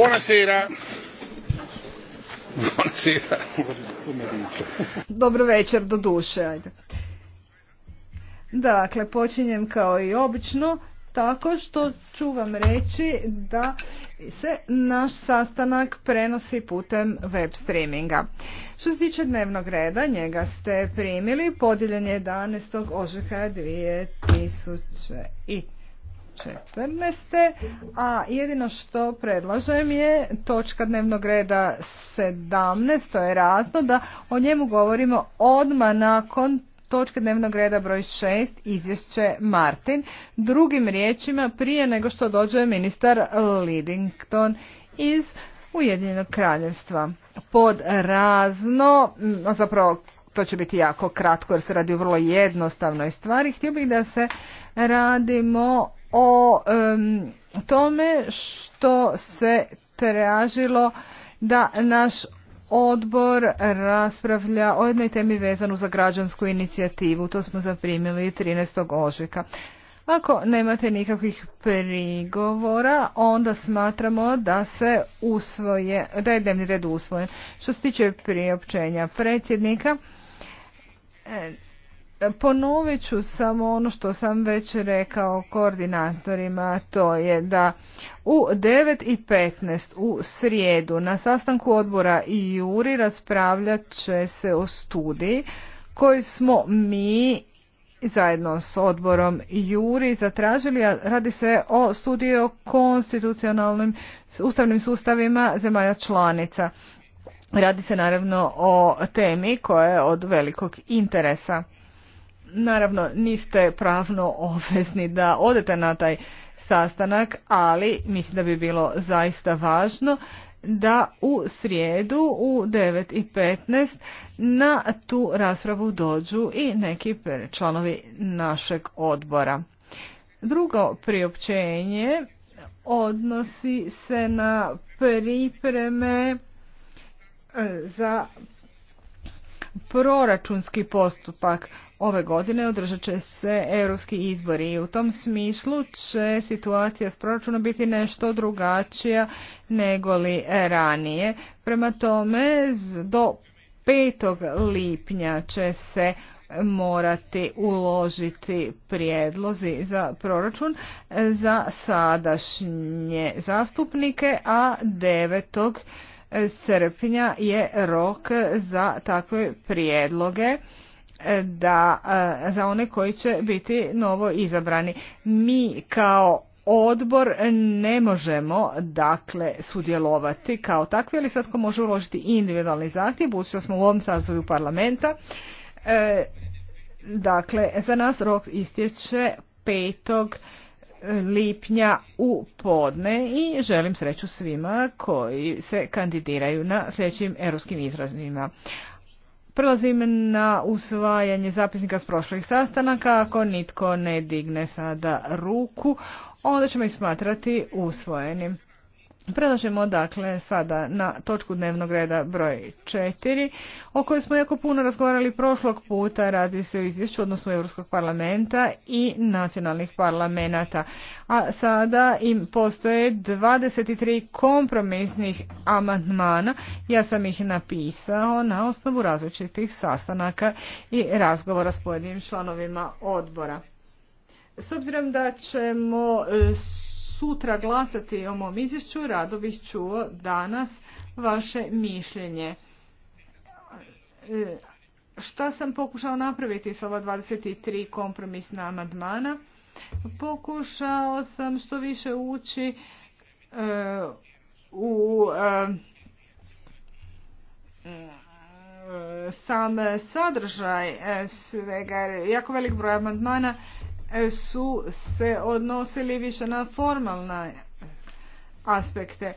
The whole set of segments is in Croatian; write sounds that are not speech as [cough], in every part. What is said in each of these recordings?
Buonasera. Buonasera. Dobro večer do duše, ajde. Dakle, počinjem kao i obično tako što ću vam reći da se naš sastanak prenosi putem web streaminga. Što se tiče dnevnog reda, njega ste primili, podijeljen je 11. ožujka 2000 i 2014. A jedino što predlažem je točka dnevnog reda 17. To je razno da o njemu govorimo odmah nakon točke dnevnog reda broj 6 izvješće Martin. Drugim riječima prije nego što dođe ministar Lidington iz Ujedinjenog kraljevstva. Pod razno, zapravo to će biti jako kratko jer se radi o vrlo jednostavnoj stvari. Htio bih da se radimo o um, tome što se tražilo da naš odbor raspravlja o jednoj temi vezanu za građansku inicijativu. To smo zaprimili 13. ožujka. Ako nemate nikakvih prigovora, onda smatramo da se usvoje, da je dnevni red usvojen. Što se tiče priopćenja predsjednika, Ponovit ću samo ono što sam već rekao koordinatorima, to je da u 9.15 u srijedu na sastanku odbora i juri raspravljat će se o studiji koji smo mi zajedno s odborom Juri zatražili, a radi se o studiju o konstitucionalnim ustavnim sustavima zemalja članica. Radi se naravno o temi koja je od velikog interesa. Naravno, niste pravno [laughs] obvezni da odete na taj sastanak, ali mislim da bi bilo zaista važno da u srijedu u 9.15 na tu raspravu dođu i neki članovi našeg odbora. Drugo priopćenje odnosi se na pripreme e, za proračunski postupak. Ove godine održat će se europski izbori i u tom smislu će situacija s proračunom biti nešto drugačija nego li ranije. Prema tome, do 5. lipnja će se morati uložiti prijedlozi za proračun za sadašnje zastupnike, a 9 srpnja je rok za takve prijedloge e, da e, za one koji će biti novo izabrani. Mi kao odbor ne možemo dakle sudjelovati kao takvi, ali svatko može uložiti individualni zahtjev, budući da smo u ovom sazivu parlamenta. E, dakle, za nas rok istječe 5 lipnja u podne i želim sreću svima koji se kandidiraju na sljedećim europskim izrazima. Prelazim na usvajanje zapisnika s prošlih sastanaka. Ako nitko ne digne sada ruku, onda ćemo ih smatrati usvojenim. Prelažemo dakle sada na točku dnevnog reda broj četiri o kojoj smo jako puno razgovarali prošlog puta, radi se o izvješću odnosno Europskog parlamenta i nacionalnih parlamenta. A sada im postoje 23 kompromisnih amandmana, ja sam ih napisao na osnovu različitih sastanaka i razgovora s pojedinim članovima odbora. S obzirom da ćemo sutra glasati o mom izvješću, rado bih čuo danas vaše mišljenje. E, šta sam pokušao napraviti s ova 23 kompromisna amandmana? Pokušao sam što više ući e, u e, sam sadržaj svega, jako velik broj amandmana su se odnosili više na formalne aspekte.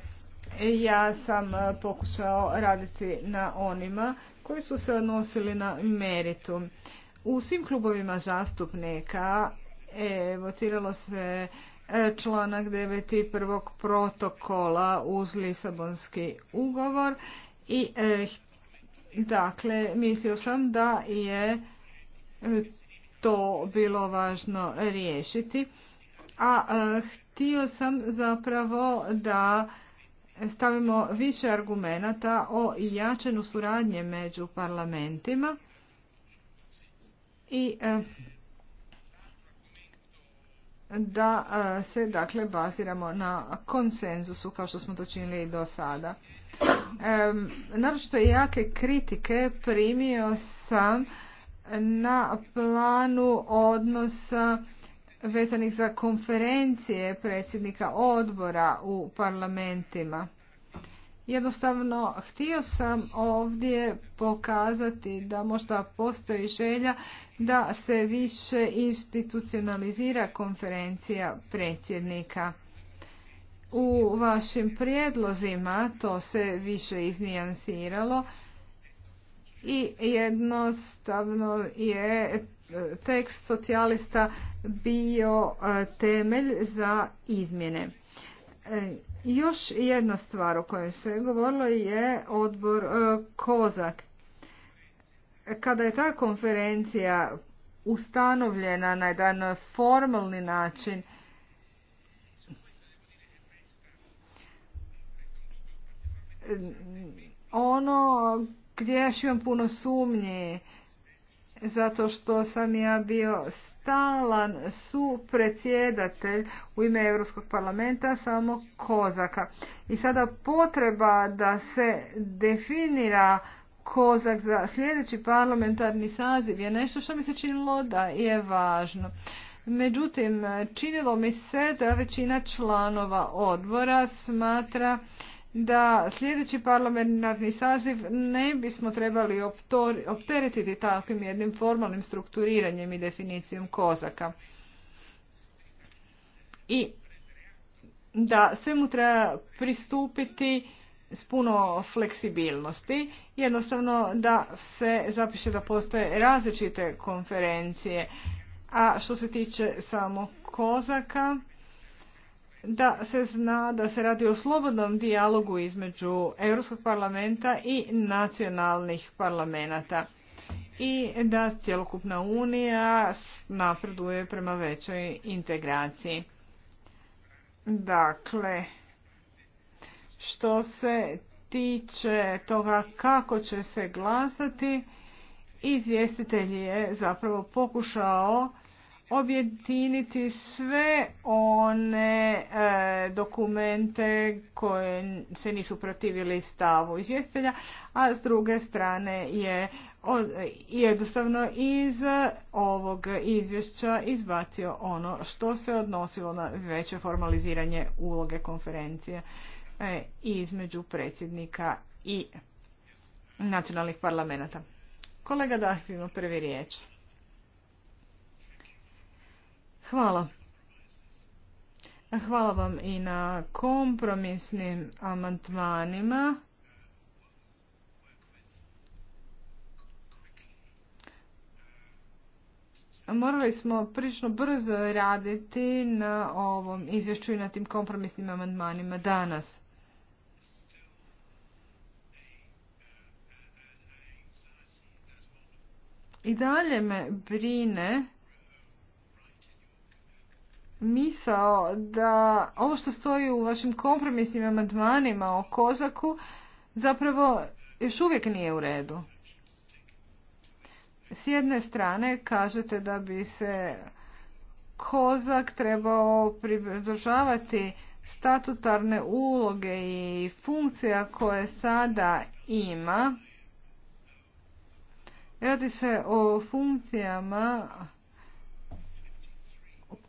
Ja sam e, pokušao raditi na onima koji su se odnosili na meritum. U svim klubovima zastupnika evociralo se e, članak 9. prvog protokola uz Lisabonski ugovor i e, dakle mislio sam da je to bilo važno riješiti. A e, htio sam zapravo da stavimo više argumenata o jačenu suradnje među parlamentima i e, da e, se dakle baziramo na konsenzusu kao što smo to činili i do sada. E, je jake kritike primio sam na planu odnosa vezanih za konferencije predsjednika odbora u parlamentima. Jednostavno, htio sam ovdje pokazati da možda postoji želja da se više institucionalizira konferencija predsjednika. U vašim prijedlozima to se više iznijansiralo i jednostavno je e, tekst socijalista bio e, temelj za izmjene. E, još jedna stvar o kojoj se govorilo je odbor Kozak. Kada je ta konferencija ustanovljena na jedan formalni način, ono gdje ja imam puno sumnje zato što sam ja bio stalan supredsjedatelj u ime Europskog parlamenta samo Kozaka. I sada potreba da se definira Kozak za sljedeći parlamentarni saziv je nešto što mi se činilo da je važno. Međutim, činilo mi se da većina članova odbora smatra da sljedeći parlamentarni saziv ne bismo trebali opteretiti takvim jednim formalnim strukturiranjem i definicijom kozaka. I da svemu treba pristupiti s puno fleksibilnosti, jednostavno da se zapiše da postoje različite konferencije. A što se tiče samo kozaka, da se zna da se radi o slobodnom dijalogu između Europskog parlamenta i nacionalnih parlamenta i da cjelokupna unija napreduje prema većoj integraciji. Dakle, što se tiče toga kako će se glasati, izvjestitelj je zapravo pokušao objediniti sve one e, dokumente koje se nisu protivili stavu izvjestelja, a s druge strane je od, jednostavno iz ovog izvješća izbacio ono što se odnosilo na veće formaliziranje uloge konferencije e, između predsjednika i nacionalnih parlamenta. Kolega ima prvi riječ. Hvala. Hvala vam i na kompromisnim amantmanima. Morali smo prilično brzo raditi na ovom izvješću i na tim kompromisnim amandmanima danas. I dalje me brine misao da ovo što stoji u vašim kompromisnim amandmanima o Kozaku zapravo još uvijek nije u redu. S jedne strane kažete da bi se Kozak trebao pridržavati statutarne uloge i funkcija koje sada ima. Radi se o funkcijama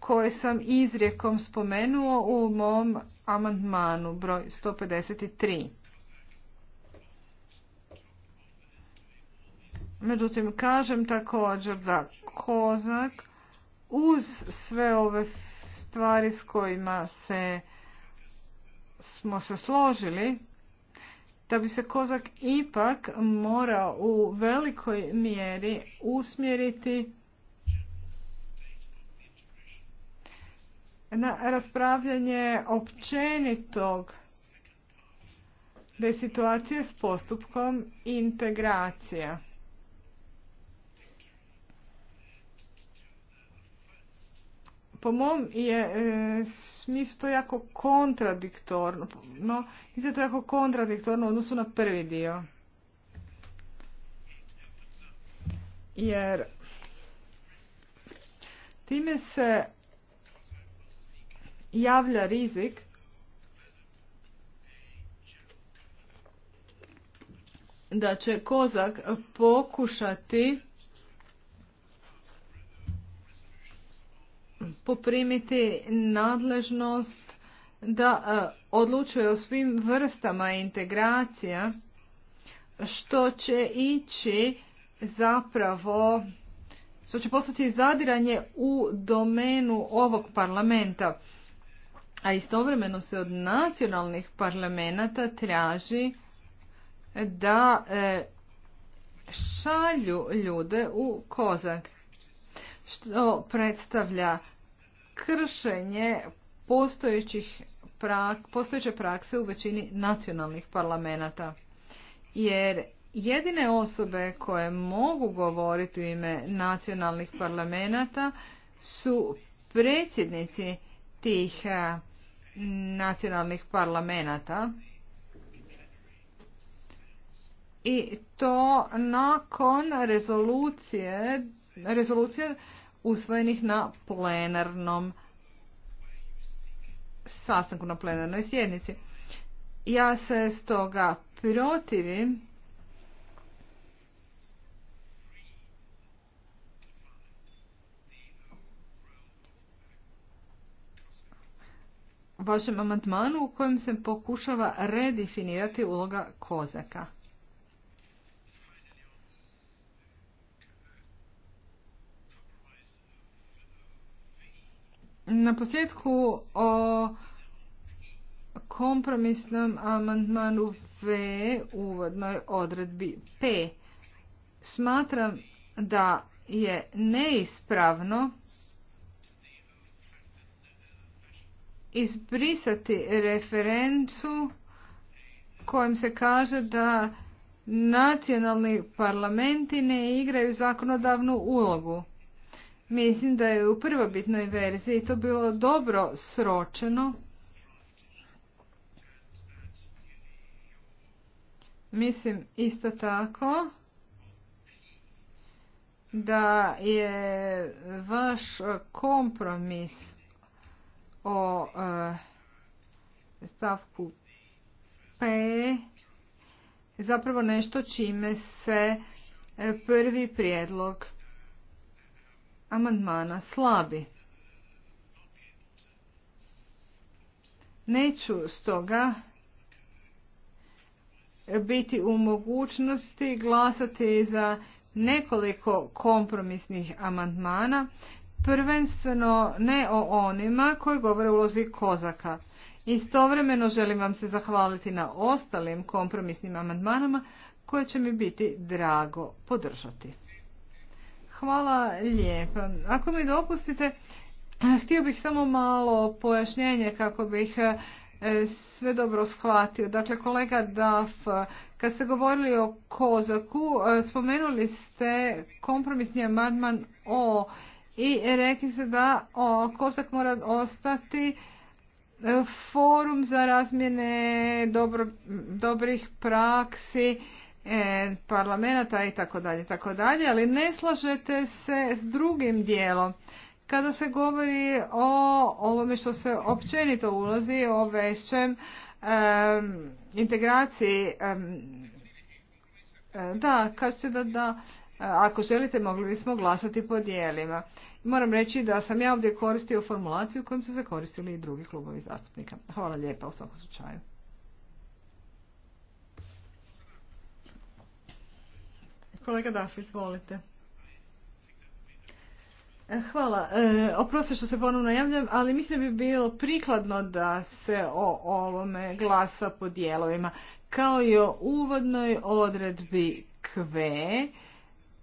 koje sam izrijekom spomenuo u mom amandmanu broj 153. Međutim, kažem također da Kozak uz sve ove stvari s kojima se smo se složili, da bi se Kozak ipak morao u velikoj mjeri usmjeriti na raspravljanje općenitog da situacije s postupkom integracija. Po mom je e, smislu jako kontradiktorno. No, je to jako kontradiktorno u odnosu na prvi dio. Jer time se javlja rizik da će Kozak pokušati poprimiti nadležnost da e, odlučuje o svim vrstama integracija što će ići zapravo što će postati zadiranje u domenu ovog parlamenta a istovremeno se od nacionalnih parlamenta traži da e, šalju ljude u kozak, što predstavlja kršenje postojećih postojeće prakse u većini nacionalnih parlamenta. Jer jedine osobe koje mogu govoriti u ime nacionalnih parlamenta su predsjednici tih e, nacionalnih parlamenata i to nakon rezolucije, rezolucije usvojenih na plenarnom sastanku na plenarnoj sjednici. Ja se stoga protivim vašem amandmanu u kojem se pokušava redefinirati uloga kozaka. Na posljedku o kompromisnom amandmanu V uvodnoj odredbi P. Smatram da je neispravno izbrisati referencu kojom se kaže da nacionalni parlamenti ne igraju zakonodavnu ulogu. Mislim da je u prvobitnoj verziji to bilo dobro sročeno. Mislim isto tako da je vaš kompromis o e, stavku P zapravo nešto čime se e, prvi prijedlog amandmana slabi. Neću stoga biti u mogućnosti glasati za nekoliko kompromisnih amandmana prvenstveno ne o onima koji govore o ulozi kozaka. Istovremeno želim vam se zahvaliti na ostalim kompromisnim amandmanama koje će mi biti drago podržati. Hvala lijepa. Ako mi dopustite, htio bih samo malo pojašnjenje kako bih e, sve dobro shvatio. Dakle, kolega Daf, kad ste govorili o Kozaku, e, spomenuli ste kompromisni amandman o i rekli ste da o, mora ostati e, forum za razmjene dobrih praksi e, parlamenta i tako dalje, tako dalje, ali ne slažete se s drugim dijelom. Kada se govori o ovome što se općenito ulazi, o većem integraciji da, kažete da, da ako želite, mogli bismo glasati po dijelima. Moram reći da sam ja ovdje koristio formulaciju kojom su se koristili i drugi klubovi zastupnika. Hvala lijepa u svakom slučaju. Kolega Daf, izvolite. E, hvala. E, Oprosti što se ponovno javljam, ali mislim bi bilo prikladno da se o ovome glasa po dijelovima. Kao i o uvodnoj odredbi KVE,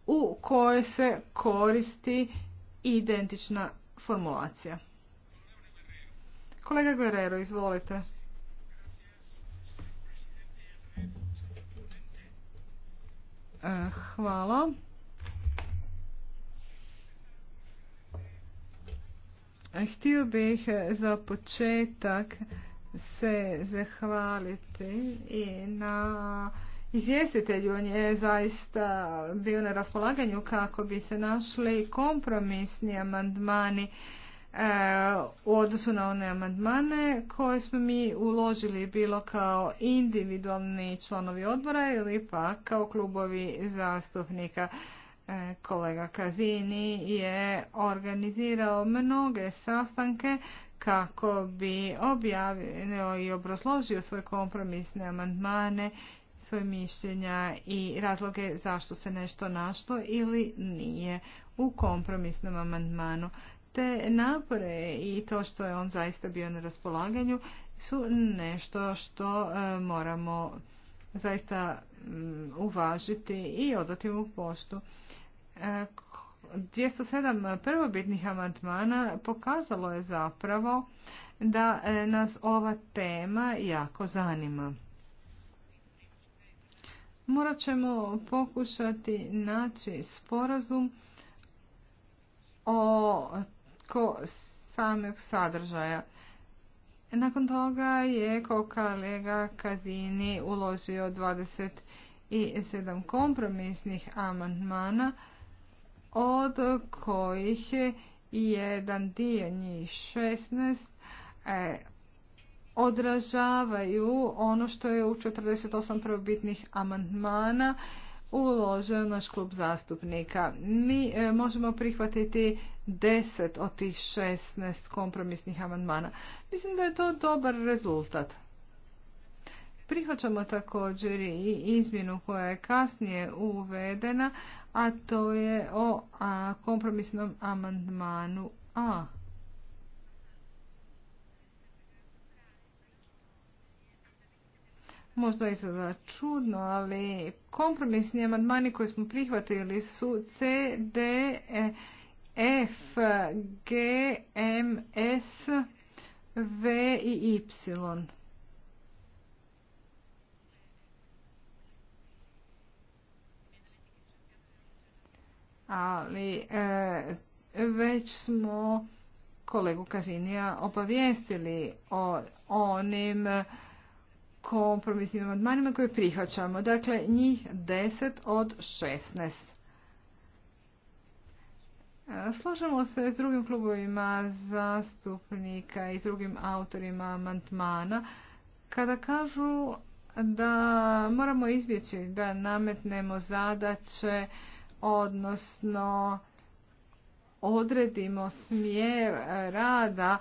u kojoj se koristi identična formulacija. Kolega Guerrero, izvolite. E, hvala. Htio bih za početak se zahvaliti i na Izvjestitelj On je zaista bio na raspolaganju kako bi se našli kompromisni amandmani e, u odnosu na one amandmane koje smo mi uložili bilo kao individualni članovi odbora ili pa kao klubovi zastupnika. E, kolega Kazini je organizirao mnoge sastanke kako bi objavio i obrazložio svoje kompromisne amandmane svoje mišljenja i razloge zašto se nešto našlo ili nije u kompromisnom amandmanu. Te napore i to što je on zaista bio na raspolaganju su nešto što e, moramo zaista mm, uvažiti i odati u poštu. 207 e, prvobitnih amandmana pokazalo je zapravo da e, nas ova tema jako zanima morat ćemo pokušati naći sporazum o ko, samog sadržaja. Nakon toga je kolega Kazini uložio 27 kompromisnih amandmana, od kojih je jedan dio njih 16 odražavaju ono što je u 48 prvobitnih amandmana uloženo naš klub zastupnika. Mi e, možemo prihvatiti 10 od tih 16 kompromisnih amandmana. Mislim da je to dobar rezultat. Prihvaćamo također i izmjenu koja je kasnije uvedena, a to je o kompromisnom amandmanu A. možda izgleda čudno, ali kompromisni amandmani koji smo prihvatili su C, D, e, F, G, M, S, V i Y. Ali e, već smo kolegu Kazinija obavijestili o onim kompromisnim amandmanima koje prihvaćamo. Dakle, njih 10 od 16. E, Složamo se s drugim klubovima zastupnika i s drugim autorima amandmana kada kažu da moramo izbjeći da nametnemo zadaće, odnosno odredimo smjer rada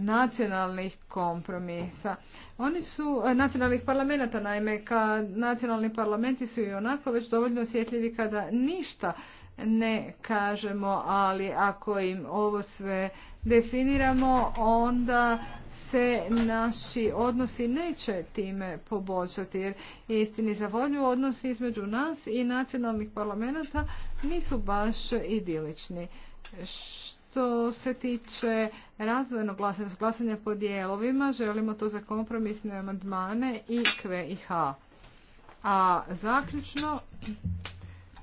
nacionalnih kompromisa. Oni su, e, nacionalnih parlamenta naime, ka nacionalni parlamenti su i onako već dovoljno osjetljivi kada ništa ne kažemo, ali ako im ovo sve definiramo, onda se naši odnosi neće time poboljšati, jer istini za volju odnosi između nas i nacionalnih parlamenta nisu baš idilični. Što što se tiče razvojnog glasanja, glasanja po dijelovima, želimo to za kompromisne amandmane i kve i h. A zaključno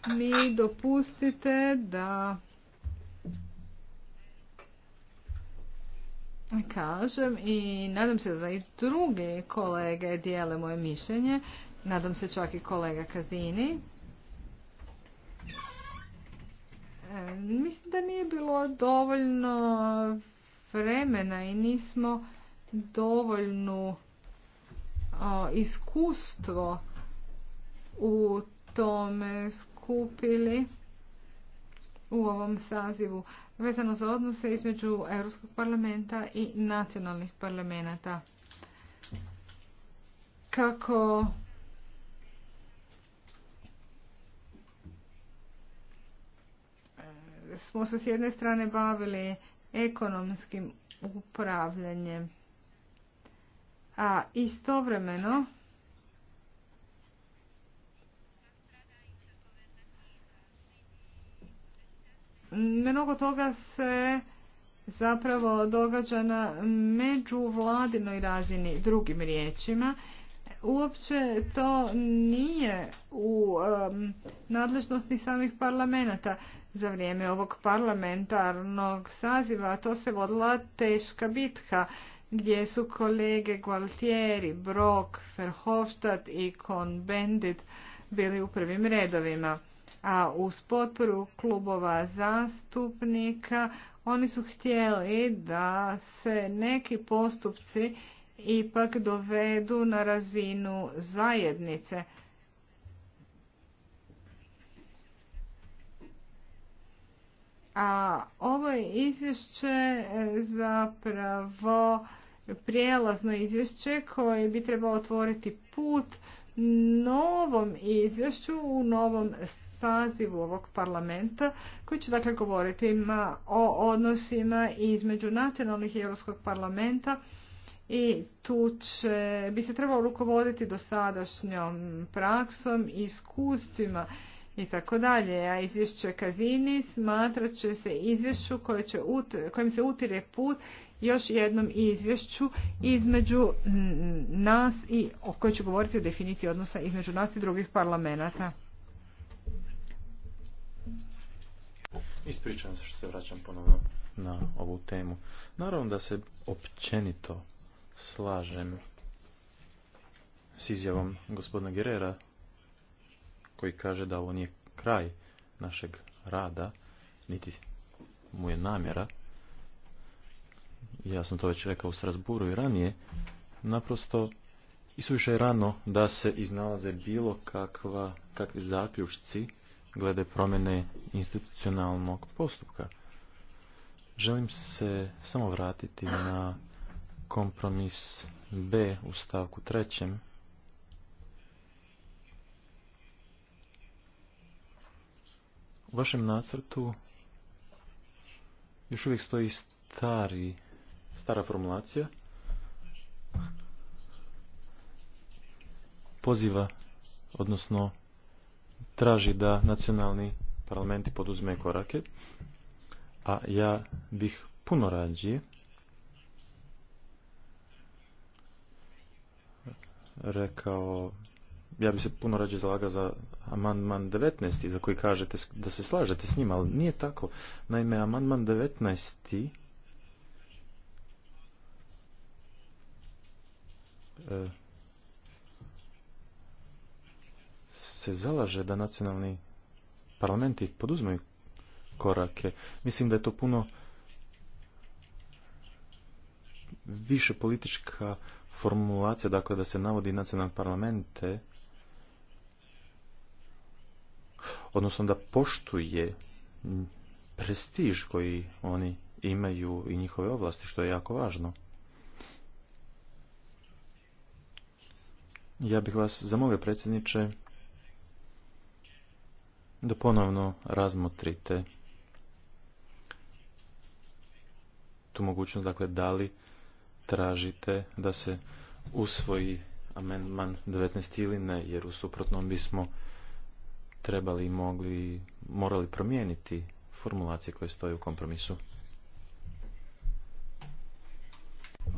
mi dopustite da kažem i nadam se da i drugi kolege dijele moje mišljenje, nadam se čak i kolega Kazini, E, mislim da nije bilo dovoljno vremena i nismo dovoljno iskustvo u tome skupili u ovom sazivu vezano za odnose između Europskog parlamenta i nacionalnih parlamenta. Kako smo se s jedne strane bavili ekonomskim upravljanjem, a istovremeno mnogo toga se zapravo događa na međuvladinoj razini drugim riječima. Uopće to nije u nadležnosti samih parlamenta za vrijeme ovog parlamentarnog saziva, to se vodila teška bitka gdje su kolege Gualtieri, Brock, Verhofstadt i con Bendit bili u prvim redovima. A uz potporu klubova zastupnika oni su htjeli da se neki postupci ipak dovedu na razinu zajednice A ovo je izvješće e, zapravo prijelazno izvješće koje bi trebalo otvoriti put novom izvješću u novom sazivu ovog parlamenta koji će dakle govoriti o odnosima između nacionalnih i Europskog parlamenta i tu će, bi se trebalo rukovoditi dosadašnjom praksom i iskustvima i tako dalje. A izvješće Kazini smatrat će se izvješću kojim se utire put još jednom izvješću između nas i o kojoj ću govoriti o definiciji odnosa između nas i drugih parlamenata. Ispričavam se što se vraćam ponovno na ovu temu. Naravno da se općenito slažem s izjavom gospodina Gerera koji kaže da ovo nije kraj našeg rada, niti mu je namjera. Ja sam to već rekao u Strasburu i ranije. Naprosto i rano da se iznalaze bilo kakva, kakvi zaključci glede promjene institucionalnog postupka. Želim se samo vratiti na kompromis B u stavku trećem U vašem nacrtu još uvijek stoji stari, stara formulacija. Poziva, odnosno traži da nacionalni parlamenti poduzme korake, a ja bih puno rađije rekao ja bi se puno rađe zalagao za amandman 19. za koji kažete da se slažete s njim, ali nije tako. Naime, amandman 19. E, se zalaže da nacionalni parlamenti poduzmaju korake. Mislim da je to puno više politička formulacija, dakle da se navodi nacionalne parlamente odnosno da poštuje prestiž koji oni imaju i njihove ovlasti, što je jako važno. Ja bih vas zamolio, predsjedniče, da ponovno razmotrite tu mogućnost, dakle, da li tražite da se usvoji amendman 19 ili ne, jer u suprotnom bismo trebali mogli, morali promijeniti formulacije koje stoje u kompromisu.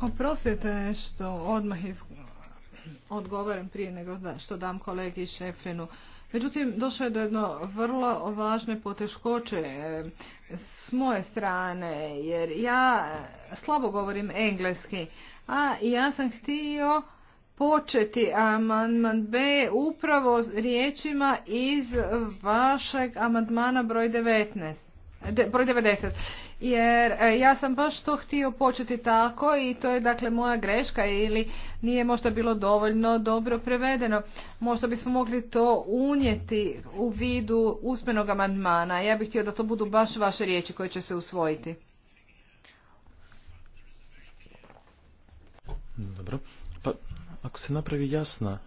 Oprostite što odmah iz... odgovaram prije nego da što dam kolegi Šefrinu. Međutim, došlo je do jedno vrlo važne poteškoće e, s moje strane, jer ja slabo govorim engleski, a ja sam htio početi amandman B upravo riječima iz vašeg amandmana broj 19. broj 90. Jer e, ja sam baš to htio početi tako i to je dakle moja greška ili nije možda bilo dovoljno dobro prevedeno. Možda bismo mogli to unijeti u vidu usmenog amandmana. Ja bih htio da to budu baš vaše riječi koje će se usvojiti. Dobro. Ako se napravi jasna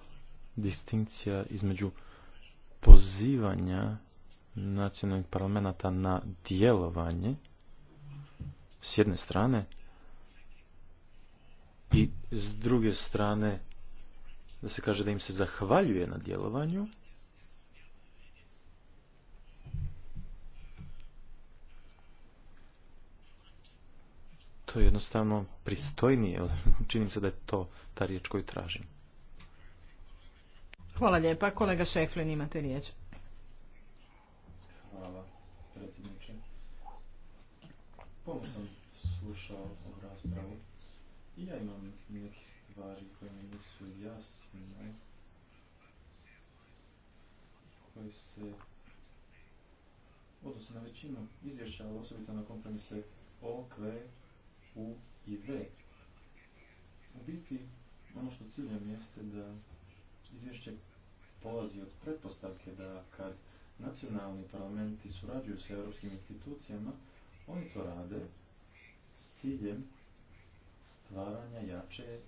distinkcija između pozivanja nacionalnih parlamenta na djelovanje s jedne strane i s druge strane da se kaže da im se zahvaljuje na djelovanju to je jednostavno pristojnije. Činim se da je to ta riječ koju tražim. Hvala lijepa. Kolega Šeflin, imate riječ. Hvala, predsjedniče. Pomo sam slušao o raspravu i ja imam neke stvari koje mi nisu jasne, koje se odnosno na većinu izvješća, osobito na kompromise OKV, u i U biti, ono što ciljem jeste da izvješće polazi od pretpostavke da kad nacionalni parlamenti surađuju sa europskim institucijama, oni to rade s ciljem stvaranja jače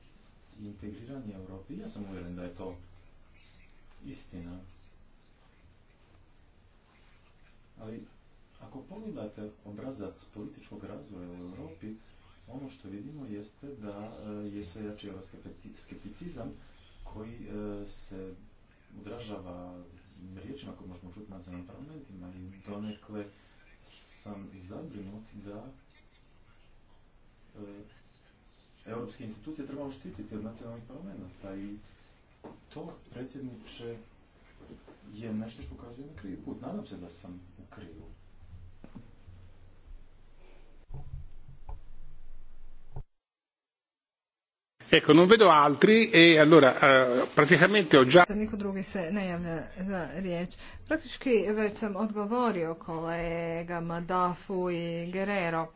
i integriranja Europi. Ja sam uvjeren da je to istina. Ali ako pogledate obrazac političkog razvoja u Europi, ono što vidimo jeste da e, je sve jači skepticizam koji e, se odražava riječima koje možemo čuti nacionalnim parlamentima i donekle sam zabrinut da e, europske institucije trebamo štititi od nacionalnih parlamenta i to predsjedniče je nešto što ukazuje na krivi put. Nadam se da sam u krivu. Ecco, non vedo altri e allora eh, praticamente ho già... Niko drugi se ne javlja za riječ. Praktički već sam odgovorio kolegama Dafu i Guerrero.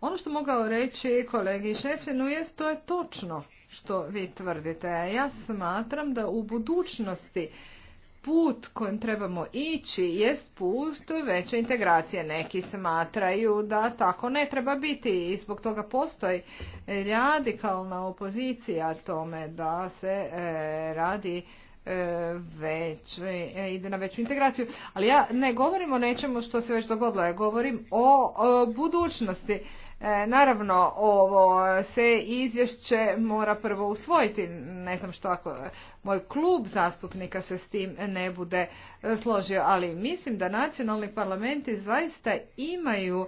Ono što mogao reći kolegi Šefinu jest to je točno što vi tvrdite. Ja smatram da u budućnosti put kojim trebamo ići jest put veće integracije. Neki smatraju da tako ne treba biti i zbog toga postoji radikalna opozicija tome da se e, radi e, već, e, ide na veću integraciju. Ali ja ne govorim o nečemu što se već dogodilo, ja govorim o, o budućnosti. E, naravno, ovo se izvješće mora prvo usvojiti. Ne znam što ako moj klub zastupnika se s tim ne bude složio, ali mislim da nacionalni parlamenti zaista imaju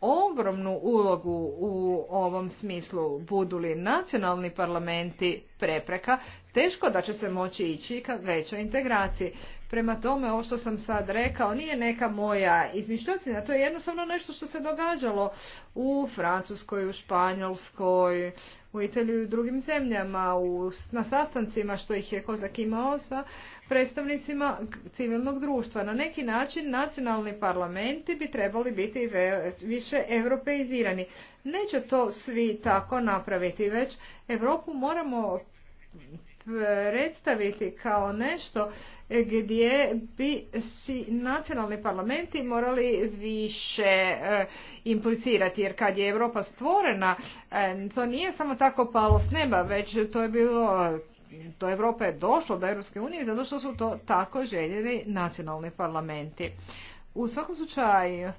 ogromnu ulogu u ovom smislu. Budu li nacionalni parlamenti prepreka, teško da će se moći ići ka većoj integraciji. Prema tome, ovo što sam sad rekao nije neka moja izmišljotina, to je jednostavno nešto što se događalo u Francuskoj, u Španjolskoj, u Italiji i drugim zemljama, u, na sastancima što ih je Kozak imao sa predstavnicima civilnog društva. Na neki način nacionalni parlamenti bi trebali biti više europeizirani. Neće to svi tako napraviti, već Europu moramo predstaviti kao nešto gdje bi si nacionalni parlamenti morali više eh, implicirati jer kad je Europa stvorena eh, to nije samo tako palo s neba već to je bilo do Europe je došlo do Europske unije zato što su to tako željeli nacionalni parlamenti. U svakom slučaju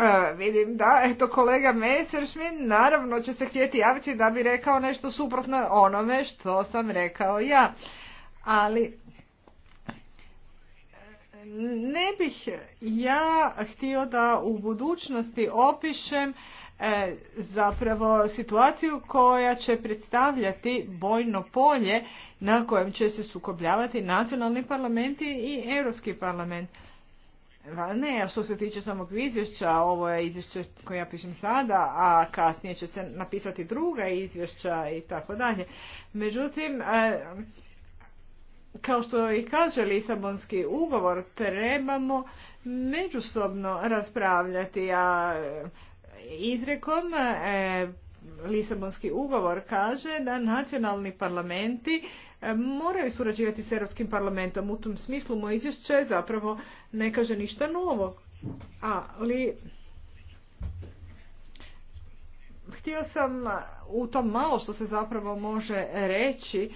E, vidim da, eto kolega Messerschmidt naravno će se htjeti javiti da bi rekao nešto suprotno onome što sam rekao ja. Ali ne bih ja htio da u budućnosti opišem e, zapravo situaciju koja će predstavljati bojno polje na kojem će se sukobljavati nacionalni parlamenti i Europski parlament ne, a što se tiče samog izvješća, ovo je izvješće koje ja pišem sada, a kasnije će se napisati druga izvješća i tako dalje. Međutim, e, kao što i kaže Lisabonski ugovor, trebamo međusobno raspravljati, a izrekom e, Lisabonski ugovor kaže da nacionalni parlamenti moraju surađivati s Europskim parlamentom. U tom smislu moje izvješće zapravo ne kaže ništa novo. Ali htio sam u tom malo što se zapravo može reći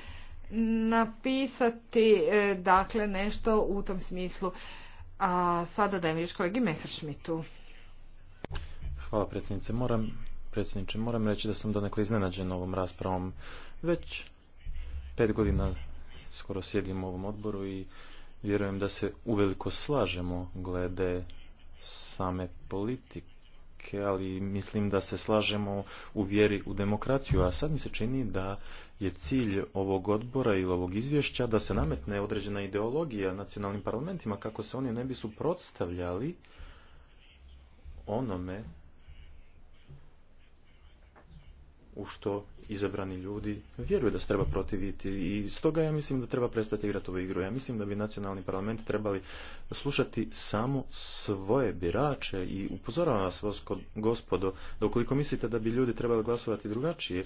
napisati e, dakle nešto u tom smislu. A sada dajem još kolegi Messerschmittu. Hvala predsjednice. Moram, predsjedniče, moram reći da sam donekle iznenađen ovom raspravom. Već Pet godina skoro sjedimo u ovom odboru i vjerujem da se uveliko slažemo glede same politike, ali mislim da se slažemo u vjeri u demokraciju, a sad mi se čini da je cilj ovog odbora ili ovog izvješća da se nametne određena ideologija nacionalnim parlamentima kako se oni ne bi suprotstavljali onome u što izabrani ljudi vjeruju da se treba protiviti i stoga ja mislim da treba prestati igrati ovu igru. Ja mislim da bi nacionalni parlamenti trebali slušati samo svoje birače i upozoravam vas gospodo da ukoliko mislite da bi ljudi trebali glasovati drugačije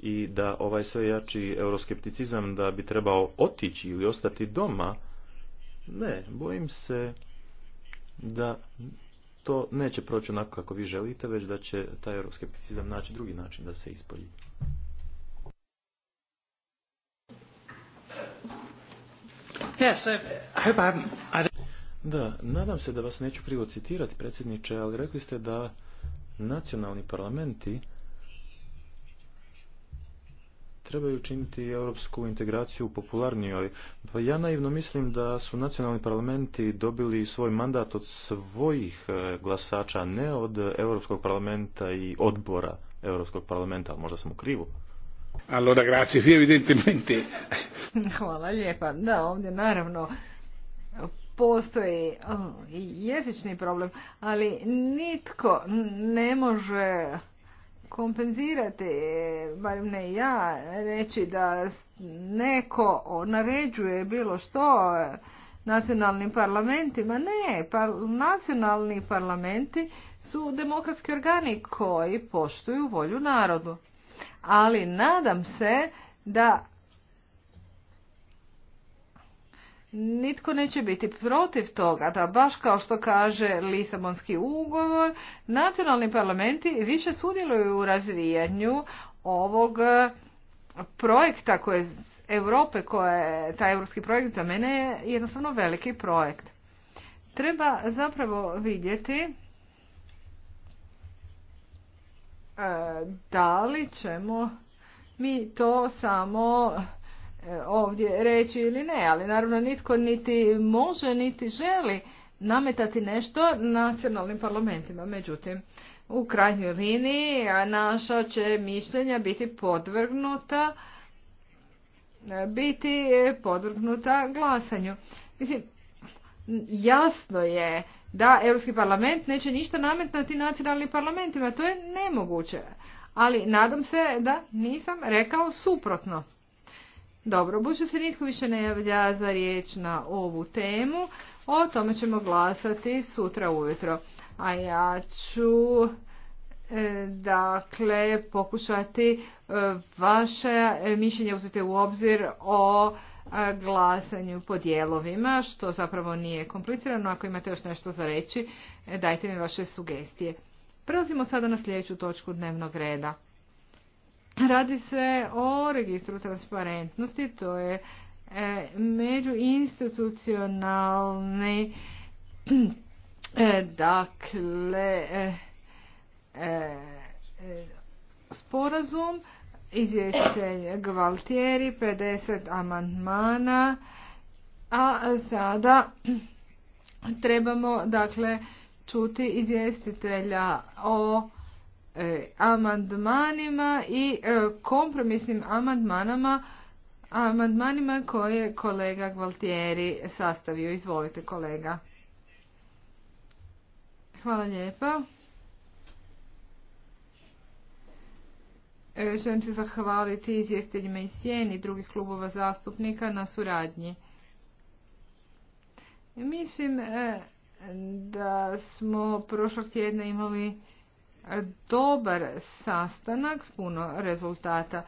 i da ovaj sve jači euroskepticizam da bi trebao otići ili ostati doma, ne, bojim se da to neće proći onako kako vi želite, već da će taj euroskepticizam naći drugi način da se ispolji. Da, nadam se da vas neću krivo citirati, predsjedniče, ali rekli ste da nacionalni parlamenti trebaju učiniti europsku integraciju popularnijoj. Pa ja naivno mislim da su nacionalni parlamenti dobili svoj mandat od svojih e, glasača, ne od Europskog parlamenta i odbora Europskog parlamenta, ali možda sam u krivu. Allora, grazie, evidentemente. [laughs] Hvala lijepa. Da, ovdje naravno postoji jezični problem, ali nitko ne može kompenzirati, barem ne ja, reći da neko naređuje bilo što nacionalnim parlamentima. Ne, par nacionalni parlamenti su demokratski organi koji poštuju volju narodu. Ali nadam se da Nitko neće biti protiv toga da baš kao što kaže Lisabonski ugovor, nacionalni parlamenti više sudjeluju u razvijanju ovog e, projekta koje Europe koje taj europski projekt za mene je jednostavno veliki projekt. Treba zapravo vidjeti e, da li ćemo mi to samo ovdje reći ili ne, ali naravno nitko niti može niti želi nametati nešto nacionalnim parlamentima. Međutim, u krajnjoj liniji naša će mišljenja biti podvrgnuta biti podvrgnuta glasanju. Mislim, jasno je da Europski parlament neće ništa nametnati nacionalnim parlamentima, to je nemoguće. Ali nadam se da nisam rekao suprotno. Dobro, budući se nitko više ne javlja za riječ na ovu temu, o tome ćemo glasati sutra ujutro. A ja ću e, dakle pokušati e, vaše mišljenje uzeti u obzir o e, glasanju po dijelovima, što zapravo nije komplicirano. Ako imate još nešto za reći, dajte mi vaše sugestije. Prelazimo sada na sljedeću točku dnevnog reda. Radi se o registru transparentnosti, to je e, međuinstitucionalni [clears throat] e, dakle e, sporazum izvjestitelj Gvaltieri 50 amandmana a sada [clears throat] trebamo dakle čuti izvjestitelja o E, amandmanima i e, kompromisnim amandmanama amandmanima koje je kolega Gvaltieri sastavio. Izvolite kolega. Hvala lijepa. E, želim se zahvaliti izvjestiteljima iz i drugih klubova zastupnika na suradnji. Mislim da smo prošlog tjedna imali dobar sastanak s puno rezultata.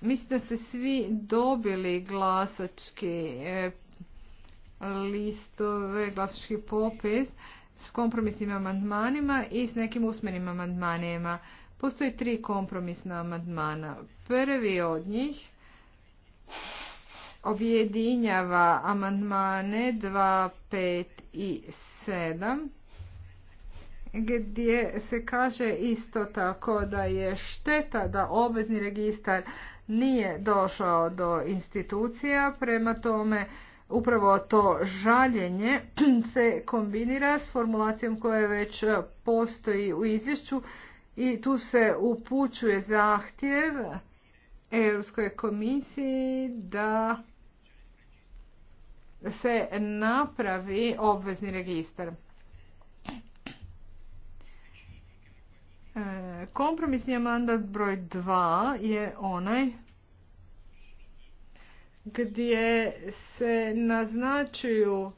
Mislim da ste svi dobili glasački e, listove, glasački popis s kompromisnim amandmanima i s nekim usmenim amandmanima. Postoji tri kompromisna amandmana. Prvi od njih objedinjava amandmane 2, 5 i 7 gdje se kaže isto tako da je šteta da obvezni registar nije došao do institucija, prema tome upravo to žaljenje [clears throat] se kombinira s formulacijom koja već postoji u izvješću i tu se upućuje zahtjev Europskoj komisiji da se napravi obvezni registar. E, kompromisni mandat broj 2 je onaj gdje se naznačuju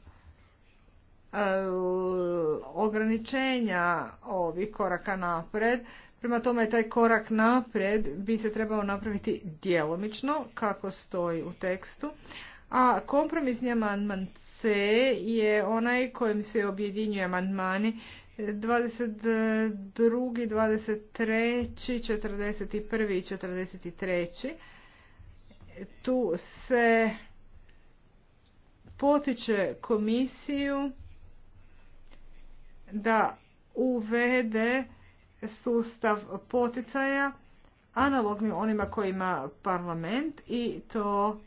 e, ograničenja ovih koraka napred. Prema tome, taj korak napred bi se trebao napraviti djelomično, kako stoji u tekstu. A kompromisni amandman C je onaj kojim se objedinjuje amandmani 22. 23. 41. i 43. Tu se potiče komisiju da uvede sustav poticaja analogni onima ima parlament i to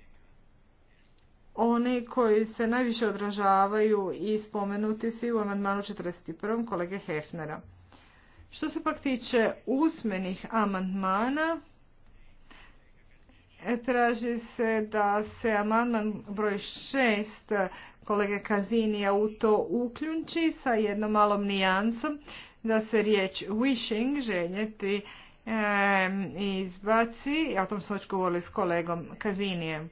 oni koji se najviše odražavaju i spomenuti si u amandmanu 41. kolege Hefnera. Što se pak tiče usmenih amandmana, e, traži se da se amandman broj 6 kolege Kazinija u to uključi sa jednom malom nijancom da se riječ wishing, željeti, izbaci. a o tom smo govorili s kolegom Kazinijem.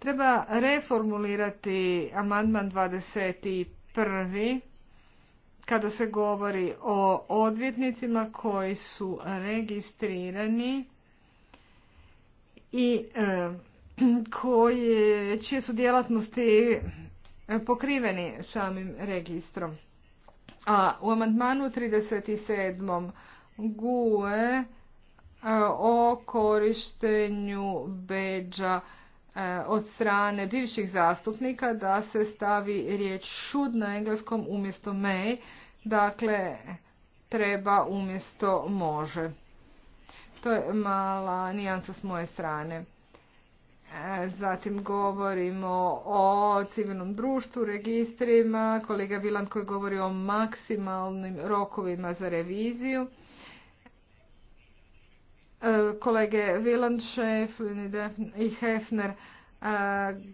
Treba reformulirati amandman 21. kada se govori o odvjetnicima koji su registrirani i e, koji čije su djelatnosti pokriveni samim registrom. A u amandmanu 37. guje e, o korištenju beđa Eh, od strane bivših zastupnika da se stavi riječ should na engleskom umjesto may, dakle treba umjesto može. To je mala nijansa s moje strane. Eh, zatim govorimo o civilnom društvu, registrima, kolega Vilan koji govori o maksimalnim rokovima za reviziju kolege Vilan i Hefner e,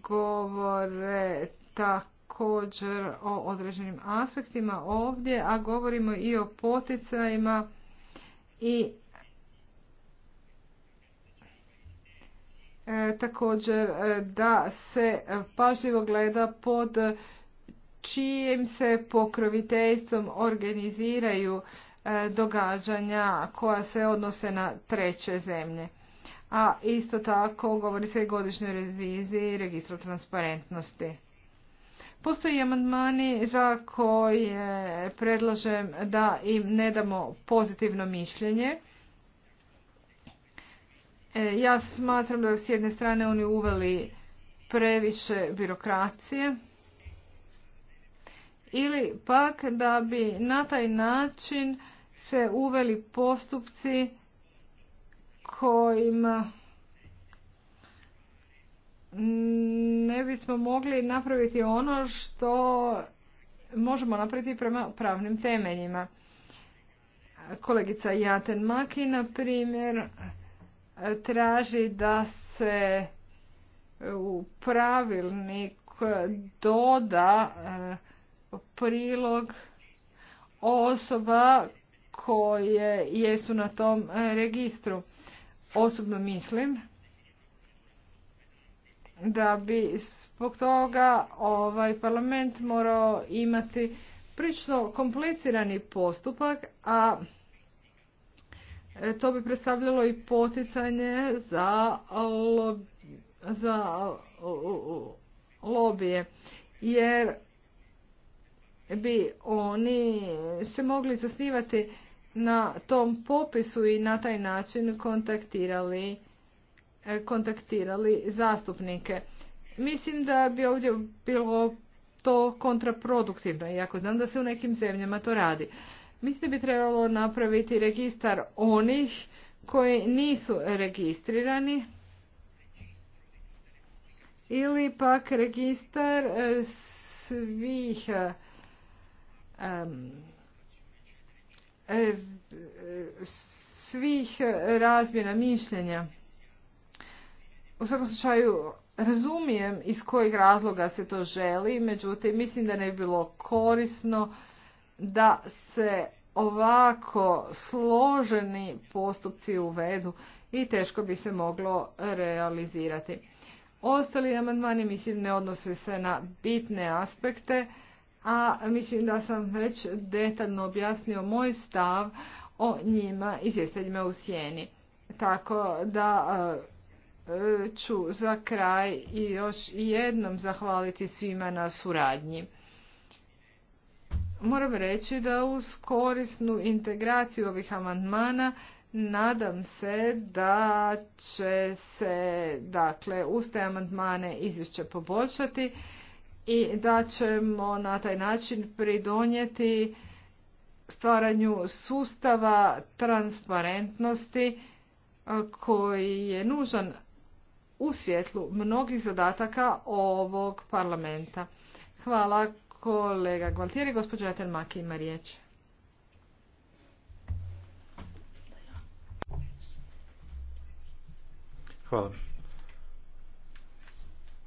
govore također o određenim aspektima ovdje, a govorimo i o poticajima i e, također e, da se pažljivo gleda pod čijim se pokroviteljstvom organiziraju E, događanja koja se odnose na treće zemlje. A isto tako govori se i godišnjoj reviziji i registru transparentnosti. Postoji amandmani za koje predlažem da im ne damo pozitivno mišljenje. E, ja smatram da s jedne strane oni uveli previše birokracije ili pak da bi na taj način se uveli postupci kojima ne bismo mogli napraviti ono što možemo napraviti prema pravnim temeljima. Kolegica Jaten Maki, na primjer, traži da se u pravilnik doda e, prilog osoba koje jesu na tom e, registru. Osobno mislim da bi zbog toga ovaj parlament morao imati prilično komplicirani postupak, a e, to bi predstavljalo i poticanje za, za lobije, jer bi oni se mogli zasnivati na tom popisu i na taj način kontaktirali, e, kontaktirali zastupnike. Mislim da bi ovdje bilo to kontraproduktivno, iako znam da se u nekim zemljama to radi. Mislim da bi trebalo napraviti registar onih koji nisu registrirani ili pak registar e, svih um, E, svih razmjena mišljenja. U svakom slučaju razumijem iz kojih razloga se to želi, međutim mislim da ne bi bilo korisno da se ovako složeni postupci uvedu i teško bi se moglo realizirati. Ostali amandmani mislim ne odnose se na bitne aspekte a mislim da sam već detaljno objasnio moj stav o njima izvjestiteljima u sjeni. Tako da e, ću za kraj i još jednom zahvaliti svima na suradnji. Moram reći da uz korisnu integraciju ovih amandmana nadam se da će se dakle uz te amandmane izvješće poboljšati i da ćemo na taj način pridonijeti stvaranju sustava transparentnosti koji je nužan u svjetlu mnogih zadataka ovog parlamenta. Hvala kolega Gualtieri. Gospođa Maki ima riječ. Hvala.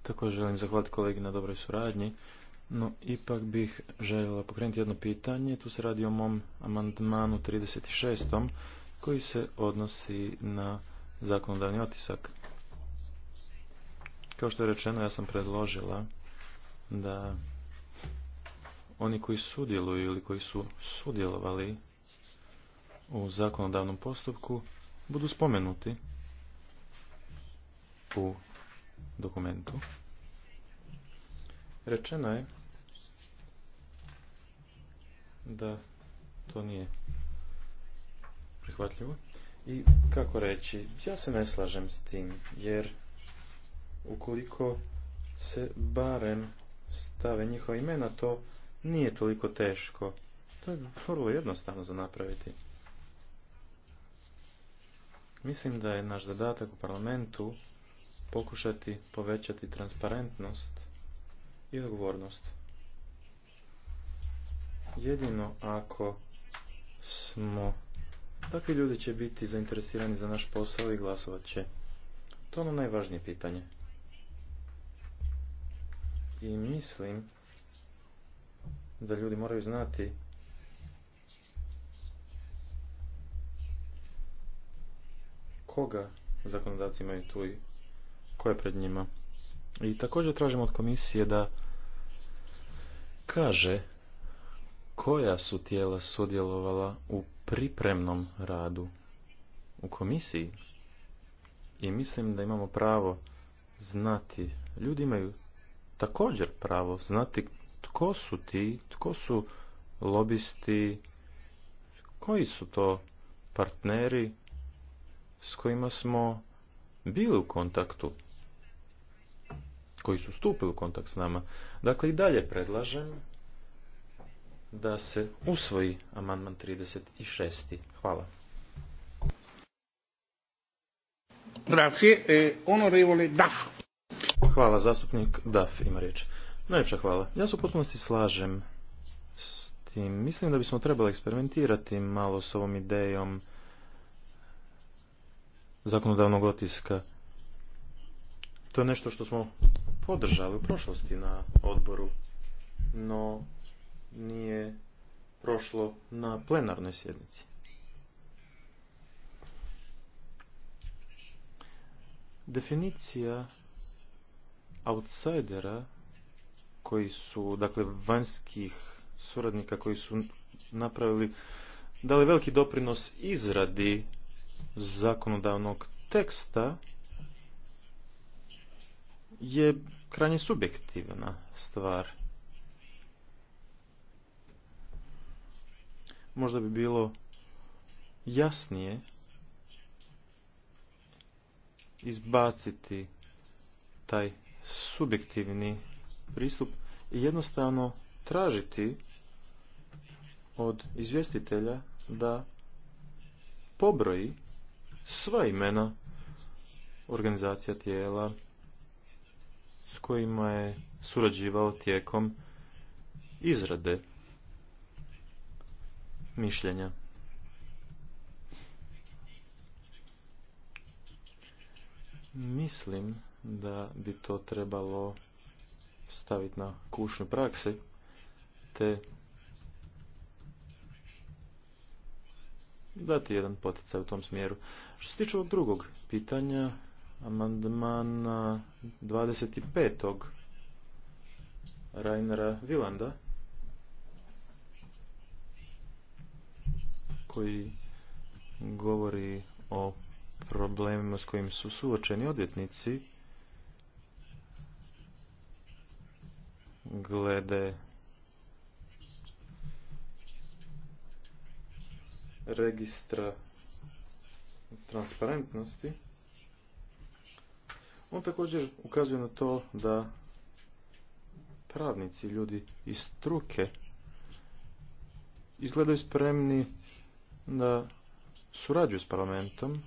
Također želim zahvaliti kolegi na dobroj suradnji, no ipak bih željela pokrenuti jedno pitanje. Tu se radi o mom amandmanu 36. koji se odnosi na zakonodavni otisak. Kao što je rečeno, ja sam predložila da oni koji sudjeluju ili koji su sudjelovali u zakonodavnom postupku budu spomenuti u dokumentu rečeno je da to nije prihvatljivo i kako reći ja se ne slažem s tim jer ukoliko se barem stave njihova imena to nije toliko teško to je vrlo jednostavno za napraviti mislim da je naš zadatak u parlamentu pokušati povećati transparentnost i odgovornost. Jedino ako smo, takvi ljudi će biti zainteresirani za naš posao i glasovat će. To je ono najvažnije pitanje. I mislim da ljudi moraju znati koga zakonodavci imaju tu koje je pred njima. I također tražimo od komisije da kaže koja su tijela sudjelovala u pripremnom radu u komisiji. I mislim da imamo pravo znati, ljudi imaju također pravo znati tko su ti, tko su lobisti, koji su to partneri s kojima smo bili u kontaktu koji su stupili u kontakt s nama. Dakle, i dalje predlažem da se usvoji amandman 36. Hvala. Grazie, e, onorevole Daf. Hvala, zastupnik Daf ima riječ. Najljepša hvala. Ja se u potpunosti slažem s tim. Mislim da bismo trebali eksperimentirati malo s ovom idejom zakonodavnog otiska. To je nešto što smo podržali u prošlosti na odboru, no nije prošlo na plenarnoj sjednici. Definicija outsidera koji su, dakle, vanjskih suradnika koji su napravili, dali veliki doprinos izradi zakonodavnog teksta je krajnje subjektivna stvar. Možda bi bilo jasnije izbaciti taj subjektivni pristup i jednostavno tražiti od izvjestitelja da pobroji sva imena organizacija tijela, kojima je surađivao tijekom izrade mišljenja. Mislim da bi to trebalo staviti na kušnju prakse, te dati jedan poticaj u tom smjeru. Što se tiče ovog drugog pitanja, amandmana 25. Rainera Vilanda koji govori o problemima s kojim su suočeni odvjetnici glede registra transparentnosti on također ukazuje na to da pravnici, ljudi iz struke izgledaju spremni da surađuju s parlamentom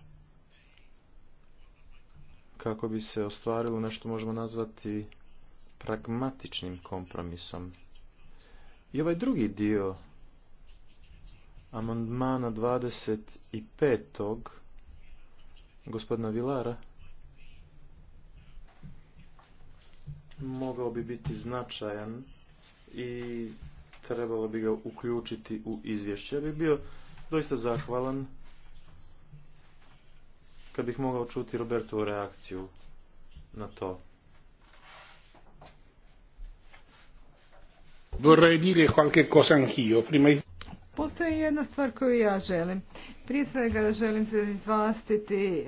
kako bi se ostvarilo nešto možemo nazvati pragmatičnim kompromisom. I ovaj drugi dio amandmana 25. gospodina Vilara mogao bi biti značajan i trebalo bi ga uključiti u izvješće. Ja bih bio doista zahvalan kad bih mogao čuti Robertovu reakciju na to. Vorrei dire qualche cosa anch'io prima Postoji jedna stvar koju ja želim. Prije svega želim se izvastiti,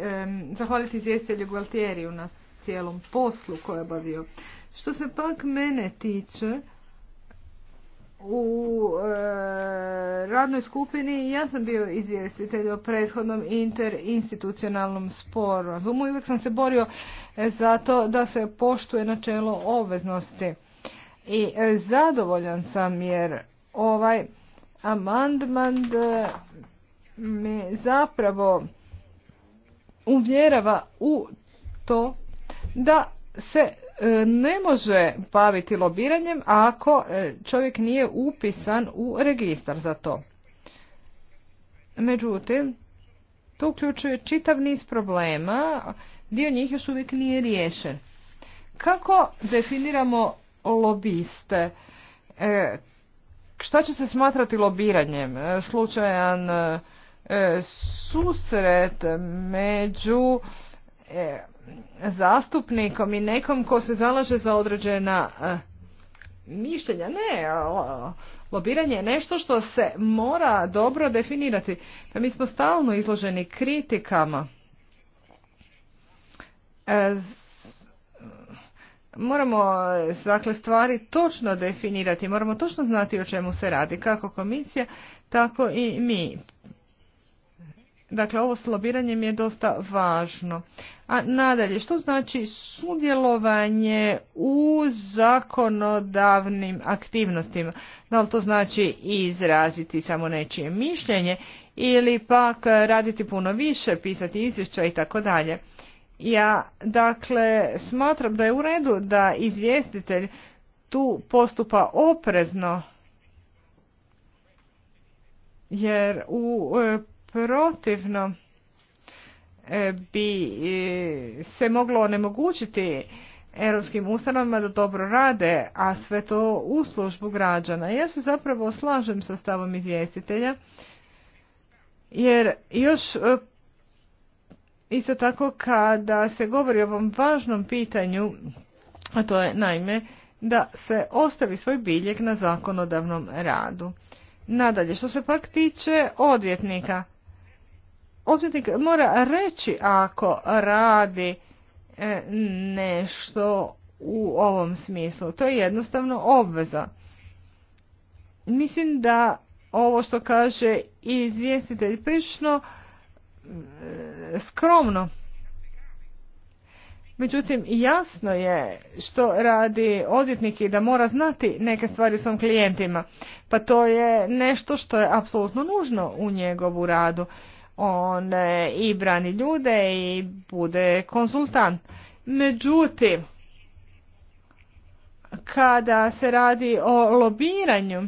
zahvaliti izvjestitelju Gualtieriju na cijelom poslu koje je bavio. Što se pak mene tiče, u eh, radnoj skupini ja sam bio izvjestitelj o prethodnom interinstitucionalnom sporazumu i uvijek sam se borio eh, za to da se poštuje načelo obveznosti. I eh, zadovoljan sam jer ovaj amandman me zapravo uvjerava u to da se e, ne može baviti lobiranjem ako e, čovjek nije upisan u registar za to. Međutim, to uključuje čitav niz problema, dio njih još uvijek nije riješen. Kako definiramo lobiste? E, Šta će se smatrati lobiranjem? E, slučajan e, e, susret među zastupnikom i nekom ko se zalaže za određena mišljenja. Ne, lobiranje je nešto što se mora dobro definirati. Pa mi smo stalno izloženi kritikama Moramo dakle, stvari točno definirati, moramo točno znati o čemu se radi, kako komisija, tako i mi. Dakle, ovo s lobiranjem je dosta važno. A nadalje, što znači sudjelovanje u zakonodavnim aktivnostima? Da li to znači izraziti samo nečije mišljenje ili pak raditi puno više, pisati izvješća i tako dalje? Ja dakle smatram da je u redu da izvjestitelj tu postupa oprezno jer u e, protivno e, bi e, se moglo onemogućiti europskim ustanovama da dobro rade, a sve to u službu građana. Ja se zapravo slažem sa stavom izvjestitelja, jer još Isto tako kada se govori o ovom važnom pitanju, a to je naime da se ostavi svoj biljeg na zakonodavnom radu. Nadalje, što se pak tiče odvjetnika, odvjetnik mora reći ako radi e, nešto u ovom smislu. To je jednostavno obveza. Mislim da ovo što kaže izvjestitelj prilično E, skromno. Međutim, jasno je što radi odvjetnik i da mora znati neke stvari svom klijentima. Pa to je nešto što je apsolutno nužno u njegovu radu. On e, i brani ljude i bude konsultant. Međutim, kada se radi o lobiranju,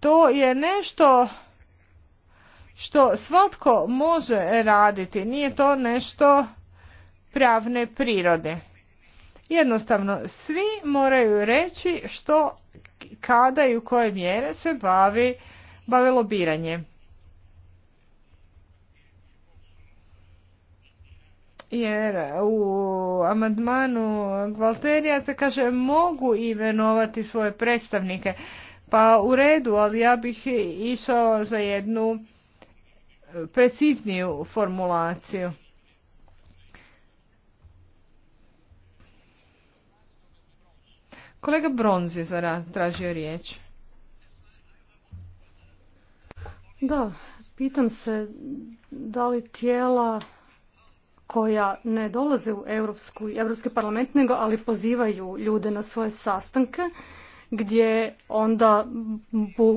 to je nešto što svatko može raditi, nije to nešto pravne prirode. Jednostavno, svi moraju reći što, kada i u koje mjere se bavi, bavi lobiranje. Jer u amandmanu Gvalterija se kaže mogu imenovati svoje predstavnike. Pa u redu, ali ja bih išao za jednu e, precizniju formulaciju. Kolega Bronz je tražio riječ. Da, pitam se da li tijela koja ne dolaze u Europsku, Europski parlament, nego ali pozivaju ljude na svoje sastanke, gdje onda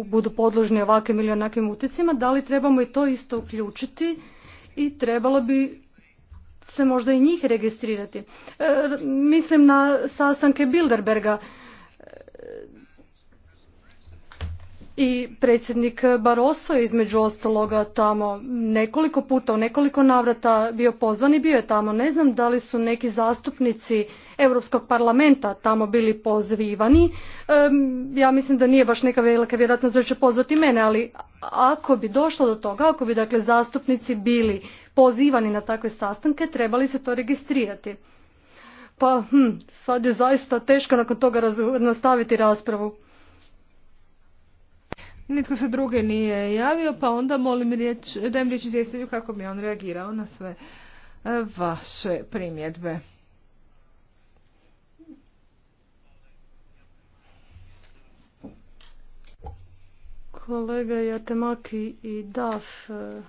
budu podložni ovakvim ili onakvim utjecima, da li trebamo i to isto uključiti i trebalo bi se možda i njih registrirati. E, mislim na sastanke Bilderberga. i predsjednik Barroso je između ostaloga tamo nekoliko puta, u nekoliko navrata bio pozvan i bio je tamo. Ne znam da li su neki zastupnici Europskog parlamenta tamo bili pozivani. ja mislim da nije baš neka velika vjerojatnost da će pozvati mene, ali ako bi došlo do toga, ako bi dakle zastupnici bili pozivani na takve sastanke, trebali se to registrirati. Pa hm, sad je zaista teško nakon toga nastaviti raspravu. Nitko se druge nije javio, pa onda molim riječ, dajem riječ izvjestitelju kako bi on reagirao na sve e, vaše primjedbe. Kolega Jatemaki i Daf e,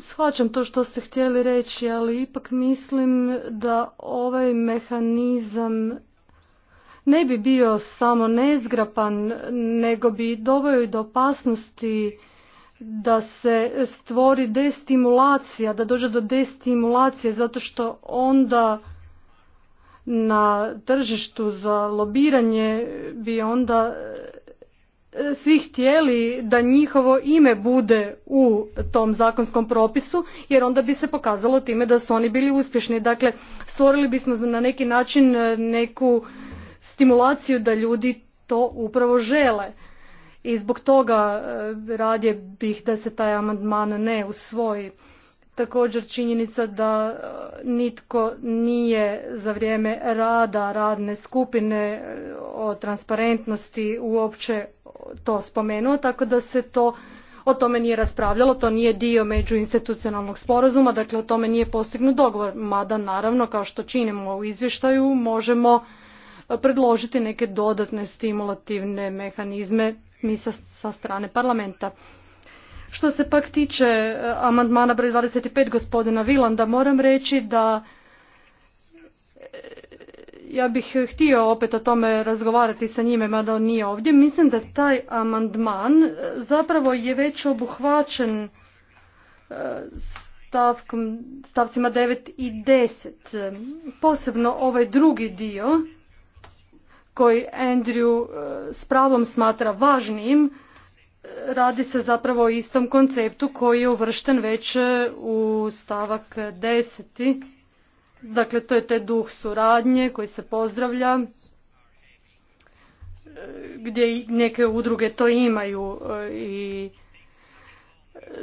Shvaćam to što ste htjeli reći, ali ipak mislim da ovaj mehanizam ne bi bio samo nezgrapan, nego bi doveo i do opasnosti da se stvori destimulacija, da dođe do destimulacije, zato što onda na tržištu za lobiranje bi onda e, svi htjeli da njihovo ime bude u tom zakonskom propisu jer onda bi se pokazalo time da su oni bili uspješni. Dakle, stvorili bismo na neki način e, neku stimulaciju da ljudi to upravo žele. I zbog toga e, radije bih da se taj amandman ne usvoji. Također činjenica da e, nitko nije za vrijeme rada radne skupine e, o transparentnosti uopće to spomenuo, tako da se to o tome nije raspravljalo, to nije dio međuinstitucionalnog sporazuma, dakle o tome nije postignut dogovor, mada naravno kao što činimo u izvještaju možemo predložiti neke dodatne stimulativne mehanizme mi sa, strane parlamenta. Što se pak tiče eh, amandmana broj 25 gospodina Vilanda, moram reći da eh, ja bih htio opet o tome razgovarati sa njime, mada on nije ovdje. Mislim da taj amandman eh, zapravo je već obuhvaćen stavcima 9 i 10. Posebno ovaj drugi dio koji Andrew e, s pravom smatra važnim, e, radi se zapravo o istom konceptu koji je uvršten već e, u stavak 10. Dakle, to je taj duh suradnje koji se pozdravlja, gdje neke udruge to imaju i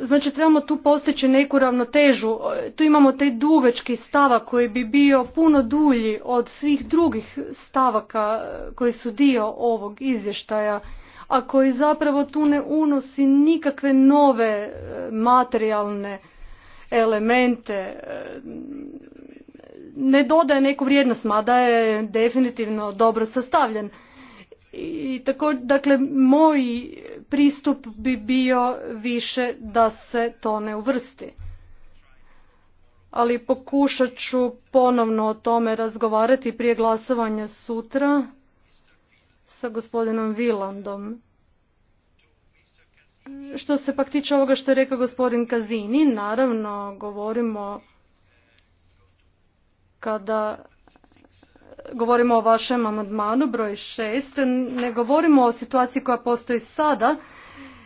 Znači trebamo tu postići neku ravnotežu. Tu imamo taj dugački stavak koji bi bio puno dulji od svih drugih stavaka e, koji su dio ovog izvještaja, a koji zapravo tu ne unosi nikakve nove e, materijalne elemente, e, ne dodaje neku vrijednost, mada je definitivno dobro sastavljen. I tako, dakle, moji pristup bi bio više da se to ne uvrsti. Ali pokušat ću ponovno o tome razgovarati prije glasovanja sutra sa gospodinom Vilandom. Što se pak tiče ovoga što je rekao gospodin Kazini, naravno govorimo kada govorimo o vašem amandmanu broj šest. ne govorimo o situaciji koja postoji sada,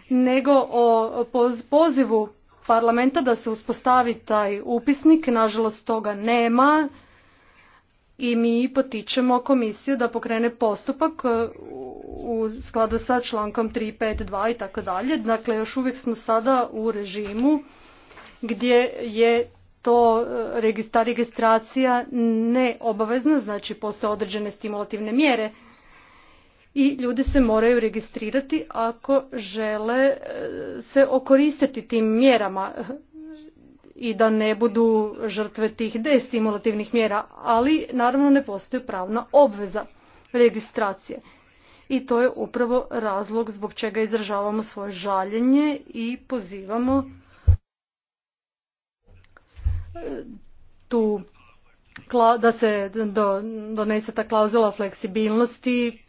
nego o pozivu parlamenta da se uspostavi taj upisnik. Nažalost toga nema i mi potičemo komisiju da pokrene postupak e, u skladu sa člankom 352 i tako dalje. Dakle, još uvijek smo sada u režimu gdje je to e, ta registracija ne obavezna, znači postoje određene stimulativne mjere i ljudi se moraju registrirati ako žele e, se okoristiti tim mjerama e, i da ne budu žrtve tih destimulativnih mjera, ali naravno ne postoji pravna obveza registracije. I to je upravo razlog zbog čega izražavamo svoje žaljenje i pozivamo tu da se donese ta klauzula fleksibilnosti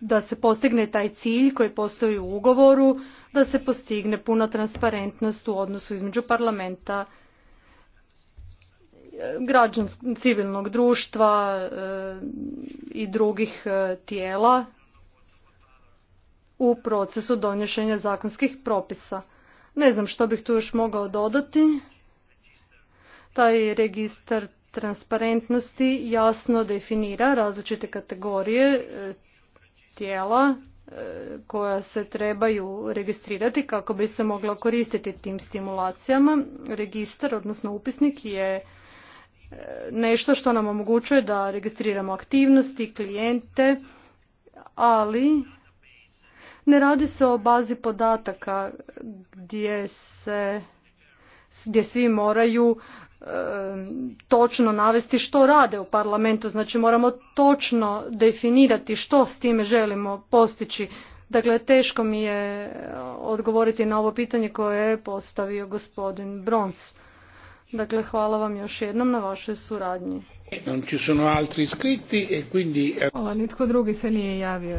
da se postigne taj cilj koji postoji u ugovoru da se postigne puna transparentnost u odnosu između parlamenta građanskog civilnog društva e, i drugih e, tijela u procesu donješenja zakonskih propisa ne znam što bih tu još mogao dodati taj registar transparentnosti jasno definira različite kategorije e, tijela e, koja se trebaju registrirati kako bi se mogla koristiti tim stimulacijama. Registar, odnosno upisnik je e, nešto što nam omogućuje da registriramo aktivnosti, klijente, ali ne radi se o bazi podataka gdje se gdje svi moraju točno navesti što rade u parlamentu, znači moramo točno definirati što s time želimo postići. Dakle, teško mi je eh, odgovoriti na ovo pitanje koje je postavio gospodin Brons. Dakle, hvala vam još jednom na vašoj suradnji. E eh, hvala, nitko drugi se nije javio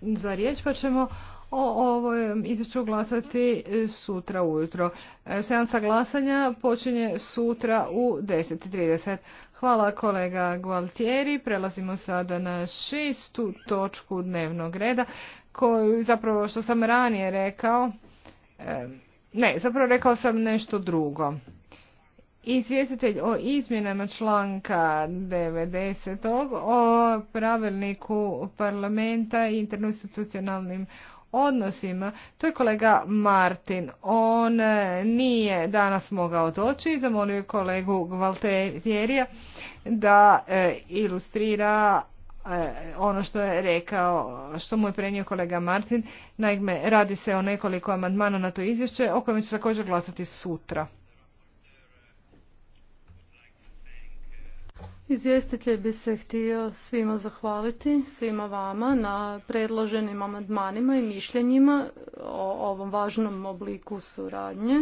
za riječ, pa ćemo o ovom izvješću glasati sutra ujutro. E, seansa glasanja počinje sutra u 10.30. Hvala kolega Gualtieri. Prelazimo sada na šestu točku dnevnog reda koju zapravo što sam ranije rekao e, ne, zapravo rekao sam nešto drugo. Izvjestitelj o izmjenama članka 90. o pravilniku parlamenta i interinstitucionalnim odnosima. To je kolega Martin. On e, nije danas mogao doći i zamolio je kolegu Gvalterija da e, ilustrira e, ono što je rekao, što mu je prenio kolega Martin. Naime, radi se o nekoliko amandmana na to izvješće o kojem će također glasati sutra. Izvjestitelj bi se htio svima zahvaliti, svima vama na predloženim amandmanima i mišljenjima o ovom važnom obliku suradnje.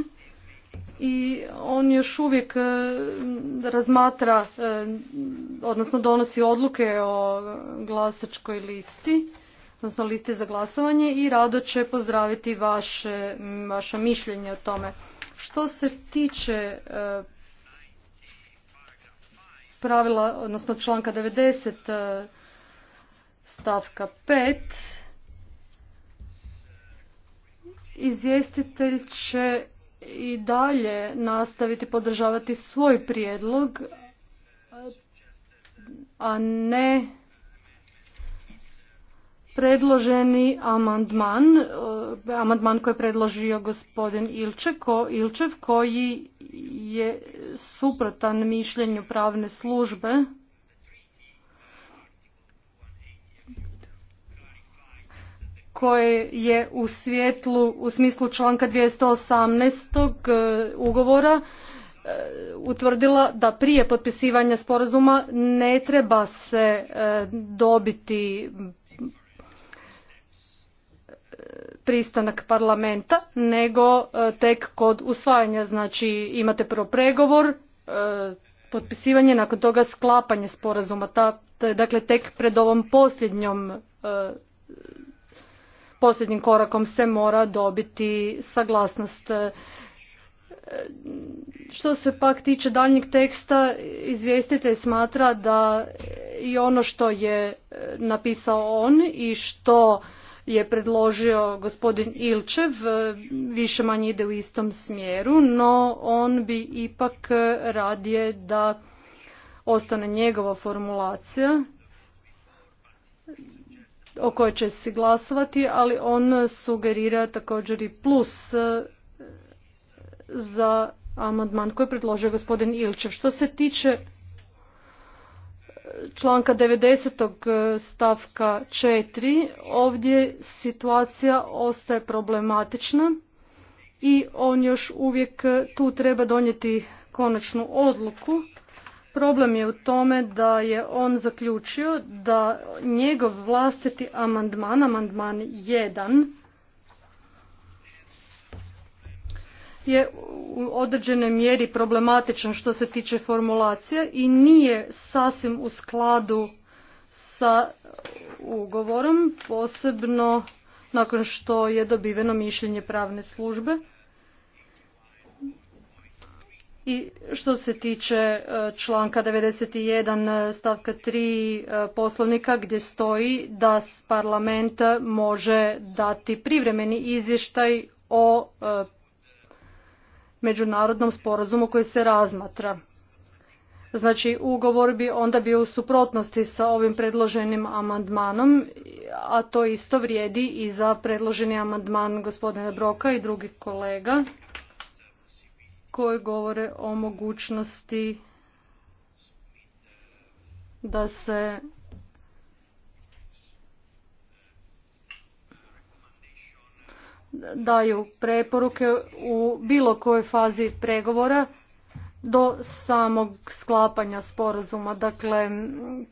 I on još uvijek e, razmatra, e, odnosno donosi odluke o glasačkoj listi, odnosno listi za glasovanje i rado će pozdraviti vaše, mišljenje o tome. Što se tiče e, pravila, odnosno članka 90 e, stavka 5 izvjestitelj će i dalje nastaviti podržavati svoj prijedlog, a ne predloženi amandman, e, amandman koji je predložio gospodin Ilčev koji je suprotan mišljenju pravne službe koje je u svjetlu u smislu članka 218. E, ugovora e, utvrdila da prije potpisivanja sporazuma ne treba se dobiti pristanak parlamenta nego e, tek kod usvajanja znači imate prvo pregovor e, potpisivanje nakon toga sklapanje sporazuma dakle tek pred ovom posljednjom e, posljednjim korakom se mora dobiti saglasnost što se pak tiče daljnjeg teksta, izvjestitelj smatra da i ono što je napisao on i što je predložio gospodin Ilčev e, više manje ide u istom smjeru, no on bi ipak radije da ostane njegova formulacija o kojoj će se glasovati, ali on sugerira također i plus e, za amandman koji je predložio gospodin Ilčev. Što se tiče članka 90. E, stavka 4. Ovdje situacija ostaje problematična i on još uvijek e, tu treba donijeti konačnu odluku. Problem je u tome da je on zaključio da njegov vlastiti amandman, amandman 1, je u određenoj mjeri problematičan što se tiče formulacije i nije sasvim u skladu sa ugovorom, posebno nakon što je dobiveno mišljenje pravne službe. I što se tiče e, članka 91 e, stavka 3 e, poslovnika gdje stoji da parlament može dati privremeni izvještaj o međunarodnom sporazumu koji se razmatra. Znači ugovor bi onda bio u suprotnosti sa ovim predloženim amandmanom, a to isto vrijedi i za predloženi amandman gospodina Broka i drugih kolega koji govore o mogućnosti da se daju preporuke u bilo kojoj fazi pregovora do samog sklapanja sporazuma. Dakle,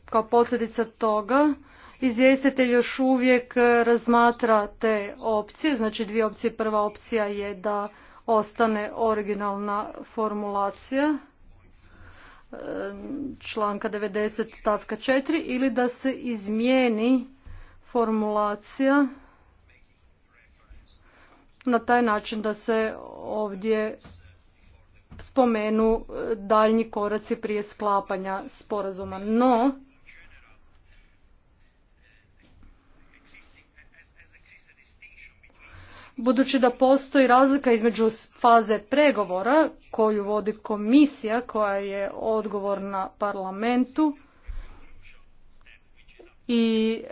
kao posljedica toga izvjestitelj još uvijek razmatra te opcije, znači dvije opcije. Prva opcija je da ostane originalna formulacija e, članka 90 stavka 4 ili da se izmijeni formulacija na taj način da se ovdje spomenu e, daljnji koraci prije sklapanja sporazuma. No, budući da postoji razlika između faze pregovora koju vodi komisija koja je odgovorna parlamentu i e,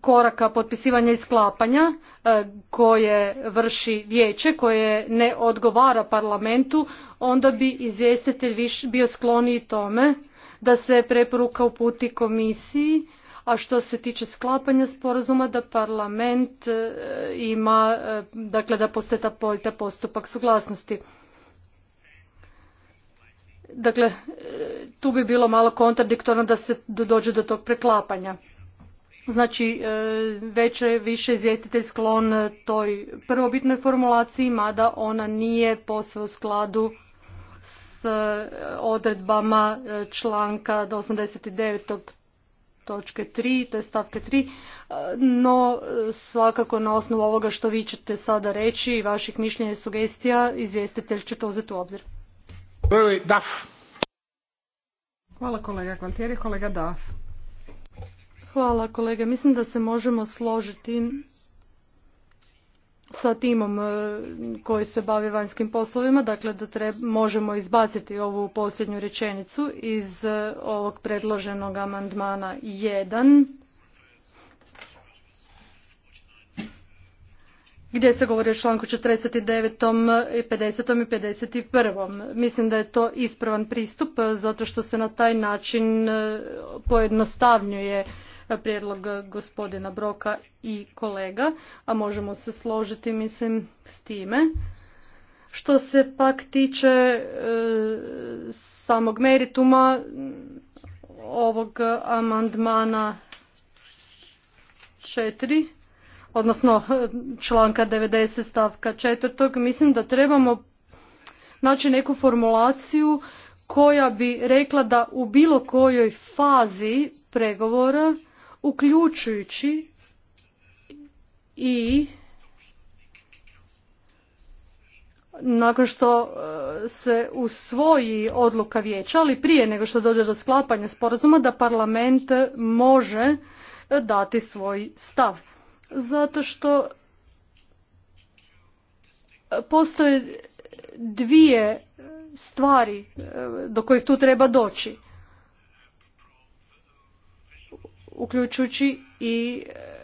koraka potpisivanja i sklapanja e, koje vrši vijeće koje ne odgovara parlamentu onda bi izvjestitelj bio skloniji tome da se preporuka uputi komisiji a što se tiče sklapanja sporazuma da parlament e, ima dakle da postoji taj postupak suglasnosti Dakle, e, tu bi bilo malo kontradiktorno da se dođe do tog preklapanja. Znači, e, već je više izvjestitelj sklon e, toj prvobitnoj formulaciji, mada ona nije posve u skladu s odredbama članka 89. točke 3, to je stavke 3, no svakako na osnovu ovoga što vi ćete sada reći i vaših mišljenja i sugestija, izvjestitelj će to uzeti u obzir. Hvala kolega kolega kolega. Mislim da se možemo složiti sa timom e, koji se bavi vanjskim poslovima, dakle da možemo izbaciti ovu posljednju rečenicu iz e, ovog predloženog amandmana 1 gdje se govori o članku 49. i 50. i 51. Mislim da je to ispravan pristup zato što se na taj način e, pojednostavnjuje prijedlog gospodina Broka i kolega, a možemo se složiti mislim s time. Što se pak tiče e, samog merituma ovog amandmana 4, odnosno eh, članka 90 stavka 4. Mislim da trebamo naći neku formulaciju koja bi rekla da u bilo kojoj fazi pregovora, uključujući i nakon što eh, se usvoji odluka vijeća, ali prije nego što dođe do sklapanja sporazuma, da parlament može dati svoj stav zato što postoje dvije stvari e, do kojih tu treba doći uključujući i e,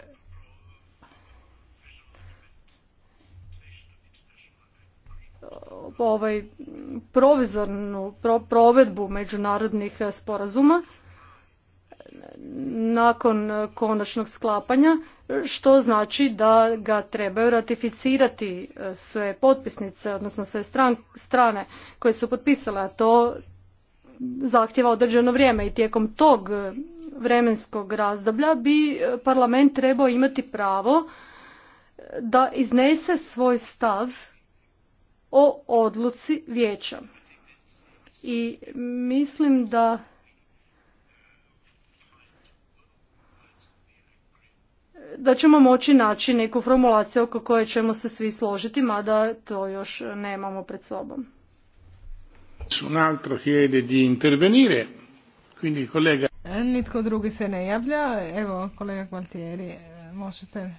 ovaj provizornu provedbu međunarodnih sporazuma nakon konačnog sklapanja, što znači da ga trebaju ratificirati e, sve potpisnice, odnosno sve strane koje su potpisale, a to zahtjeva određeno vrijeme i tijekom tog vremenskog razdoblja bi parlament trebao imati pravo da iznese svoj stav o odluci vijeća. I mislim da da ćemo moći naći neku formulaciju oko koje ćemo se svi složiti, mada to još nemamo pred sobom. E, nitko drugi se ne javlja. Evo, kolega e, možete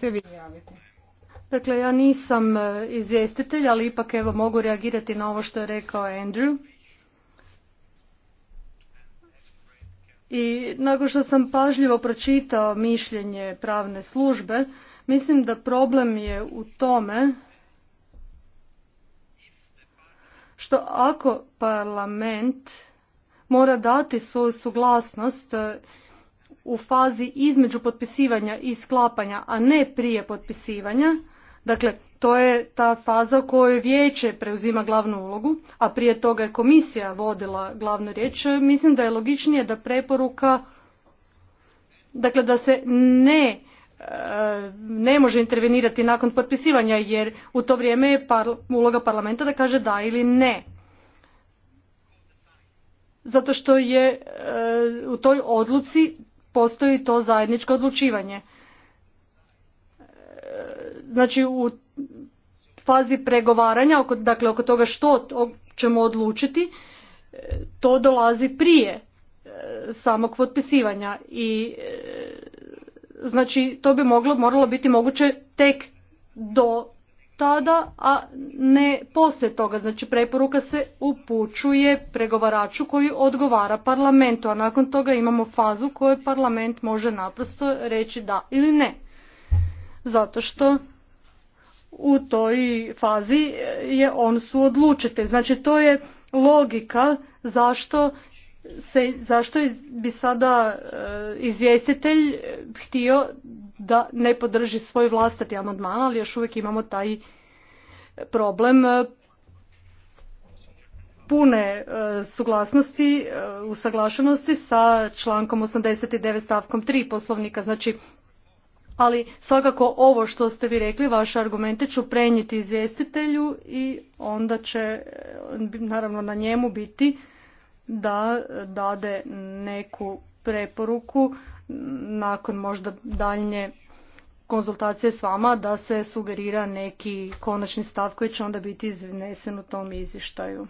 se vi javiti. Dakle, ja nisam e, izvjestitelj, ali ipak evo mogu reagirati na ovo što je rekao Andrew. I nakon što sam pažljivo pročitao mišljenje pravne službe, mislim da problem je u tome što ako parlament mora dati svoju suglasnost e, u fazi između potpisivanja i sklapanja, a ne prije potpisivanja, dakle to je ta faza u kojoj vijeće preuzima glavnu ulogu, a prije toga je komisija vodila glavnu riječ. Mislim da je logičnije da preporuka, dakle da se ne e, ne može intervenirati nakon potpisivanja jer u to vrijeme je uloga parlamenta da kaže da ili ne. Zato što je e, u toj odluci postoji to zajedničko odlučivanje. E, znači u fazi pregovaranja, oko, dakle oko toga što ćemo odlučiti, e, to dolazi prije e, samog potpisivanja i e, znači to bi moglo, moralo biti moguće tek do tada, a ne poslije toga. Znači preporuka se upućuje pregovaraču koji odgovara parlamentu, a nakon toga imamo fazu koju parlament može naprosto reći da ili ne. Zato što u toj fazi e, je on su odlučitelj. Znači to je logika zašto se, zašto bi sada e, izvjestitelj e, htio da ne podrži svoj vlastiti amandman, ali još uvijek imamo taj problem pune suglasnosti, usaglašenosti sa člankom 89 stavkom 3 poslovnika. Znači ali svakako ovo što ste vi rekli, vaše argumente ću prenijeti izvjestitelju i onda će naravno na njemu biti da dade neku preporuku nakon možda daljnje konzultacije s vama da se sugerira neki konačni stav koji će onda biti iznesen u tom izvještaju.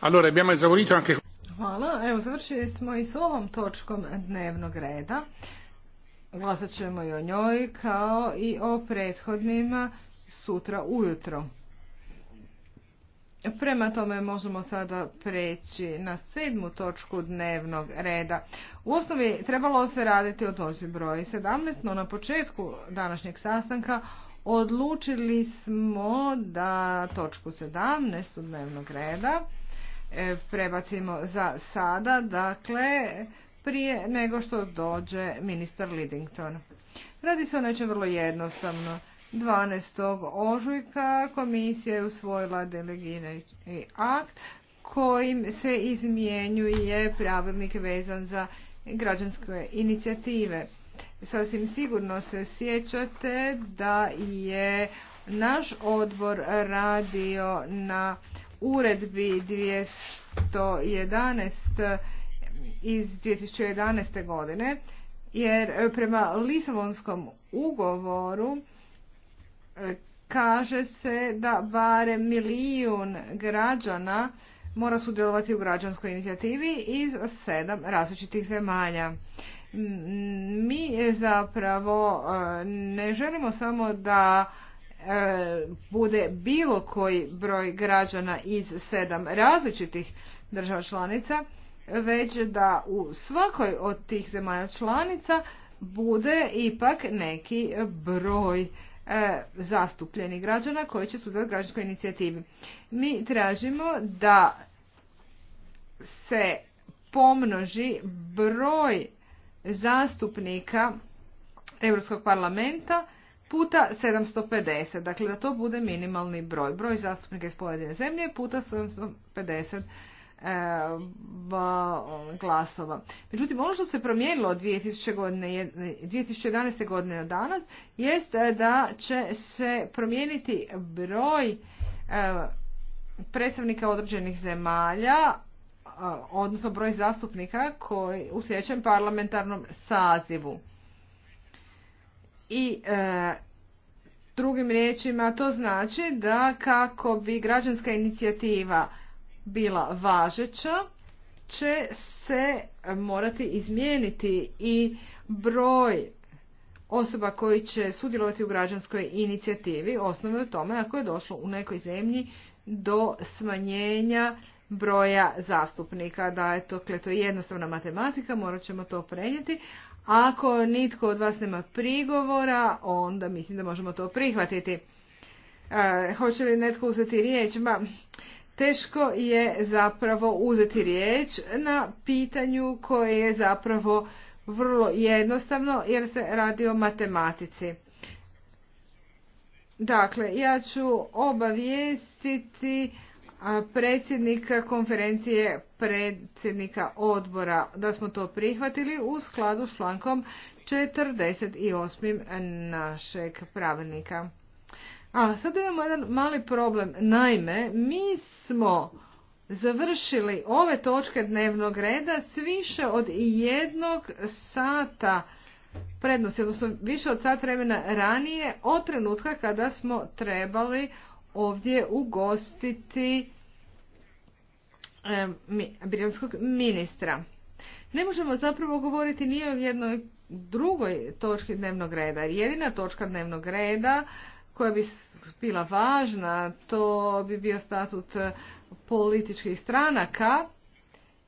Allora, abbiamo esaurito anche... Hvala. Evo, završili smo i s ovom točkom dnevnog reda. Glasat ćemo i o njoj kao i o prethodnima sutra ujutro. Prema tome možemo sada preći na sedmu točku dnevnog reda. U osnovi trebalo se raditi o točki broj 17, no na početku današnjeg sastanka odlučili smo da točku 17 dnevnog reda E, prebacimo za sada, dakle prije nego što dođe ministar Lidington. Radi se o nečem vrlo jednostavno. 12. ožujka komisija je usvojila delegirani akt kojim se izmjenjuje pravilnik vezan za građanske inicijative. Sasvim sigurno se sjećate da je naš odbor radio na uredbi 211 iz 2011. godine, jer e, prema Lisabonskom ugovoru e, kaže se da barem milijun građana mora sudjelovati u građanskoj inicijativi iz sedam različitih zemalja. Mi zapravo e, ne želimo samo da E, bude bilo koji broj građana iz sedam različitih država članica, već da u svakoj od tih zemalja članica bude ipak neki broj e, zastupljenih građana koji će sudati građanskoj inicijativi. Mi tražimo da se pomnoži broj zastupnika Europskog parlamenta puta 750, dakle da to bude minimalni broj. Broj zastupnika iz pojedine zemlje puta 750 e, glasova. Međutim, ono što se promijenilo od 2000 godine, 2011. godine na danas jest e, da će se promijeniti broj e, predstavnika određenih zemalja odnosno broj zastupnika koji u sljedećem parlamentarnom sazivu. I e, drugim riječima to znači da kako bi građanska inicijativa bila važeća, će se morati izmijeniti i broj osoba koji će sudjelovati u građanskoj inicijativi osnovno je tome ako je došlo u nekoj zemlji do smanjenja broja zastupnika. Da je to, to je jednostavna matematika, morat ćemo to prenijeti, ako nitko od vas nema prigovora, onda mislim da možemo to prihvatiti. E, hoće li netko uzeti riječ? Ma, teško je zapravo uzeti riječ na pitanju koje je zapravo vrlo jednostavno jer se radi o matematici. Dakle, ja ću obavijestiti predsjednika konferencije predsjednika odbora da smo to prihvatili u skladu s člankom 48. našeg pravilnika. A sad imamo jedan mali problem. Naime, mi smo završili ove točke dnevnog reda s više od jednog sata prednosti, odnosno više od sat vremena ranije od trenutka kada smo trebali ovdje ugostiti britanskog ministra. Ne možemo zapravo govoriti ni o jednoj drugoj točki dnevnog reda. Jedina točka dnevnog reda koja bi bila važna, to bi bio statut političkih stranaka,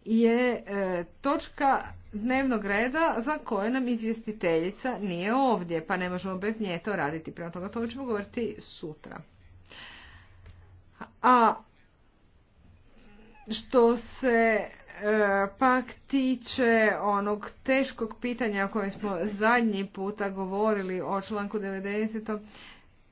je e, točka dnevnog reda za koje nam izvjestiteljica nije ovdje, pa ne možemo bez nje to raditi. Prema toga to ćemo govoriti sutra. A što se e, pak tiče onog teškog pitanja o kojem smo zadnji puta govorili o članku 90.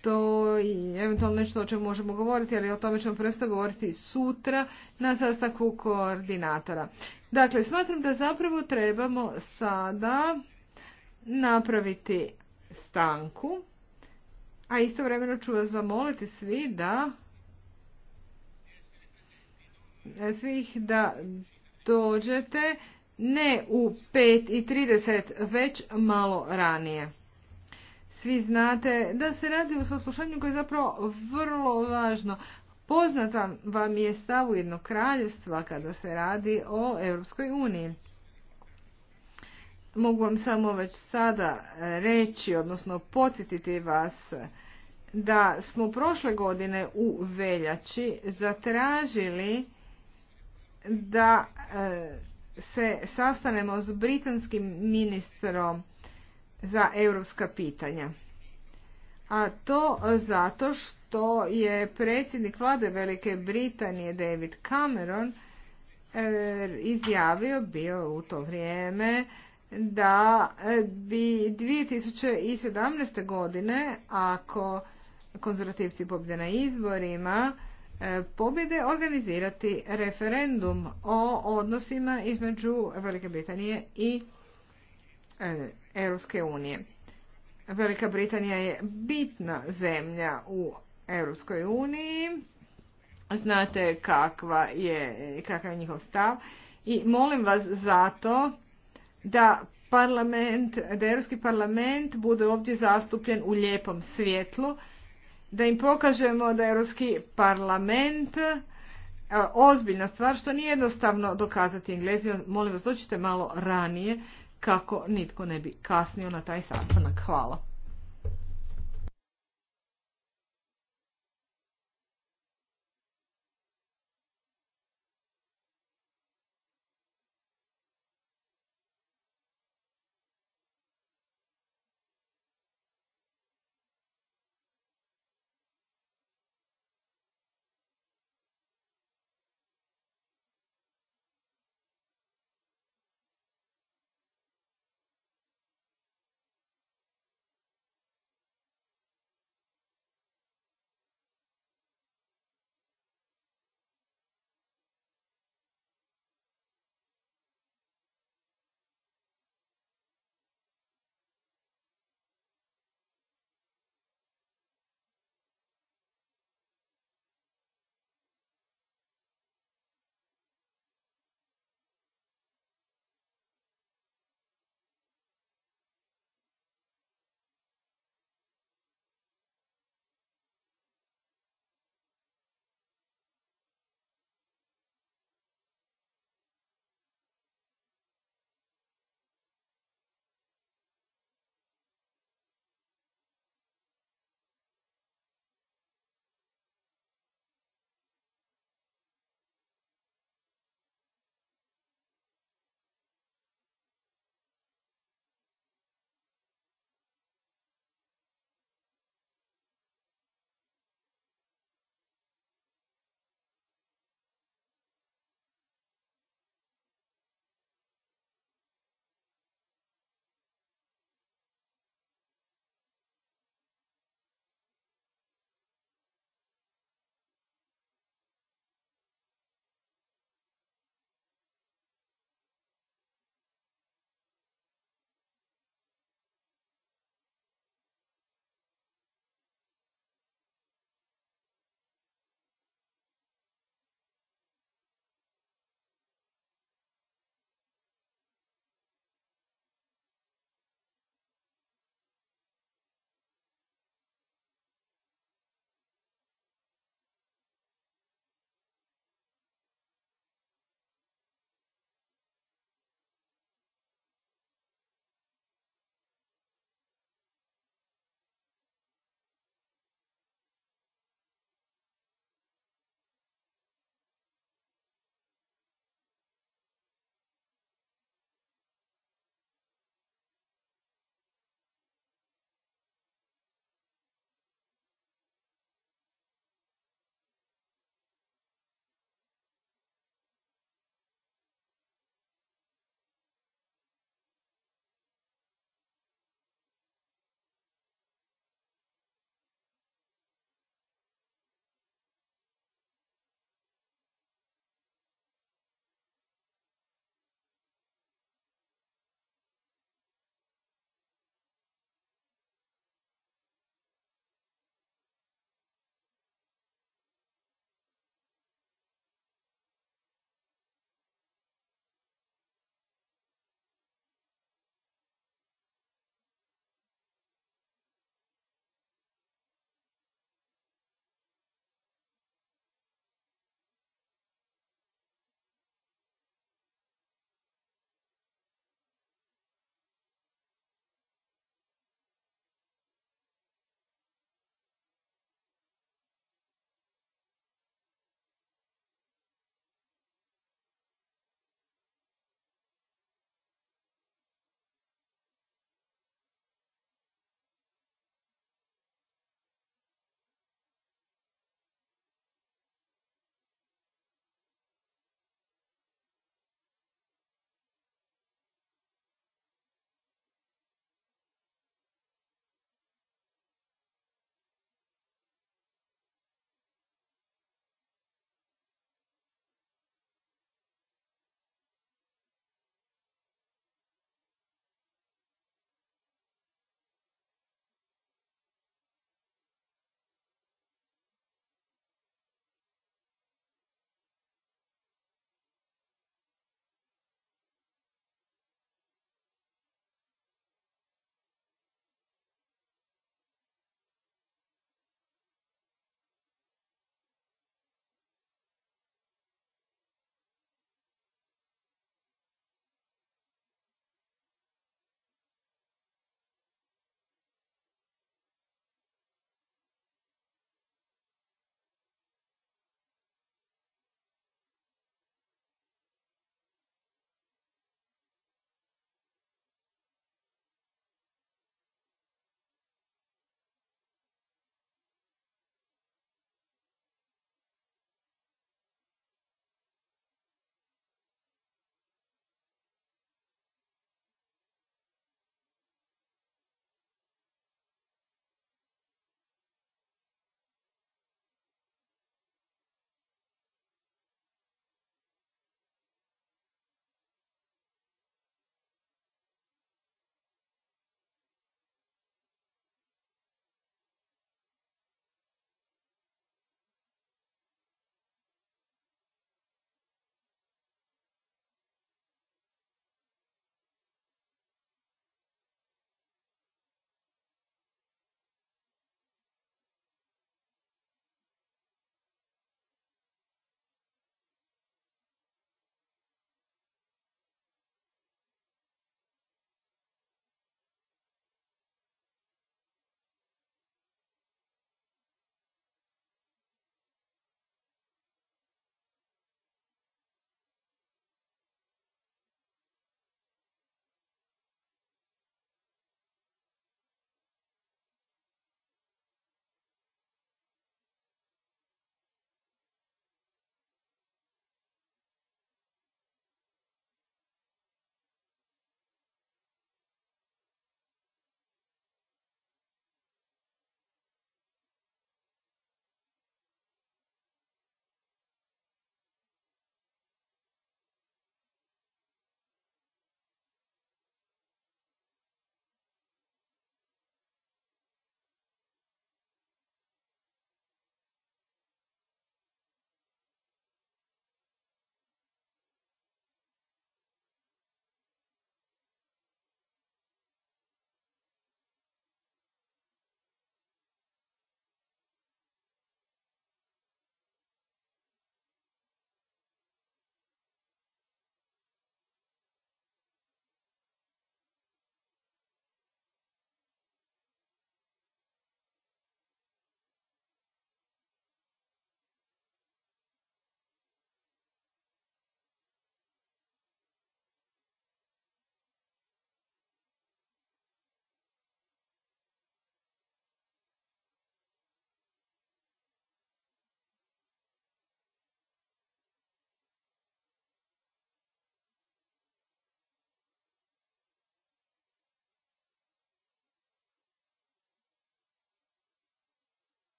To je eventualno nešto o čemu možemo govoriti, ali o tome ćemo presto govoriti sutra na sastanku koordinatora. Dakle, smatram da zapravo trebamo sada napraviti stanku, a istovremeno ću vas zamoliti svi da svih da dođete ne u 5.30, već malo ranije. Svi znate da se radi o saslušanju koje je zapravo vrlo važno. Poznat vam je stav jednog kraljevstva kada se radi o Europskoj uniji. Mogu vam samo već sada reći, odnosno podsjetiti vas da smo prošle godine u veljači zatražili da e, se sastanemo s britanskim ministrom za europska pitanja. A to zato što je predsjednik vlade Velike Britanije David Cameron e, izjavio bio u to vrijeme da bi 2017. godine ako konzervativci pobjede na izborima E, pobjede organizirati referendum o odnosima između Velike Britanije i e, Europske unije. Velika Britanija je bitna zemlja u Europskoj uniji. Znate kakva je, kakav je njihov stav. I molim vas zato da parlament, da Europski parlament bude ovdje zastupljen u lijepom svjetlu, da im pokažemo da je Europski parlament e, ozbiljna stvar, što nije jednostavno dokazati Englezima. Molim vas, dođite malo ranije kako nitko ne bi kasnio na taj sastanak. Hvala.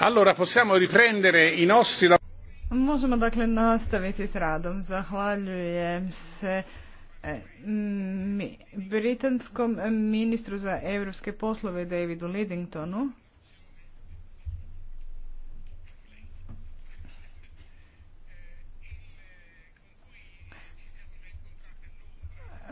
Allora possiamo riprendere i nostri Možemo dakle nastaviti s radom. Zahvaljujem se e, britanskom ministru za europske poslove Davidu Lidingtonu.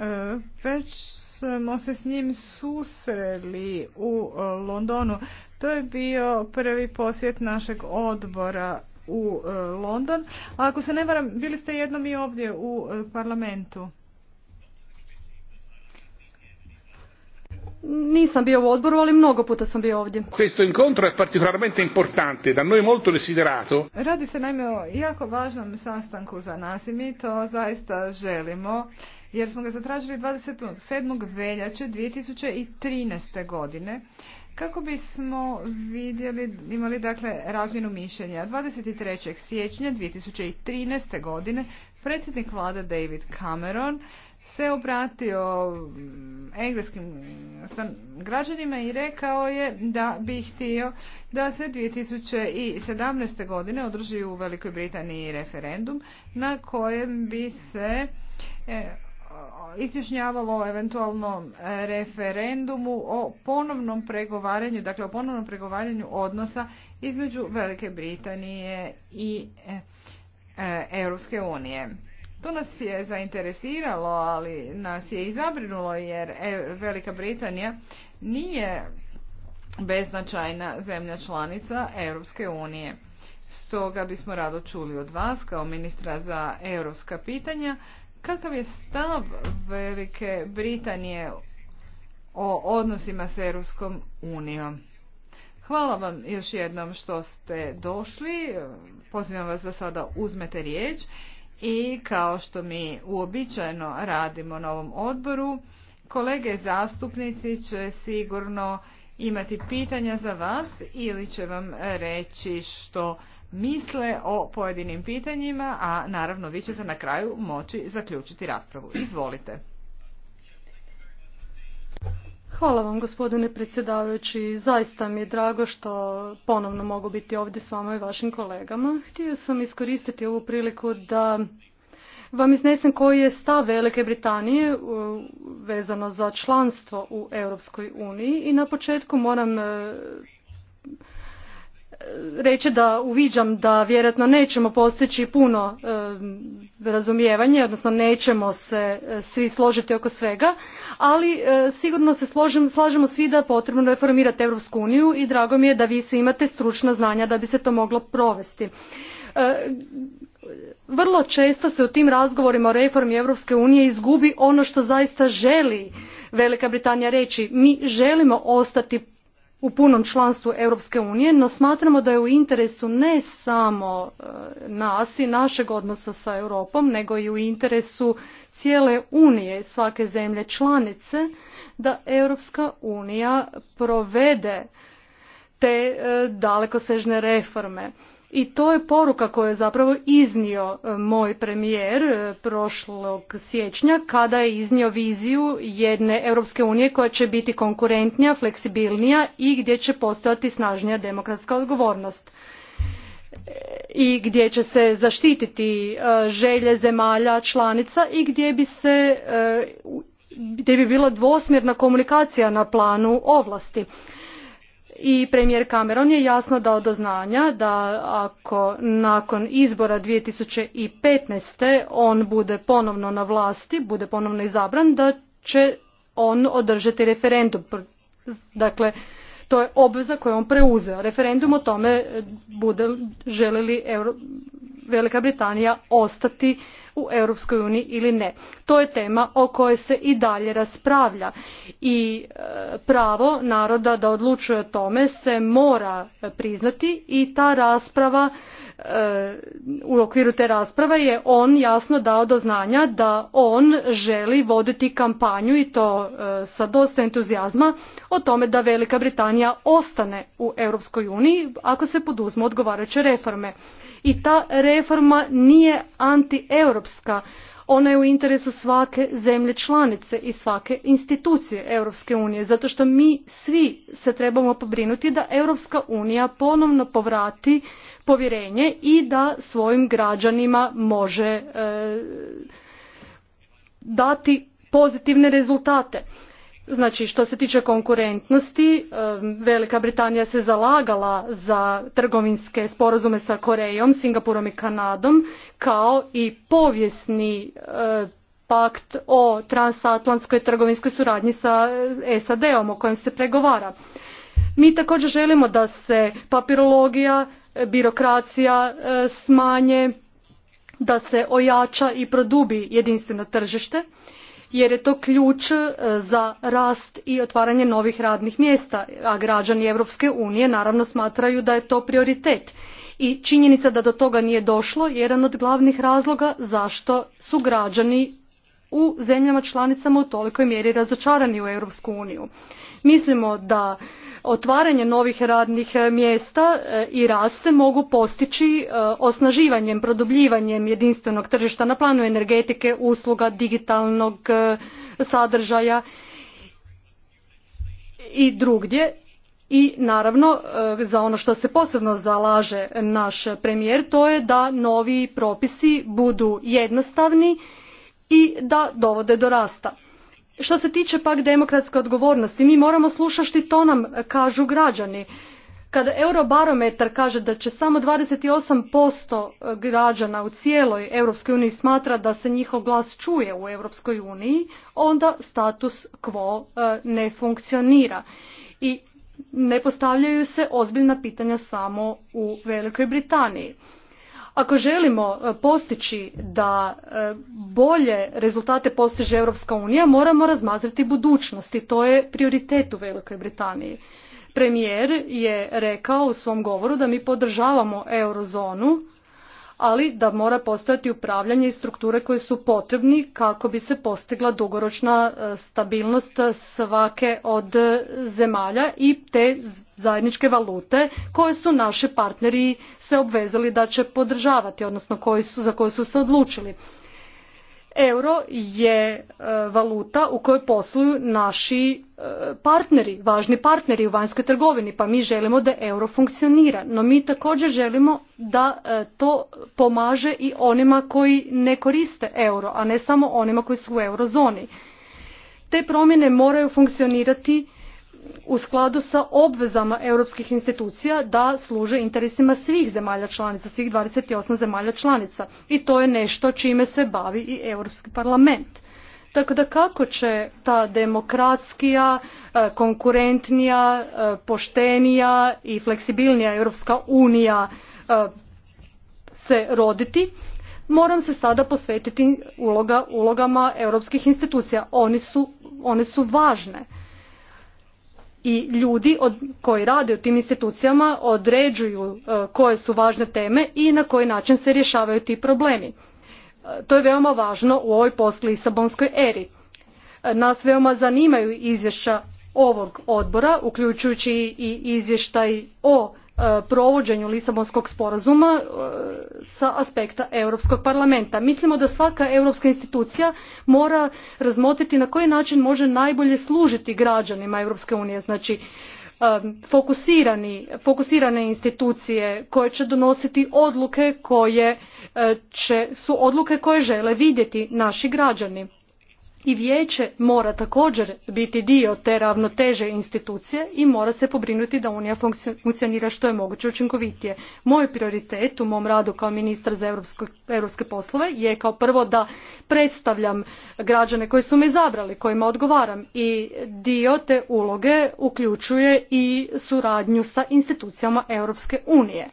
E, već smo se s njim susreli u e, Londonu to je bio prvi posjet našeg odbora u e, London. A ako se ne varam, bili ste jednom i ovdje u e, parlamentu. Nisam bio u odboru, ali mnogo puta sam bio ovdje. Questo incontro è particolarmente importante, da noi molto desiderato. Radi se naime o jako važnom sastanku za nas i mi to zaista želimo, jer smo ga zatražili 27. veljače 2013. godine kako bismo vidjeli, imali dakle razmjenu mišljenja. 23. siječnja 2013. godine predsjednik vlada David Cameron se obratio mm, engleskim građanima i rekao je da bi htio da se 2017. godine održi u Velikoj Britaniji referendum na kojem bi se e, izjašnjavalo o eventualnom e, referendumu o ponovnom pregovaranju, dakle o ponovnom pregovaranju odnosa između Velike Britanije i e, e, Europske unije. To nas je zainteresiralo, ali nas je i zabrinulo jer Velika Britanija nije beznačajna zemlja članica Europske unije. Stoga bismo rado čuli od vas kao ministra za europska pitanja Kakav je stav Velike Britanije o odnosima s Europskom unijom? Hvala vam još jednom što ste došli. Pozivam vas da sada uzmete riječ i kao što mi uobičajeno radimo na ovom odboru, kolege zastupnici će sigurno imati pitanja za vas ili će vam reći što misle o pojedinim pitanjima, a naravno vi ćete na kraju moći zaključiti raspravu. Izvolite. Hvala vam gospodine predsjedavajući. Zaista mi je drago što ponovno mogu biti ovdje s vama i vašim kolegama. Htio sam iskoristiti ovu priliku da vam iznesem koji je stav Velike Britanije vezano za članstvo u Europskoj uniji i na početku moram e, reći da uviđam da vjerojatno nećemo postići puno e, razumijevanje, odnosno nećemo se e, svi složiti oko svega, ali e, sigurno se složim, slažemo svi da je potrebno reformirati Europsku uniju i drago mi je da vi svi imate stručna znanja da bi se to moglo provesti. Vrlo često se u tim razgovorima o reformi Europske unije izgubi ono što zaista želi Velika Britanija reći. Mi želimo ostati u punom članstvu Europske unije, no smatramo da je u interesu ne samo e, nas i našeg odnosa sa Europom, nego i u interesu cijele unije, svake zemlje članice, da Europska unija provede te e, dalekosežne reforme. I to je poruka koju je zapravo iznio e, moj premijer e, prošlog siječnja kada je iznio viziju jedne Europske unije koja će biti konkurentnija, fleksibilnija i gdje će postojati snažnija demokratska odgovornost e, i gdje će se zaštititi želje zemalja članica i gdje bi se gdje bi bila dvosmjerna komunikacija na planu ovlasti i premijer Cameron je jasno dao do znanja da ako nakon izbora 2015. on bude ponovno na vlasti, bude ponovno izabran, da će on održati referendum. Dakle, to je obveza koju je on preuzeo. Referendum o tome e, bude želi li Velika Britanija ostati u Europskoj uniji ili ne. To je tema o kojoj se i dalje raspravlja i e, pravo naroda da odlučuje o tome se mora priznati i ta rasprava u okviru te rasprave je on jasno dao do znanja da on želi voditi kampanju i to e, sa dosta entuzijazma o tome da Velika Britanija ostane u Europskoj uniji ako se poduzmu odgovarajuće reforme. I ta reforma nije antieuropska, ona je u interesu svake zemlje članice i svake institucije Europske unije, zato što mi svi se trebamo pobrinuti da Europska unija ponovno povrati povjerenje i da svojim građanima može e, dati pozitivne rezultate. Znači, što se tiče konkurentnosti, e, Velika Britanija se zalagala za trgovinske sporazume sa Korejom, Singapurom i Kanadom, kao i povijesni e, pakt o transatlantskoj trgovinskoj suradnji sa e, SAD-om o kojem se pregovara. Mi također želimo da se papirologija, birokracija smanje, da se ojača i produbi jedinstveno tržište jer je to ključ e, za rast i otvaranje novih radnih mjesta, a građani Europske unije naravno smatraju da je to prioritet. I činjenica da do toga nije došlo je jedan od glavnih razloga zašto su građani u zemljama članicama u tolikoj mjeri razočarani u Europsku uniju. Mislimo da otvaranje novih radnih e, mjesta e, i raste mogu postići e, osnaživanjem, produbljivanjem jedinstvenog tržišta na planu energetike, usluga, digitalnog sadržaja i drugdje. I naravno, za ono što se posebno zalaže naš premijer, to je da novi propisi budu jednostavni i da dovode do rasta. Što se tiče pak demokratske odgovornosti, mi moramo slušati to nam e, kažu građani. Kada Eurobarometar kaže da će samo 28% e, građana u cijeloj Europskoj uniji smatra da se njihov glas čuje u Europskoj uniji, onda status quo e, ne funkcionira. I ne postavljaju se ozbiljna pitanja samo u Velikoj Britaniji. Ako želimo e, postići da e, bolje rezultate postiže Europska unija, moramo razmatrati budućnost i to je prioritet u Velikoj Britaniji. Premijer je rekao u svom govoru da mi podržavamo eurozonu ali da mora postojati upravljanje i strukture koje su potrebni kako bi se postigla dugoročna e, stabilnost svake od zemalja i te zajedničke valute koje su naši partneri se obvezali da će podržavati odnosno za koje su se odlučili euro je e, valuta u kojoj posluju naši e, partneri, važni partneri u vanjskoj trgovini, pa mi želimo da euro funkcionira, no mi također želimo da e, to pomaže i onima koji ne koriste euro, a ne samo onima koji su u eurozoni. Te promjene moraju funkcionirati u skladu sa obvezama europskih institucija da služe interesima svih zemalja članica, svih 28 zemalja članica. I to je nešto čime se bavi i Europski parlament. Tako da kako će ta demokratskija, e, konkurentnija, e, poštenija i fleksibilnija Europska unija e, se roditi, moram se sada posvetiti ulogama europskih institucija. Oni su, one su važne i ljudi od, koji rade u tim institucijama određuju e, koje su važne teme i na koji način se rješavaju ti problemi. E, to je veoma važno u ovoj post-Lisabonskoj eri. E, nas veoma zanimaju izvješća ovog odbora, uključujući i izvještaj o provođenju Lisabonskog sporazuma e, sa aspekta Europskog parlamenta. Mislimo da svaka europska institucija mora razmotriti na koji način može najbolje služiti građanima Europske unije. Znači, e, fokusirane institucije koje će donositi odluke koje e, će, su odluke koje žele vidjeti naši građani i vijeće mora također biti dio te ravnoteže institucije i mora se pobrinuti da unija funkcionira što je moguće učinkovitije. Moj prioritet u mom radu kao ministar za europske poslove je kao prvo da predstavljam građane koji su me izabrali, kojima odgovaram i dio te uloge uključuje i suradnju sa institucijama Europske unije.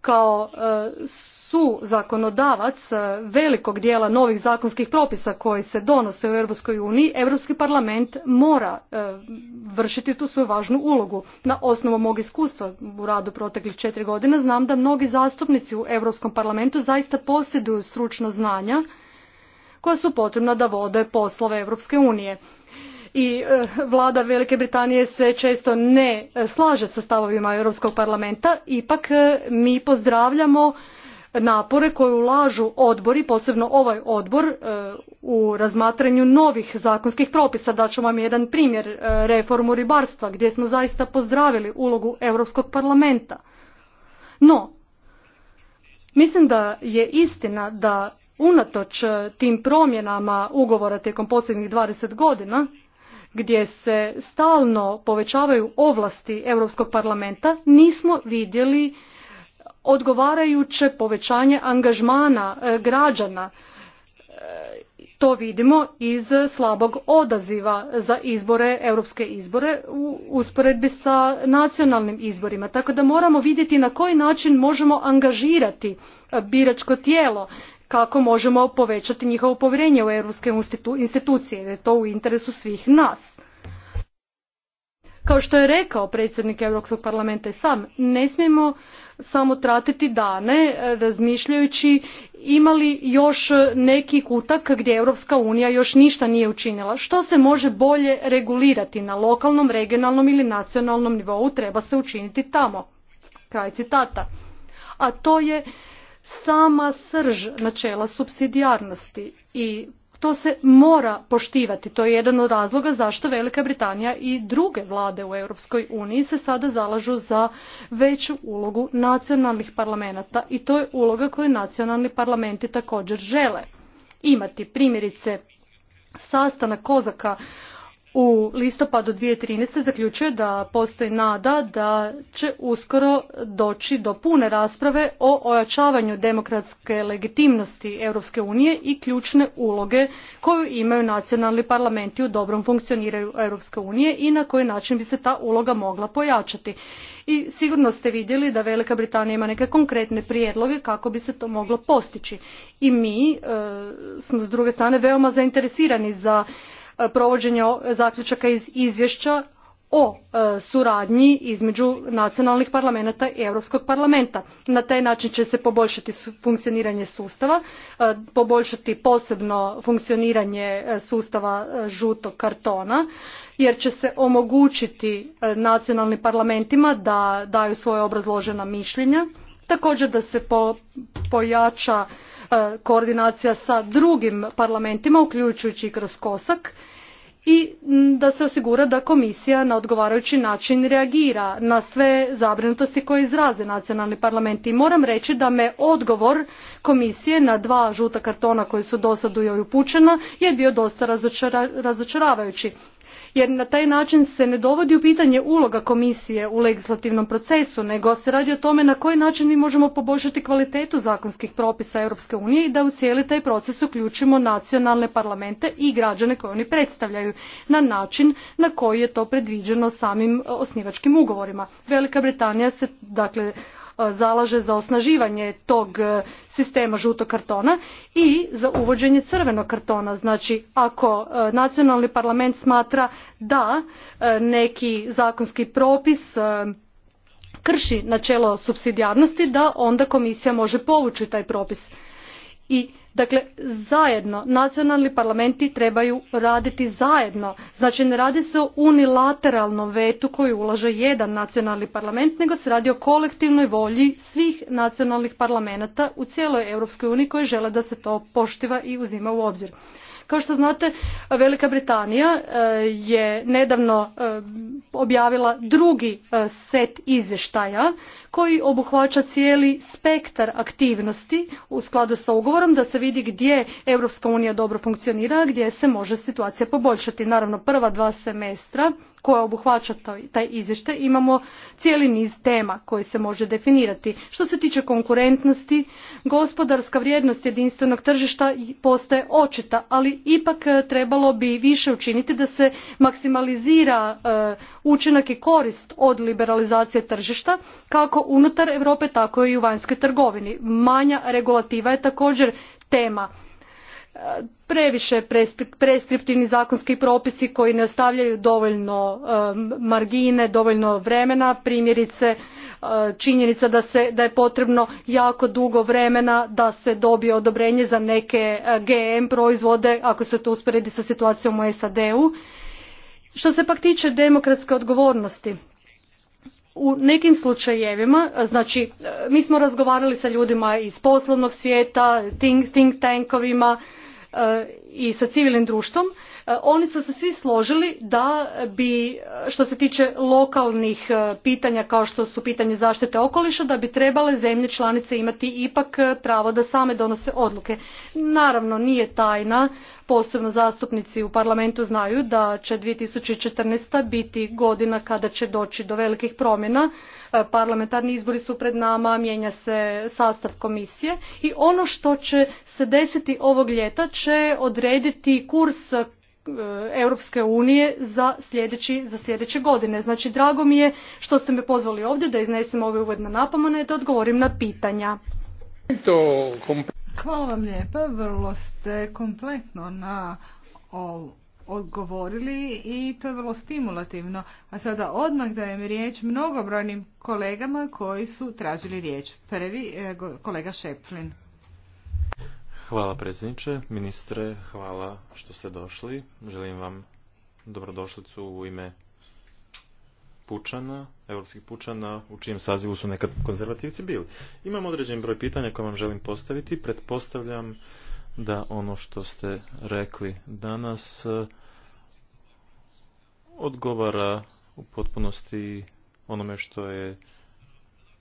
Kao e, su zakonodavac e, velikog dijela novih zakonskih propisa koji se donose u Europskoj uniji, Europski parlament mora e, vršiti tu svoju važnu ulogu. Na osnovu mog iskustva u radu proteklih četiri godine znam da mnogi zastupnici u Europskom parlamentu zaista posjeduju stručna znanja koja su potrebna da vode poslove Europske unije i e, vlada velike britanije se često ne slaže sa stavovima europskog parlamenta ipak mi pozdravljamo napore koje ulažu odbori, posebno ovaj odbor, e, u razmatranju novih zakonskih propisa. Daću vam jedan primjer e, reformu ribarstva gdje smo zaista pozdravili ulogu Europskog parlamenta. No, mislim da je istina da unatoč e, tim promjenama ugovora tijekom posljednjih 20 godina, gdje se stalno povećavaju ovlasti Europskog parlamenta, nismo vidjeli odgovarajuće povećanje angažmana e, građana e, to vidimo iz slabog odaziva za izbore, europske izbore u usporedbi sa nacionalnim izborima. Tako da moramo vidjeti na koji način možemo angažirati e, biračko tijelo kako možemo povećati njihovo povjerenje u europske institucije jer je to u interesu svih nas. Kao što je rekao predsjednik Europskog parlamenta i sam, ne smijemo samo tratiti dane e, razmišljajući ima li još e, neki kutak gdje Europska unija još ništa nije učinila. Što se može bolje regulirati na lokalnom, regionalnom ili nacionalnom nivou treba se učiniti tamo. Kraj citata. A to je sama srž načela subsidijarnosti i to se mora poštivati. To je jedan od razloga zašto Velika Britanija i druge vlade u Europskoj uniji se sada zalažu za veću ulogu nacionalnih parlamenta i to je uloga koju nacionalni parlamenti također žele imati. Primjerice, sastanak Kozaka u listopadu 2013. zaključuje da postoji nada da će uskoro doći do pune rasprave o ojačavanju demokratske legitimnosti Europske unije i ključne uloge koju imaju nacionalni parlamenti u dobrom funkcioniranju Europske unije i na koji način bi se ta uloga mogla pojačati. I sigurno ste vidjeli da Velika Britanija ima neke konkretne prijedloge kako bi se to moglo postići. I mi e, smo s druge strane veoma zainteresirani za provođenje zaključaka iz izvješća o e, suradnji između nacionalnih parlamenata i europskog parlamenta na taj način će se poboljšati funkcioniranje sustava e, poboljšati posebno funkcioniranje e, sustava žutog kartona jer će se omogućiti nacionalnim parlamentima da daju svoja obrazložena mišljenja također da se pojača koordinacija sa drugim parlamentima uključujući i kroz kosak i da se osigura da komisija na odgovarajući način reagira na sve zabrinutosti koje izraze nacionalni parlamenti. I moram reći da me odgovor komisije na dva žuta kartona koji su dosad u joj upućena je bio dosta razočaravajući jer na taj način se ne dovodi u pitanje uloga komisije u legislativnom procesu, nego se radi o tome na koji način mi možemo poboljšati kvalitetu zakonskih propisa Europske unije i da u cijeli taj proces uključimo nacionalne parlamente i građane koje oni predstavljaju na način na koji je to predviđeno samim osnivačkim ugovorima. Velika Britanija se dakle E, zalaže za osnaživanje tog e, sistema žutog kartona i za uvođenje crvenog kartona. Znači, ako e, nacionalni parlament smatra da neki zakonski propis krši načelo supsidijarnosti, da onda komisija može povući taj propis. I Dakle, zajedno, nacionalni parlamenti trebaju raditi zajedno. Znači, ne radi se o unilateralnom vetu koji ulaže jedan nacionalni parlament, nego se radi o kolektivnoj volji svih nacionalnih parlamenata u cijeloj Europskoj uniji koji žele da se to poštiva i uzima u obzir. Kao što znate, Velika Britanija e, je nedavno e, objavila drugi e, set izvještaja koji obuhvaća cijeli spektar aktivnosti u skladu sa ugovorom da se vidi gdje Europska unija dobro funkcionira, gdje se može situacija poboljšati. Naravno, prva dva semestra koja obuhvaća taj izvještaj imamo cijeli niz tema koji se može definirati. Što se tiče konkurentnosti, gospodarska vrijednost jedinstvenog tržišta postaje očita, ali ipak e, trebalo bi više učiniti da se maksimalizira e, učinak i korist od liberalizacije tržišta kako unutar Europe tako i u vanjskoj trgovini. Manja regulativa je također tema previše preskriptivni zakonski propisi koji ne ostavljaju dovoljno um, margine dovoljno vremena primjerice uh, činjenica da, je potrebno jako dugo vremena da se dobije odobrenje za neke uh, gm proizvode ako se to usporedi sa situacijom u sad u što se pak tiče demokratske odgovornosti u nekim slučajevima znači uh, mi smo razgovarali sa ljudima iz poslovnog svijeta think tankovima i sa civilnim društvom, e, oni su se svi složili da bi, što se tiče lokalnih e, pitanja kao što su pitanje zaštite okoliša, da bi trebale zemlje članice imati ipak e, pravo da same donose odluke. Naravno, nije tajna, posebno zastupnici u parlamentu znaju da će 2014. biti godina kada će doći do velikih promjena parlamentarni izbori su pred nama, mijenja se sastav komisije i ono što će se desiti ovog ljeta će odrediti kurs e, Europske unije za, sljedeći, za sljedeće godine. Znači, drago mi je što ste me pozvali ovdje da iznesem ove uvodne napomene i da odgovorim na pitanja. Hvala vam lijepa, vrlo ste kompletno na ovu odgovorili i to je vrlo stimulativno. A sada odmah dajem riječ mnogobrojnim kolegama koji su tražili riječ. Prvi, e, kolega Šeplin. Hvala predsjedniče, ministre, hvala što ste došli. Želim vam dobrodošlicu u ime pučana, europskih pučana, u čijem sazivu su nekad konzervativci bili. Imam određen broj pitanja koje vam želim postaviti. Pretpostavljam da ono što ste rekli danas odgovara u potpunosti onome što je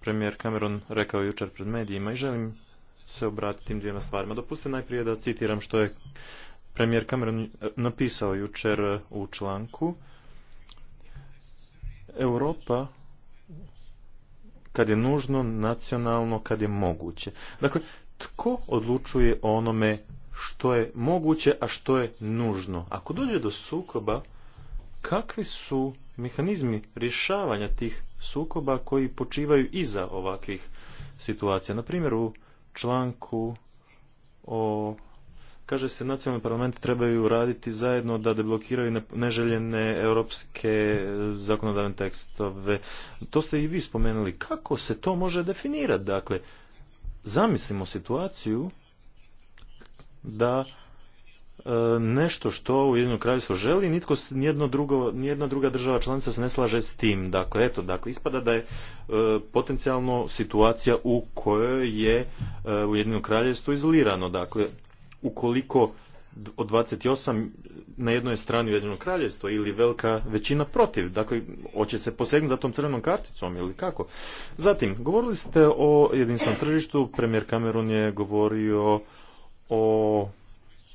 premijer Cameron rekao jučer pred medijima i želim se obratiti tim dvijema stvarima. Dopustite najprije da citiram što je premijer Cameron eh, napisao jučer eh, u članku. Europa kad je nužno, nacionalno, kad je moguće. Dakle, tko odlučuje onome što je moguće, a što je nužno? Ako dođe do sukoba, kakvi su mehanizmi rješavanja tih sukoba koji počivaju iza ovakvih situacija. Na primjer u članku o kaže se nacionalni parlamenti trebaju raditi zajedno da deblokiraju neželjene europske zakonodavne tekstove. To ste i vi spomenuli. Kako se to može definirati? Dakle, zamislimo situaciju da E, nešto što Ujedinjeno kraljevstvo želi, nitko, nijedno drugo, nijedna druga država članica se ne slaže s tim. Dakle, eto, dakle, ispada da je e, potencijalno situacija u kojoj je e, Ujedinjeno kraljevstvo izolirano. Dakle, ukoliko od 28 na jednoj strani Ujedinjeno kraljevstvo ili velika većina protiv. Dakle, hoće se posegnuti za tom crvenom karticom ili kako? Zatim, govorili ste o jedinstvenom tržištu, premijer Cameron je govorio o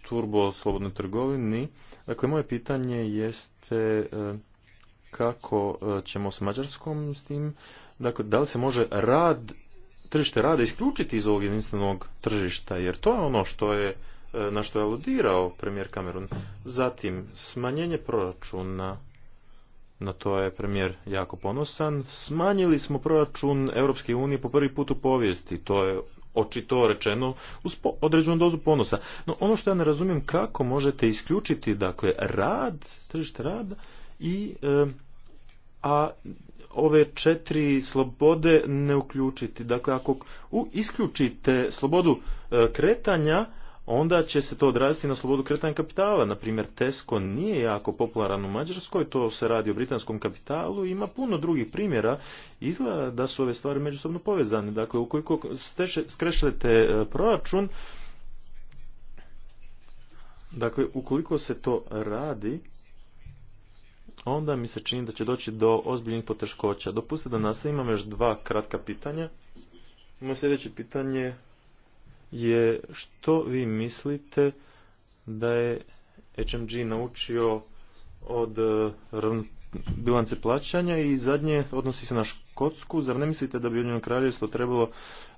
turbo slobodnoj trgovini. Dakle, moje pitanje jeste e, kako e, ćemo s Mađarskom s tim, dakle, da li se može rad, tržište rada isključiti iz ovog jedinstvenog tržišta, jer to je ono što je e, na što je aludirao premijer Kamerun. Zatim, smanjenje proračuna, na to je premijer jako ponosan, smanjili smo proračun Europske unije po prvi put u povijesti, to je očito rečeno uz određenu dozu ponosa. No ono što ja ne razumijem kako možete isključiti dakle rad, tržište rada i a ove četiri slobode ne uključiti. Dakle ako u, isključite slobodu e, kretanja onda će se to odraziti na slobodu kretanja kapitala. Naprimjer, Tesco nije jako popularan u Mađarskoj, to se radi o britanskom kapitalu, ima puno drugih primjera. Izgleda da su ove stvari međusobno povezane. Dakle, ukoliko skrešljete e, proračun, dakle, ukoliko se to radi, onda mi se čini da će doći do ozbiljnih poteškoća. Dopustite da nastavim, imam još dva kratka pitanja. Moje sljedeće pitanje je što vi mislite da je HMG naučio od e, bilance plaćanja i zadnje odnosi se na Škotsku. Zar ne mislite da bi Ujedinjeno kraljevstvo trebalo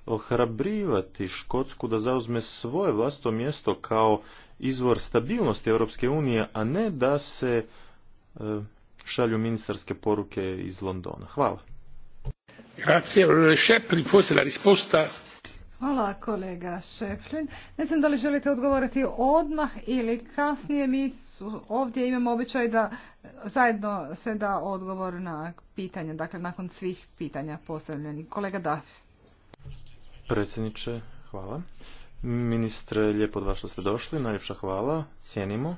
ohrabrivati Škotsku da zauzme svoje vlasto mjesto kao izvor stabilnosti Europske unije, a ne da se e, šalju ministarske poruke iz Londona? Hvala. Grazie, Hvala kolega Šeflin. Ne znam da li želite odgovoriti odmah ili kasnije. Mi ovdje imamo običaj da zajedno se da odgovor na pitanje, dakle nakon svih pitanja postavljenih. Kolega Daf. Predsjedniče, hvala. Ministre, lijepo od vas što ste došli, najljepša hvala, cijenimo.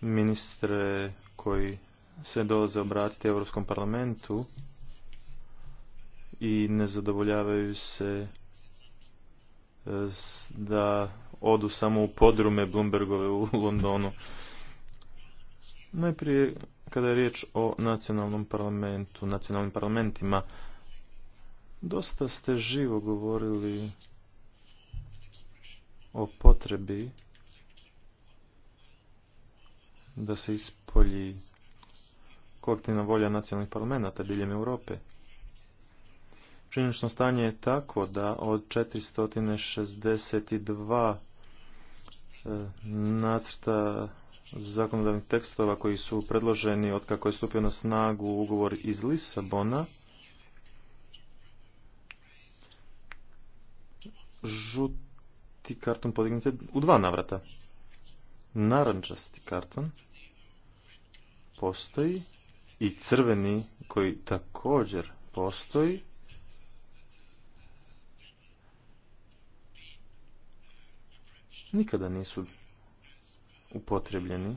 Ministre koji se dolaze obratiti Europskom parlamentu i ne zadovoljavaju se da odu samo u podrume Bloombergove u Londonu. Najprije kada je riječ o nacionalnom parlamentu, nacionalnim parlamentima, dosta ste živo govorili o potrebi da se ispolji kolektivna volja nacionalnih parlamenta diljem Europe. Činjenično stanje je tako da od 462 e, nacrta zakonodavnih tekstova koji su predloženi od kako je stupio na snagu ugovor iz Lisabona, žuti karton podignite u dva navrata. Narančasti karton postoji i crveni koji također postoji nikada nisu upotrebljeni.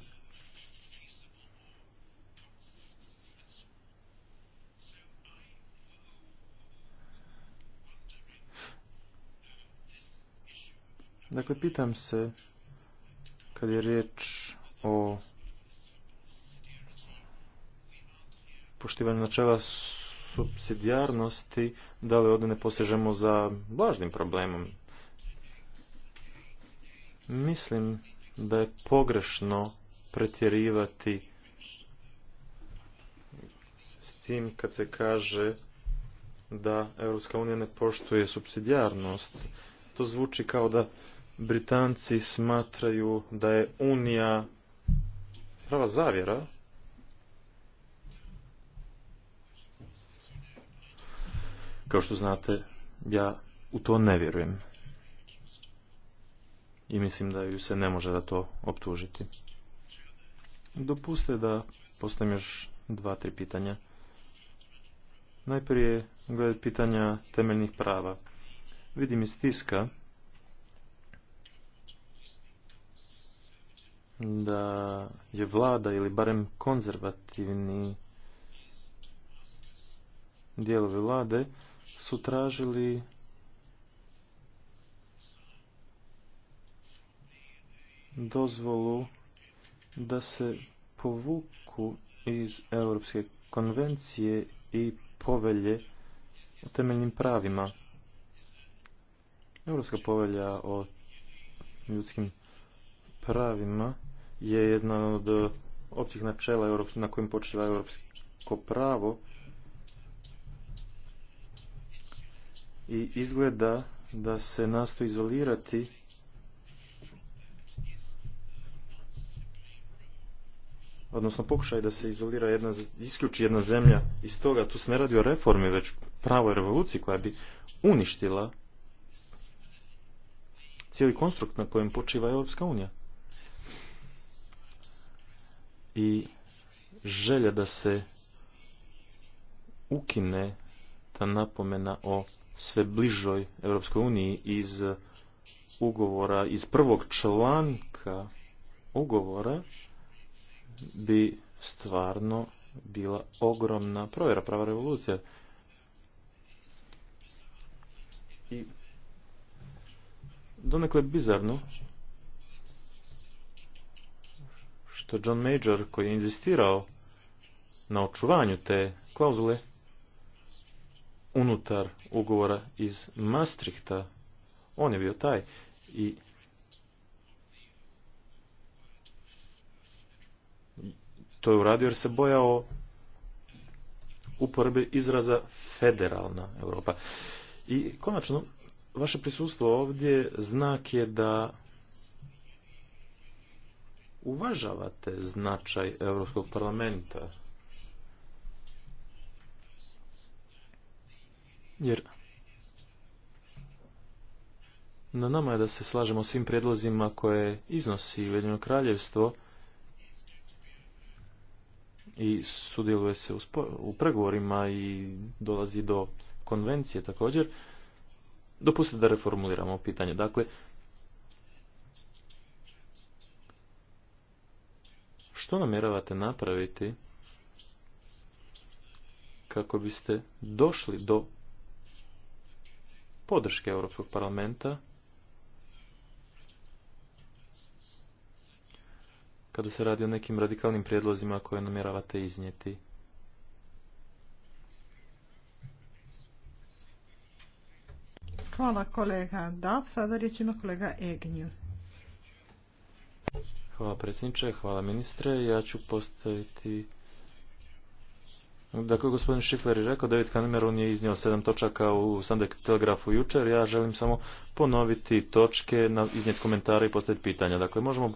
Dakle, pitam se, kad je riječ o poštivanju načela subsidijarnosti, da li ovdje ne posežemo za važnim problemom, Mislim da je pogrešno pretjerivati s tim kad se kaže da Europska unija ne poštuje subsidijarnost. To zvuči kao da Britanci smatraju da je unija prava zavjera. Kao što znate, ja u to ne vjerujem i mislim da ju se ne može za to optužiti. Dopuste da postavim još dva, tri pitanja. Najprije glede pitanja temeljnih prava. Vidim iz tiska da je vlada ili barem konzervativni dijelovi vlade su tražili dozvolu da se povuku iz Europske konvencije i povelje o temeljnim pravima. Europska povelja o ljudskim pravima je jedna od općih načela na kojim počiva europsko pravo i izgleda da se nastoji izolirati odnosno pokušaj da se izolira jedna, isključi jedna zemlja iz toga, tu se ne radi o reformi, već pravoj revoluciji koja bi uništila cijeli konstrukt na kojem počiva Europska unija. I želja da se ukine ta napomena o sve bližoj Europskoj uniji iz ugovora, iz prvog članka ugovora, bi stvarno bila ogromna provjera, prava revolucija. I donekle bizarno što John Major koji je inzistirao na očuvanju te klauzule unutar ugovora iz Maastrichta, on je bio taj i To je uradio jer se bojao uporabe izraza federalna Europa. I konačno, vaše prisustvo ovdje znak je da uvažavate značaj Europskog parlamenta. Jer na nama je da se slažemo svim prijedlozima koje iznosi Ujedinjeno kraljevstvo i sudjeluje se u pregovorima i dolazi do konvencije također, dopustite da reformuliramo pitanje. Dakle, što namjeravate napraviti kako biste došli do podrške Europskog parlamenta kada se radi o nekim radikalnim prijedlozima koje namjeravate iznijeti. Hvala kolega Dav. Sada riječ ima kolega Egnju. Hvala predsjedniče, hvala ministre. Ja ću postaviti Dakle, gospodin Šifler je rekao, David on je iznio sedam točaka u Sandek Telegrafu jučer. Ja želim samo ponoviti točke, iznijeti komentare i postaviti pitanja. Dakle, možemo e,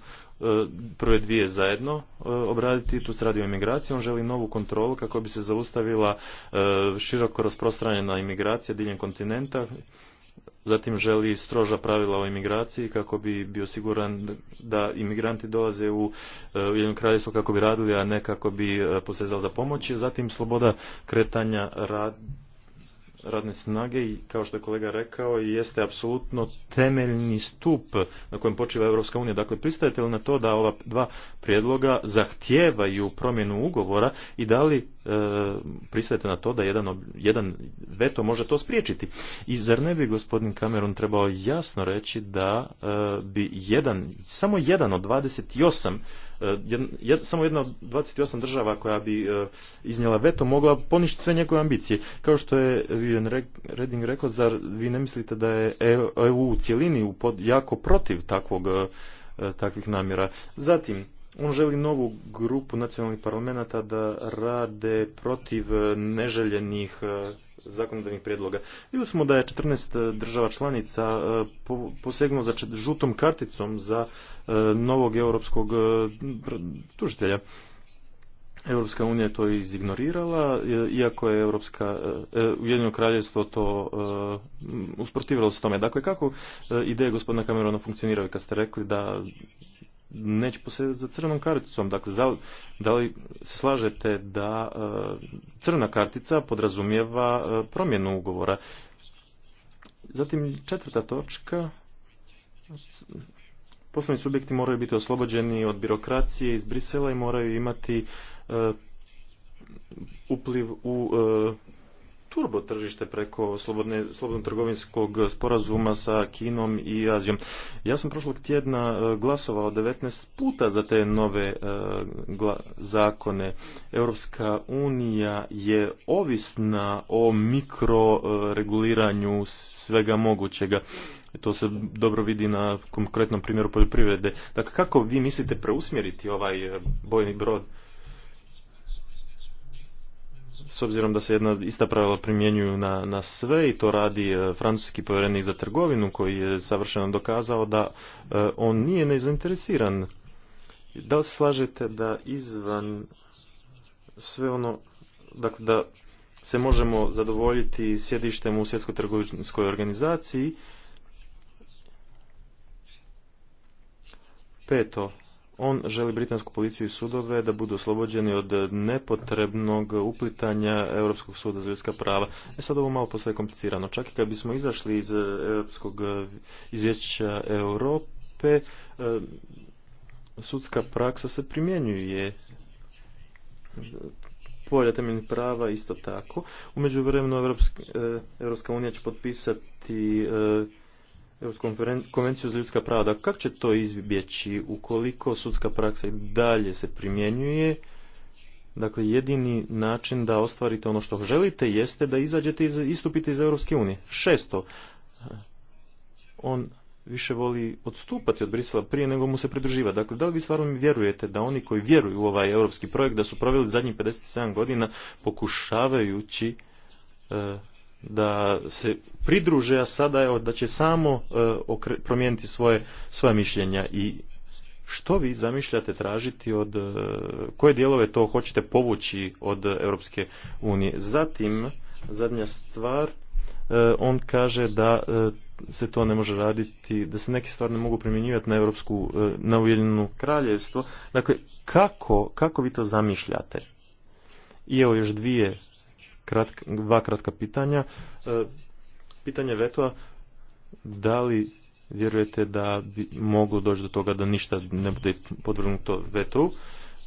prve dvije zajedno e, obraditi. Tu se radi o imigraciji. On želi novu kontrolu kako bi se zaustavila e, široko rasprostranjena imigracija diljem kontinenta zatim želi stroža pravila o imigraciji kako bi bio siguran da imigranti dolaze u e, Ujedinjeno kraljevstvo kako bi radili, a ne kako bi e, posezali za pomoć. Zatim sloboda kretanja rad, radne snage i kao što je kolega rekao jeste apsolutno temeljni stup na kojem počiva Europska unija. Dakle, pristajete li na to da ova dva prijedloga zahtijevaju promjenu ugovora i da li E, pristajete na to da jedan, jedan veto može to spriječiti. I zar ne bi gospodin Cameron trebao jasno reći da e, bi jedan, samo jedan od 28 e, jed, samo jedna od 28 država koja bi iznijela veto mogla poništiti sve njegove ambicije. Kao što je Reding rekao, zar vi ne mislite da je EU u cjelini jako protiv takvog takvih namjera. Zatim, on želi novu grupu nacionalnih parlamenta da rade protiv neželjenih e, zakonodavnih prijedloga. Vidjeli smo da je 14 država članica e, posegnulo za žutom karticom za e, novog europskog tužitelja. Europska unija to izignorirala, iako je Europska, Ujedinjeno kraljevstvo to usprotivilo se tome. Dakle, kako ideje gospodina Camerona funkcioniraju kad ste rekli da neće posjedati za crnom karticom. Dakle, da li se slažete da e, crna kartica podrazumijeva e, promjenu ugovora? Zatim četvrta točka. Poslovni subjekti moraju biti oslobođeni od birokracije iz Brisela i moraju imati e, upliv u turbo tržište preko slobodne, slobodno trgovinskog sporazuma sa Kinom i Azijom. Ja sam prošlog tjedna e, glasovao 19 puta za te nove e, zakone. Europska unija je ovisna o mikroreguliranju e, svega mogućega. To se dobro vidi na konkretnom primjeru poljoprivrede. Dakle, kako vi mislite preusmjeriti ovaj bojni brod? s obzirom da se jedna ista pravila primjenjuju na, sve i to radi e, francuski povjerenik za trgovinu koji je savršeno dokazao da e, on nije nezainteresiran. Da li se slažete da izvan sve ono, dakle da se možemo zadovoljiti sjedištem u svjetskoj trgovinskoj organizaciji. Peto, on želi britansku policiju i sudove da budu oslobođeni od nepotrebnog uplitanja Europskog suda za ljudska prava. E sad ovo malo postaje komplicirano. Čak i kad bismo izašli iz e, Europskog e, izvješća Europe, e, sudska praksa se primjenjuje polja temeljnih prava isto tako. U međuvremenu Europska unija će potpisati Europsku konvenciju za ljudska prava. da kako će to izbjeći ukoliko sudska praksa i dalje se primjenjuje? Dakle, jedini način da ostvarite ono što želite jeste da izađete iz, istupite iz Europske unije. Šesto, on više voli odstupati od Brisela prije nego mu se pridruživa. Dakle, da li vi stvarno vjerujete da oni koji vjeruju u ovaj europski projekt, da su proveli zadnjih 57 godina pokušavajući e, da se pridruže, a sada evo, da će samo e, promijeniti svoje, svoje mišljenja i što vi zamišljate tražiti od, e, koje dijelove to hoćete povući od Europske unije. Zatim, zadnja stvar, e, on kaže da se to ne može raditi, da se neke stvari ne mogu primjenjivati na Europsku, na Ujedinjeno kraljevstvo. Dakle, kako, kako vi to zamišljate? I evo još dvije kratka, dva kratka pitanja. E, pitanje vetoa, da li vjerujete da bi moglo doći do toga da ništa ne bude podvrgnuto vetovu?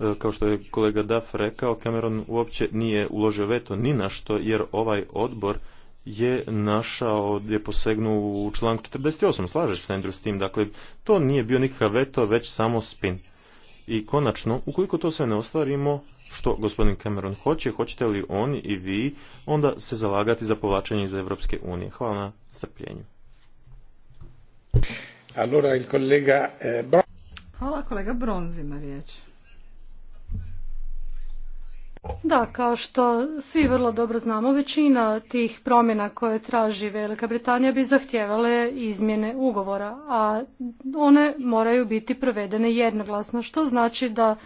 E, kao što je kolega Duff rekao, Cameron uopće nije uložio veto ni na što, jer ovaj odbor je našao, je posegnuo u članku 48, slažeš se Andrew s tim, dakle to nije bio nikakav veto, već samo spin. I konačno, ukoliko to sve ne ostvarimo, što gospodin Cameron hoće, hoćete li on i vi onda se zalagati za povlačenje iz Europske unije. Hvala na strpljenju. Allora, il collega, eh, Hvala kolega Da, kao što svi vrlo dobro znamo, većina tih promjena koje traži Velika Britanija bi zahtjevale izmjene ugovora, a one moraju biti provedene jednoglasno, što znači da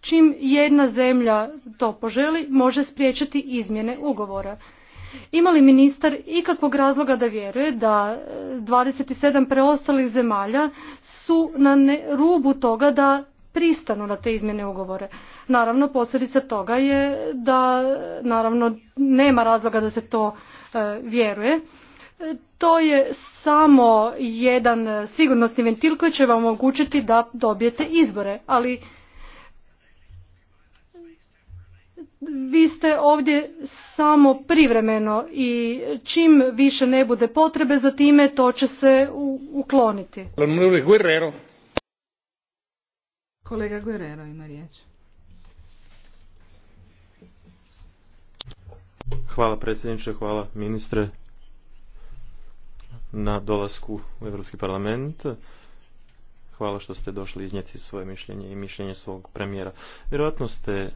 čim jedna zemlja to poželi, može spriječiti izmjene ugovora. Ima li ministar ikakvog razloga da vjeruje da 27 e, preostalih zemalja su na ne, rubu toga da pristanu na te izmjene ugovore. Naravno, posljedica toga je da naravno nema razloga da se to e, vjeruje. E, to je samo jedan sigurnosni ventil koji će vam omogućiti da dobijete izbore, ali vi ste ovdje samo privremeno i čim više ne bude potrebe za time to će se ukloniti. Kolega Guerrero ima riječ. Hvala predsjedniče, hvala ministre na dolasku u Europski parlament. Hvala što ste došli iznijeti svoje mišljenje i mišljenje svog premijera. Vjerojatno ste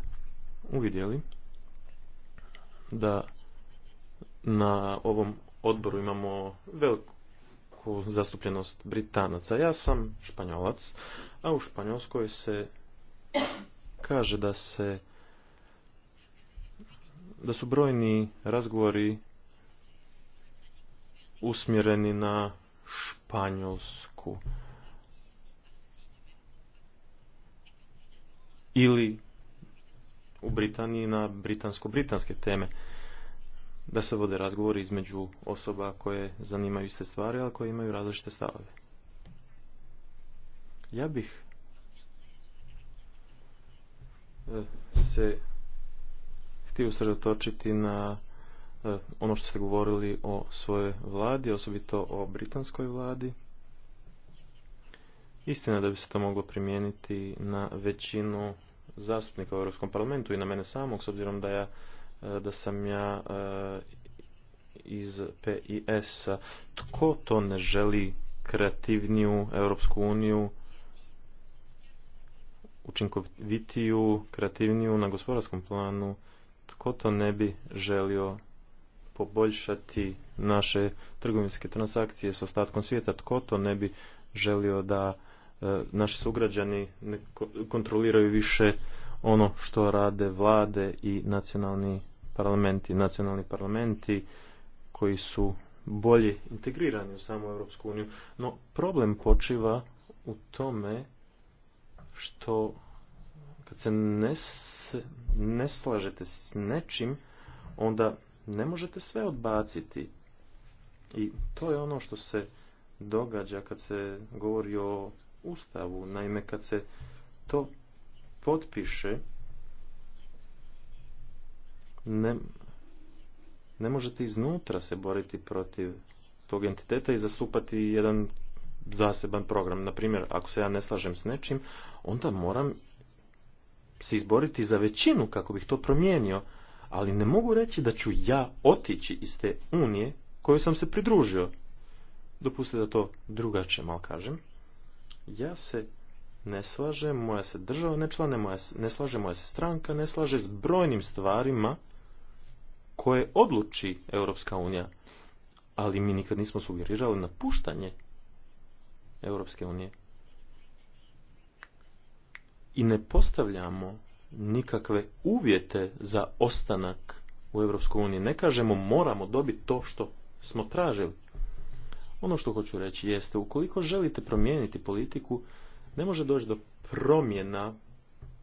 uvidjeli da na ovom odboru imamo veliku zastupljenost Britanaca. Ja sam španjolac, a u Španjolskoj se kaže da se da su brojni razgovori usmjereni na Španjolsku. Ili u Britaniji na britansko-britanske teme. Da se vode razgovori između osoba koje zanimaju iste stvari, ali koje imaju različite stavove. Ja bih e, se htio usredotočiti na e, ono što ste govorili o svojoj vladi, osobito o britanskoj vladi. Istina da bi se to moglo primijeniti na većinu zastupnika u Europskom parlamentu i na mene samog, s obzirom da, ja, e, da sam ja e, iz PIS-a. Tko to ne želi kreativniju Europsku uniju, učinkovitiju, kreativniju na gospodarskom planu? Tko to ne bi želio poboljšati naše trgovinske transakcije s ostatkom svijeta? Tko to ne bi želio da E, naši sugrađani kontroliraju više ono što rade vlade i nacionalni parlamenti. Nacionalni parlamenti koji su bolje integrirani u samu Europsku uniju. No problem počiva u tome što kad se ne, ne slažete s nečim, onda ne možete sve odbaciti. I to je ono što se događa kad se govori o ustavu. Naime, kad se to potpiše, ne, ne možete iznutra se boriti protiv tog entiteta i zastupati jedan zaseban program. Naprimjer, ako se ja ne slažem s nečim, onda moram se izboriti za većinu kako bih to promijenio, ali ne mogu reći da ću ja otići iz te unije kojoj sam se pridružio. Dopustite da to drugačije malo kažem. Ja se ne slažem, moja se država ne člane, ne slaže moja se stranka, ne slaže s brojnim stvarima koje odluči Europska unija. Ali mi nikad nismo sugerirali napuštanje Europske unije. I ne postavljamo nikakve uvjete za ostanak u Europskoj uniji. Ne kažemo moramo dobiti to što smo tražili. Ono što hoću reći jeste, ukoliko želite promijeniti politiku, ne može doći do promjena,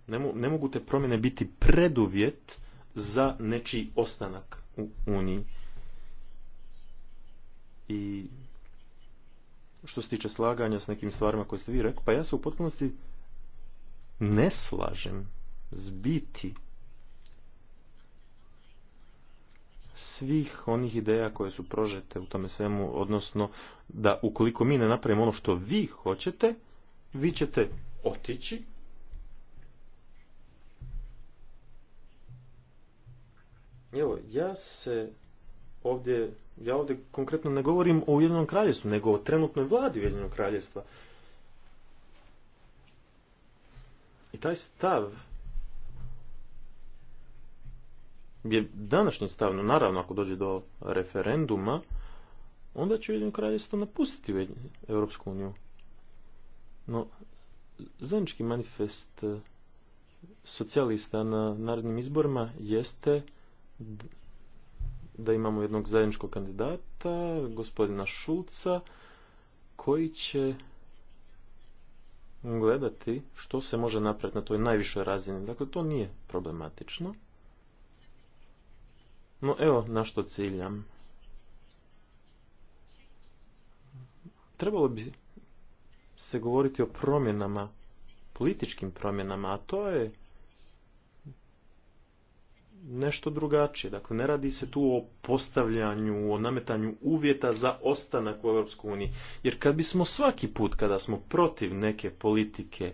ne, mo, mogu te promjene biti preduvjet za nečiji ostanak u Uniji. I što se tiče slaganja s nekim stvarima koje ste vi rekli, pa ja se u potpunosti ne slažem zbiti svih onih ideja koje su prožete u tome svemu, odnosno da ukoliko mi ne napravimo ono što vi hoćete, vi ćete otići Evo, ja se ovdje, ja ovdje konkretno ne govorim o Ujedinjenom kraljestvu, nego o trenutnoj vladi Ujedinjenog kraljestva. I taj stav je stav, stavno, naravno ako dođe do referenduma, onda će Ujedinjeno kraljevstvo napustiti Europsku uniju. No, zajednički manifest eh, socijalista na narodnim izborima jeste da imamo jednog zajedničkog kandidata, gospodina Šulca, koji će gledati što se može napraviti na toj najvišoj razini. Dakle, to nije problematično. No evo na što ciljam. Trebalo bi se govoriti o promjenama, političkim promjenama, a to je nešto drugačije. Dakle, ne radi se tu o postavljanju, o nametanju uvjeta za ostanak u EU. Jer kad bismo svaki put kada smo protiv neke politike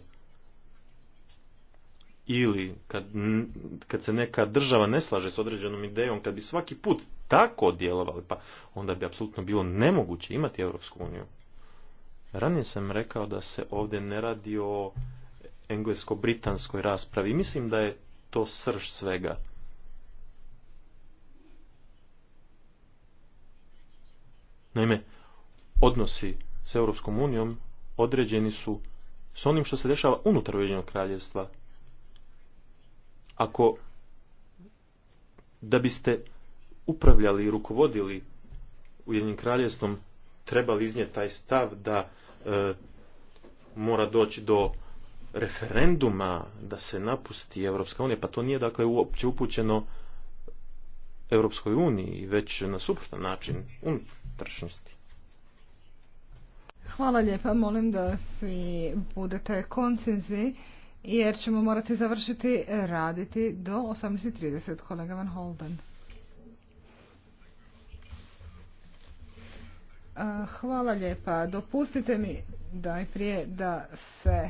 ili kad, kad se neka država ne slaže s određenom idejom, kad bi svaki put tako djelovali, pa onda bi apsolutno bilo nemoguće imati Europsku uniju. Ranije sam rekao da se ovdje ne radi o englesko-britanskoj raspravi. Mislim da je to srž svega. Naime, odnosi s Europskom unijom određeni su s onim što se dešava unutar Ujedinjenog kraljevstva. Ako da biste upravljali i rukovodili Ujedinjenim kraljevstvom trebali iznijeti taj stav da e, mora doći do referenduma da se napusti Europska unija, pa to nije dakle uopće upućeno Europskoj uniji, već na suprotan način unutrašnjosti. Hvala lijepa, molim da svi budete koncizi jer ćemo morati završiti e, raditi do 18.30, kolega Van Holden. Hvala lijepa. Dopustite mi prije da se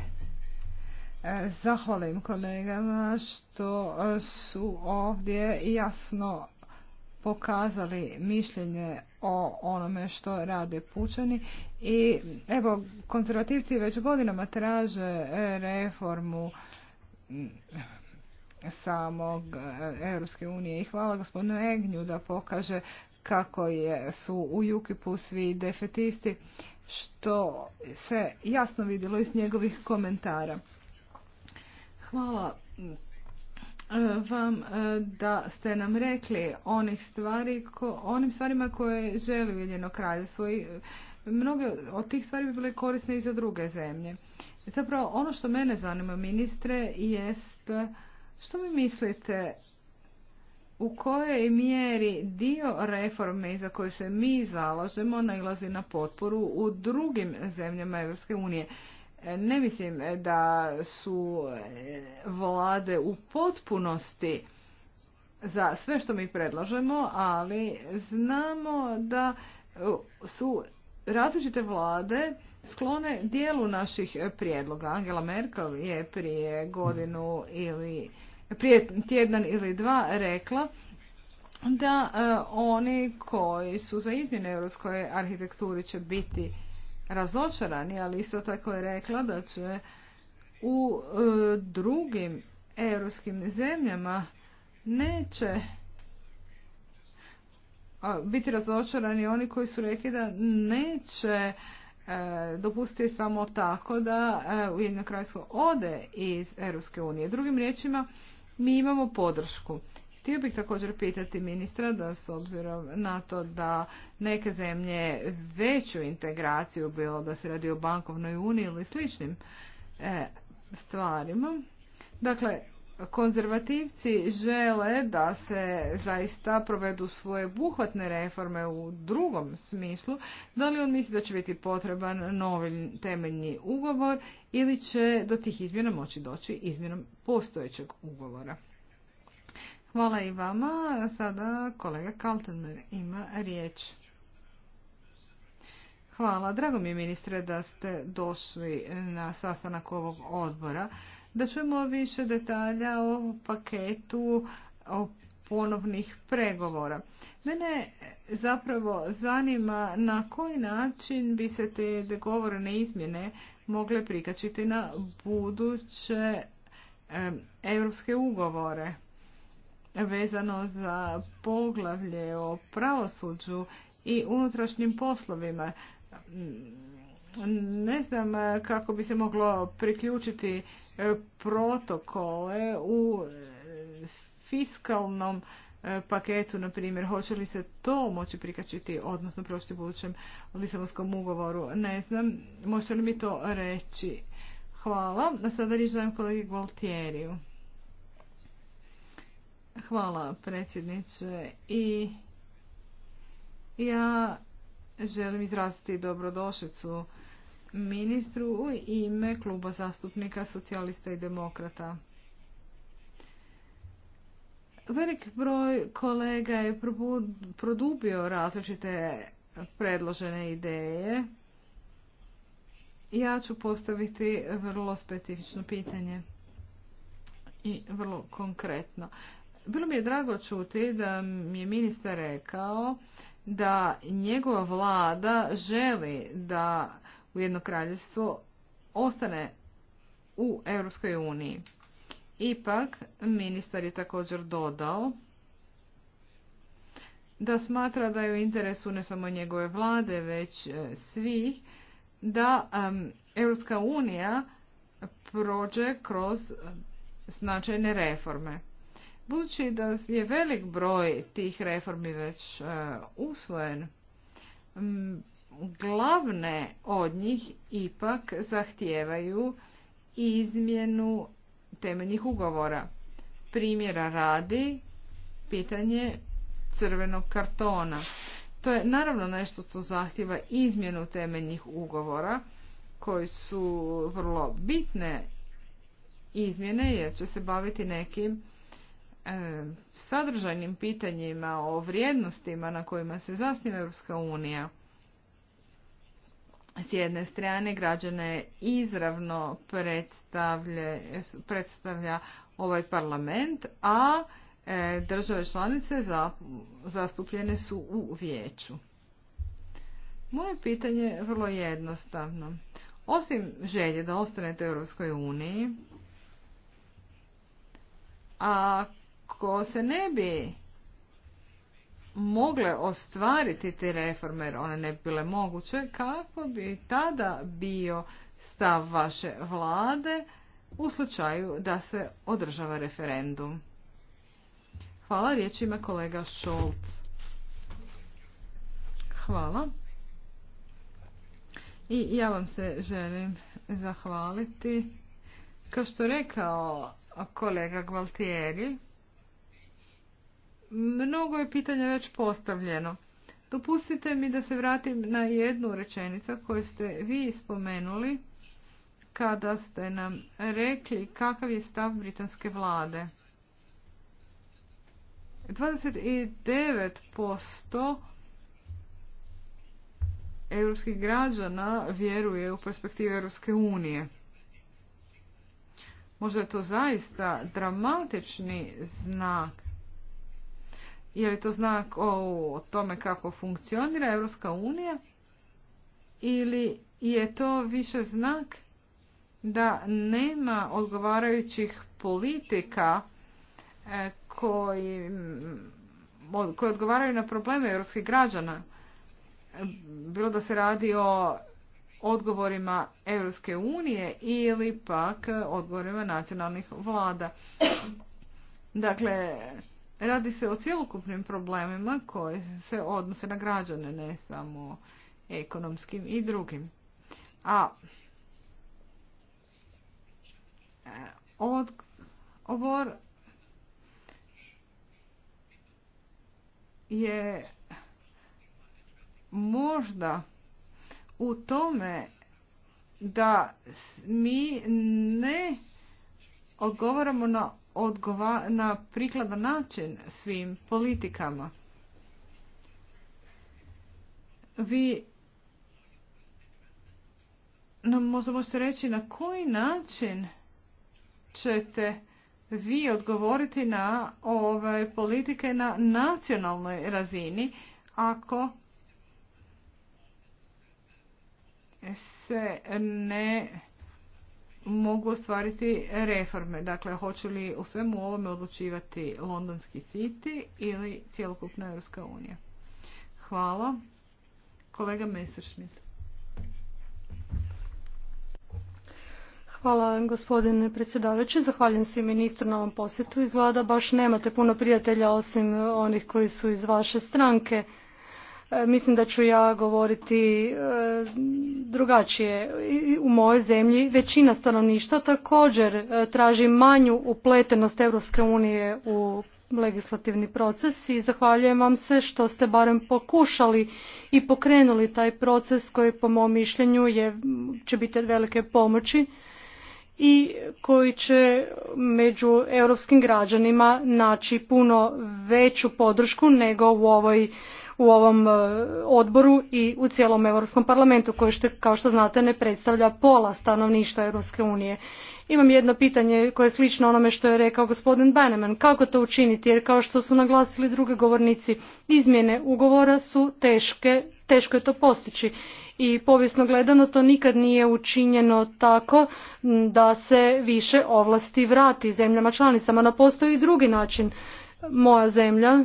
e, zahvalim kolegama što e, su ovdje jasno pokazali mišljenje o onome što rade pučani i evo konzervativci već godinama traže e, reformu mm, samog e, Europske unije i hvala gospodinu Egnju da pokaže kako je, su u Jukipu svi defetisti što se jasno vidjelo iz njegovih komentara. Hvala vam e, da ste nam rekli onih stvari, onim stvarima koje želi Ujedinjeno kraljevstvo i e, mnoge od tih stvari bi bile korisne i za druge zemlje. Zapravo ono što mene zanima ministre jest što vi mislite u kojoj mjeri dio reforme za koje se mi zalažemo nailazi na potporu u drugim zemljama Europske unije. E, ne mislim e, da su e, vlade u potpunosti za sve što mi predlažemo, ali znamo da su različite vlade sklone dijelu naših prijedloga. Angela Merkel je prije godinu ili prije tjedan ili dva rekla da oni koji su za izmjene europskoj arhitekturi će biti razočarani, ali isto tako je rekla da će u e, drugim europskim zemljama neće biti razočarani oni koji su rekli da neće e, dopustiti samo tako da e, Ujedinjeno ode iz Europske unije. Drugim riječima, mi imamo podršku Htio bih također pitati ministra da s obzirom na to da neke zemlje veću integraciju, bilo da se radi o bankovnoj uniji ili sličnim e, stvarima, dakle, konzervativci žele da se zaista provedu svoje buhvatne reforme u drugom smislu, da li on misli da će biti potreban novi temeljni ugovor ili će do tih izmjena moći doći izmjenom postojećeg ugovora? Hvala i vama. Sada kolega Kaltenberg ima riječ. Hvala. Drago mi je ministre da ste došli na sastanak ovog odbora. Da čujemo više detalja o paketu o ponovnih pregovora. Mene zapravo zanima na koji način bi se te dogovorene izmjene mogle prikačiti na buduće europske ugovore vezano za poglavlje o pravosuđu i unutrašnjim poslovima. Ne znam kako bi se moglo priključiti e, protokole u e, fiskalnom e, paketu, na primjer, hoće li se to moći prikačiti, odnosno prošli budućem Lisabonskom ugovoru, ne znam. Možete li mi to reći? Hvala. A sada riječ dajem kolegi Gualtieriju. Hvala predsjedniče i ja želim izraziti dobrodošlicu ministru u ime kluba zastupnika socijalista i demokrata. Velik broj kolega je produbio različite predložene ideje. Ja ću postaviti vrlo specifično pitanje i vrlo konkretno. Bilo mi je drago čuti da mi je ministar rekao da njegova vlada želi da Ujedno kraljevstvo ostane u Europskoj uniji. Ipak, ministar je također dodao da smatra da je u interesu ne samo njegove vlade, već e, svih, da Europska unija prođe kroz e, značajne reforme. Budući da je velik broj tih reformi već e, usvojen, glavne od njih ipak zahtijevaju izmjenu temeljnih ugovora. Primjera radi pitanje crvenog kartona. To je naravno nešto što zahtjeva izmjenu temeljnih ugovora koji su vrlo bitne izmjene jer će se baviti nekim E, sadržajnim pitanjima, o vrijednostima na kojima se zasniva Europska unija. S jedne strane građane izravno predstavlja, ovaj parlament, a e, države članice zastupljene su u vijeću. Moje pitanje je vrlo jednostavno. Osim želje da ostanete u Europskoj uniji, a ko se ne bi mogle ostvariti te reforme, jer one ne bi bile moguće, kako bi tada bio stav vaše vlade u slučaju da se održava referendum? Hvala, riječ ima kolega Šolc. Hvala. I ja vam se želim zahvaliti. Kao što rekao kolega Gvaltieri, Mnogo je pitanja već postavljeno. Dopustite mi da se vratim na jednu rečenicu koju ste vi spomenuli kada ste nam rekli kakav je stav britanske vlade. 29% europskih građana vjeruje u perspektive Europske unije. Možda je to zaista dramatični znak je li to znak o tome kako funkcionira Europska unija? Ili je to više znak da nema odgovarajućih politika e, koji, koji odgovaraju na probleme europskih građana? Bilo da se radi o odgovorima Europske unije ili pak odgovorima nacionalnih vlada. Dakle, Radi se o cjelokupnim problemima koji se odnose na građane, ne samo ekonomskim i drugim. A e, od, je možda u tome da mi ne odgovaramo na odgova na prikladan način svim politikama. Vi nam možete reći na koji način ćete vi odgovoriti na ove politike na nacionalnoj razini ako se ne mogu ostvariti reforme. Dakle, hoće li u svemu ovome odlučivati Londonski City ili cjelokupna Europska unija? Hvala. Kolega Messerschmidt. Hvala gospodine predsjedavajući. Zahvaljujem se ministru na ovom posjetu. Izgleda baš nemate puno prijatelja osim onih koji su iz vaše stranke. E, mislim da ću ja govoriti e, drugačije. U mojoj zemlji većina stanovništva također e, traži manju upletenost Europske unije u legislativni proces i zahvaljujem vam se što ste barem pokušali i pokrenuli taj proces koji po mom mišljenju je, će biti velike pomoći i koji će među europskim građanima naći puno veću podršku nego u ovoj u ovom e, odboru i u cijelom Europskom parlamentu koji kao što znate ne predstavlja pola stanovništva Europske unije. Imam jedno pitanje koje je slično onome što je rekao gospodin Banneman. Kako to učiniti? Jer kao što su naglasili drugi govornici, izmjene ugovora su teške, teško je to postići i povijesno gledano to nikad nije učinjeno tako da se više ovlasti vrati zemljama članicama. No postoji i drugi način. Moja zemlja,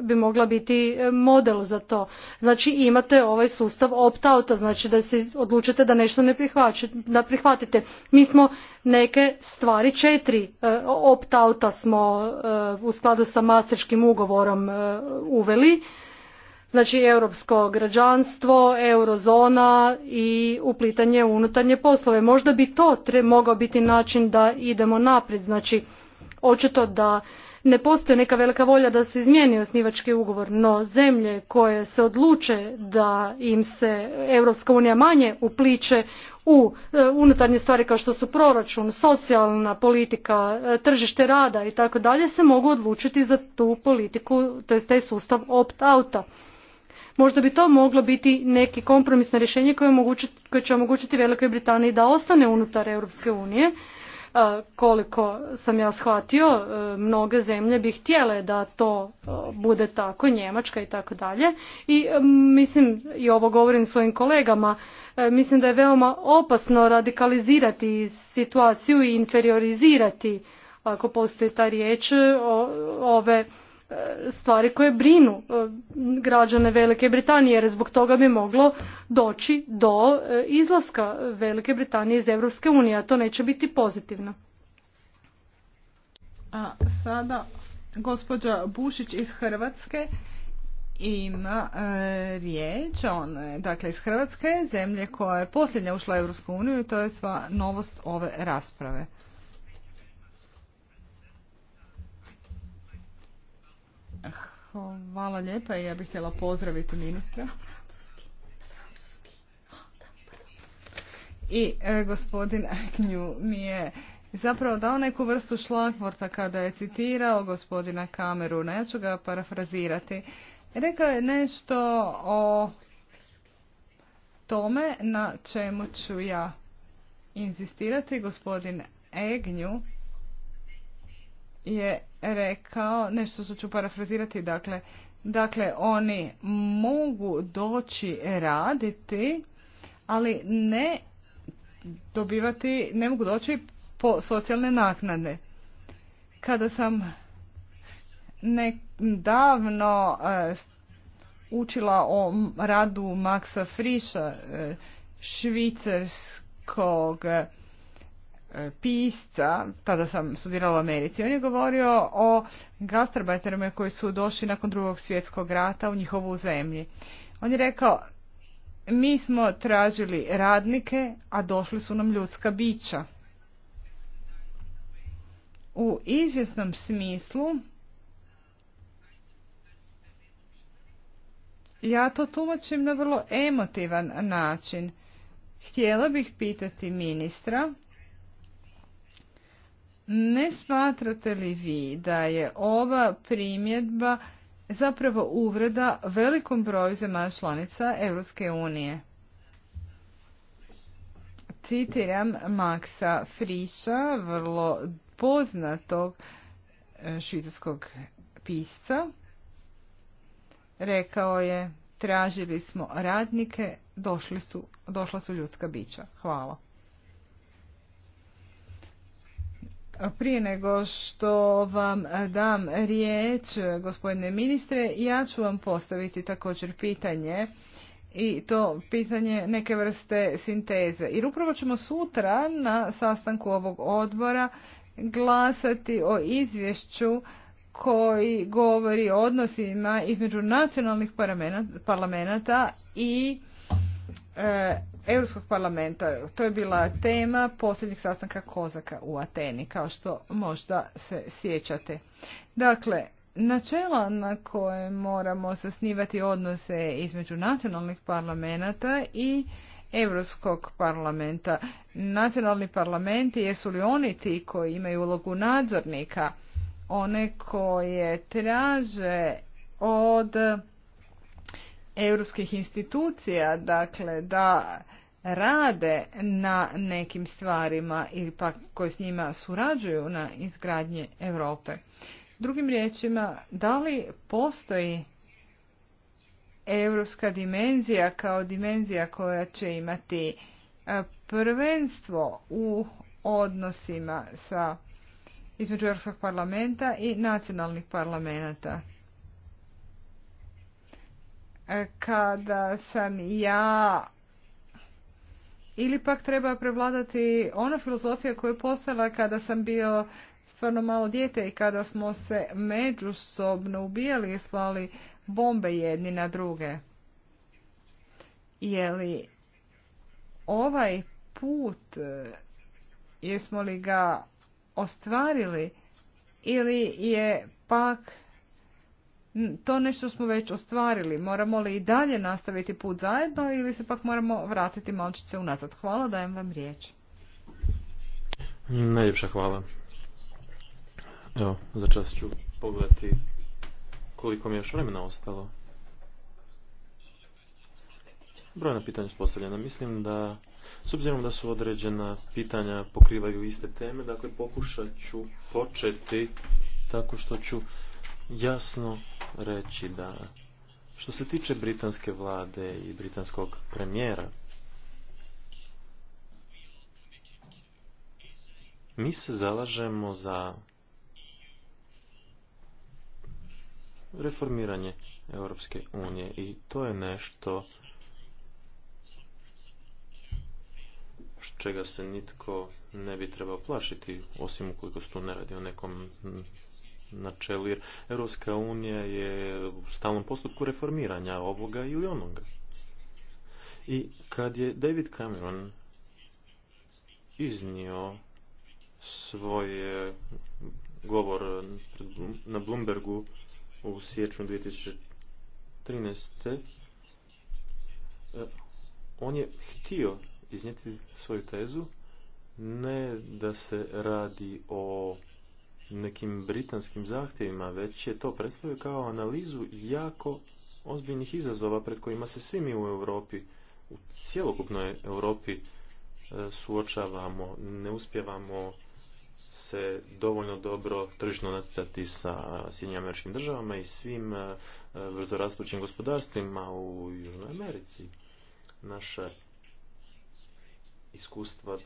bi mogla biti e, model za to. Znači imate ovaj sustav opt-outa, znači da se odlučite da nešto ne da prihvatite. Mi smo neke stvari četiri e, opt-outa smo e, u skladu sa masterškim ugovorom uveli. Znači europsko građanstvo, eurozona i uplitanje unutarnje poslove. Možda bi to mogao biti način da idemo naprijed. Znači očito da ne postoji neka velika volja da se izmijeni osnivački ugovor, no zemlje koje se odluče da im se Europska unija manje upliče u e, unutarnje stvari kao što su proračun, socijalna politika, e, tržište rada i tako dalje se mogu odlučiti za tu politiku, to taj sustav opt-outa. Možda bi to moglo biti neki kompromisno rješenje koje, koje će omogućiti Velikoj Britaniji da ostane unutar Europske unije, koliko sam ja shvatio, e, mnoge zemlje bi htjele da to e, bude tako, Njemačka i tako dalje. I e, mislim, i ovo govorim svojim kolegama, mislim da je veoma opasno radikalizirati situaciju i inferiorizirati, ako postoji ta riječ, ove stvari koje brinu e, građane Velike Britanije jer zbog toga bi moglo doći do e, izlaska Velike Britanije iz Europske unije, a to neće biti pozitivno. A sada gospođa Bušić iz Hrvatske ima e, riječ, on dakle iz Hrvatske, zemlje koja je posljednja ušla u EU uniju i to je sva novost ove rasprave. Hvala lijepa i ja bih htjela pozdraviti ministra. I e, gospodin Agnju mi je zapravo dao neku vrstu šlagvorta kada je citirao gospodina Kameruna. Ja ću ga parafrazirati. Rekao je nešto o tome na čemu ću ja inzistirati. Gospodin Egnju je rekao, nešto što ću parafrazirati, dakle, dakle oni mogu doći raditi, ali ne dobivati, ne mogu doći po socijalne naknade. Kada sam nedavno e, učila o radu Maxa Friša, e, švicarskog pisca, tada sam studirala u Americi, on je govorio o gastarbajterima koji su došli nakon drugog svjetskog rata u njihovu zemlji. On je rekao, mi smo tražili radnike, a došli su nam ljudska bića. U izvjesnom smislu, ja to tumačim na vrlo emotivan način. Htjela bih pitati ministra, ne smatrate li vi da je ova primjedba zapravo uvreda velikom broju zemalja članica Europske unije? Citiram Maksa Friša, vrlo poznatog e, švicarskog pisca. Rekao je, tražili smo radnike, došla su ljudska bića. Hvala. Prije nego što vam dam riječ, gospodine ministre, ja ću vam postaviti također pitanje i to pitanje neke vrste sinteze. Jer upravo ćemo sutra na sastanku ovog odbora glasati o izvješću koji govori o odnosima između nacionalnih parlamenta i e, Europskog parlamenta. To je bila tema posljednjih sastanka Kozaka u Ateni, kao što možda se sjećate. Dakle, načela na koje moramo sasnivati odnose između nacionalnih parlamenta i Europskog parlamenta. Nacionalni parlamenti jesu li oni ti koji imaju ulogu nadzornika, one koje traže od europskih institucija, dakle da rade na nekim stvarima ili pak koji s njima surađuju na izgradnje Europe. Drugim riječima, da li postoji europska dimenzija kao dimenzija koja će imati e, prvenstvo u odnosima sa između Europskog parlamenta i nacionalnih parlamenta kada sam ja ili pak treba prevladati ona filozofija koja je postala kada sam bio stvarno malo dijete i kada smo se međusobno ubijali i slali bombe jedni na druge. Je li ovaj put, jesmo li ga ostvarili ili je pak to nešto smo već ostvarili. Moramo li i dalje nastaviti put zajedno ili se pak moramo vratiti malčice unazad? Hvala, dajem vam riječ. Najljepša hvala. Evo, za čas ću pogledati koliko mi je još vremena ostalo. Brojna pitanja su postavljena. Mislim da, s obzirom da su određena pitanja pokrivaju iste teme, dakle pokušat ću početi tako što ću jasno reći da što se tiče britanske vlade i britanskog premijera, mi se zalažemo za reformiranje Europske unije i to je nešto čega se nitko ne bi trebao plašiti, osim ukoliko se tu ne radi o nekom načelu, jer Europska unija je u stalnom postupku reformiranja ovoga ili onoga. I kad je David Cameron iznio svoj e, govor na Bloombergu u siječnju 2013. E, on je htio iznijeti svoju tezu, ne da se radi o nekim britanskim zahtjevima, već je to predstavio kao analizu jako ozbiljnih izazova pred kojima se svi mi u Europi, u cjelokupnoj Europi e, suočavamo, ne uspjevamo se dovoljno dobro tržišno natjecati sa Sjedinjim američkim državama i svim e, rastućim gospodarstvima u Južnoj Americi. Naša iskustva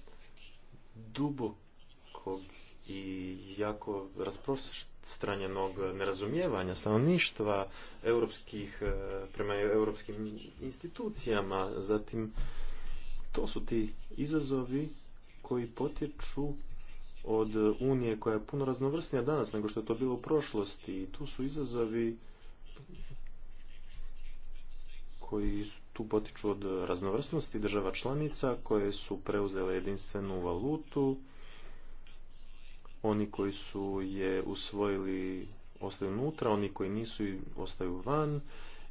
dubokog i jako rasprostranjenog nerazumijevanja stanovništva europskih, e, prema europskim institucijama. Zatim, to su ti izazovi koji potječu od Unije koja je puno raznovrsnija danas nego što je to bilo u prošlosti. I tu su izazovi koji tu potiču od raznovrsnosti država članica koje su preuzele jedinstvenu valutu oni koji su je usvojili ostaju unutra, oni koji nisu ostaju van.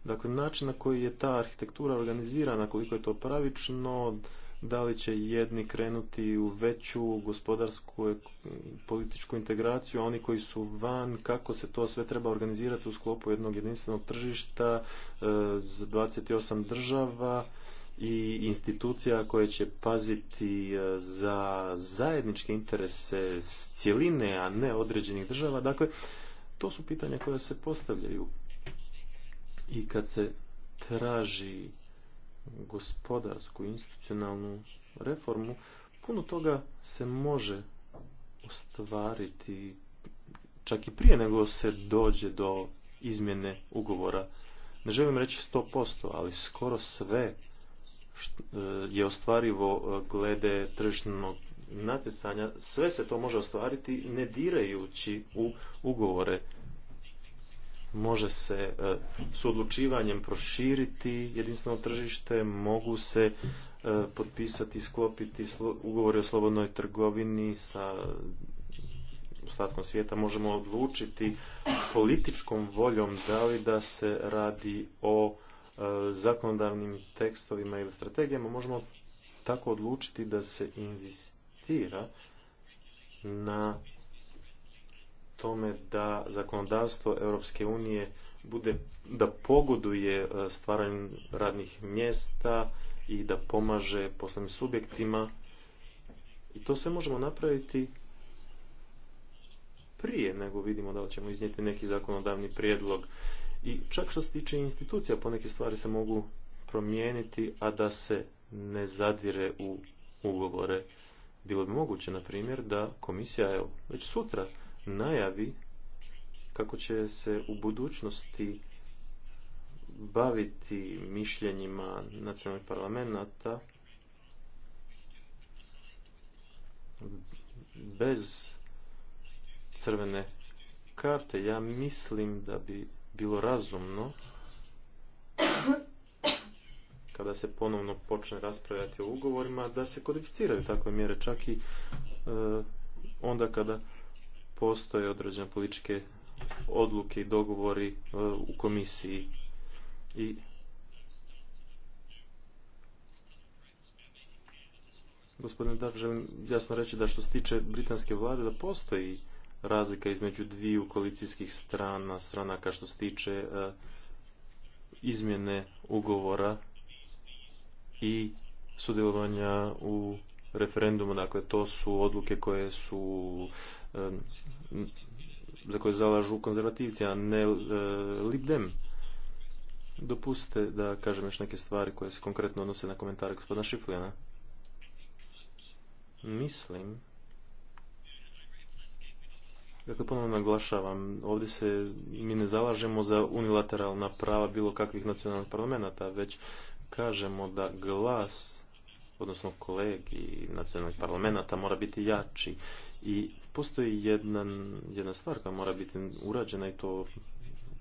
Dakle, način na koji je ta arhitektura organizirana, koliko je to pravično, da li će jedni krenuti u veću gospodarsku e, političku integraciju, a oni koji su van, kako se to sve treba organizirati u sklopu jednog jedinstvenog tržišta za e, 28 država i institucija koje će paziti e, za zajedničke interese s cjeline, a ne određenih država. Dakle, to su pitanja koja se postavljaju. I kad se traži gospodarsku, institucionalnu reformu, puno toga se može ostvariti čak i prije nego se dođe do izmjene ugovora. Ne želim reći 100%, ali skoro sve E, je ostvarivo e, glede tržišnog natjecanja, sve se to može ostvariti ne dirajući u ugovore. Može se e, s odlučivanjem proširiti jedinstveno tržište, mogu se potpisati, sklopiti ugovore o slobodnoj trgovini sa ostatkom svijeta možemo odlučiti političkom voljom da li da se radi o zakonodavnim tekstovima ili strategijama možemo tako odlučiti da se inzistira na tome da zakonodavstvo Europske unije bude da pogoduje e, stvaranju radnih mjesta i da pomaže poslovnim subjektima i to sve možemo napraviti prije nego vidimo da li ćemo iznijeti neki zakonodavni prijedlog i čak što se tiče institucija, poneke stvari se mogu promijeniti, a da se ne zadire u ugovore. Bilo bi moguće, na primjer, da komisija, evo, već sutra najavi kako će se u budućnosti baviti mišljenjima nacionalnih parlamenta bez crvene karte. Ja mislim da bi bilo razumno kada se ponovno počne raspravljati o ugovorima da se kodificiraju takve mjere čak i e, onda kada postoje određene političke odluke i dogovori e, u komisiji i gospodine Dar, želim jasno reći da što se tiče britanske vlade da postoji razlika između dviju koalicijskih strana, stranaka što se tiče e, izmjene ugovora i sudjelovanja u referendumu. Dakle, to su odluke koje su e, za koje zalažu konzervativci, a ne e, libdem. Dopustite da kažem još neke stvari koje se konkretno odnose na komentare gospodina Šifljana. Mislim Dakle, ponovno naglašavam, ovdje se mi ne zalažemo za unilateralna prava bilo kakvih nacionalnih parlamenta, već kažemo da glas, odnosno kolegi nacionalnih parlamenta mora biti jači i postoji jedna, jedna stvar koja mora biti urađena i to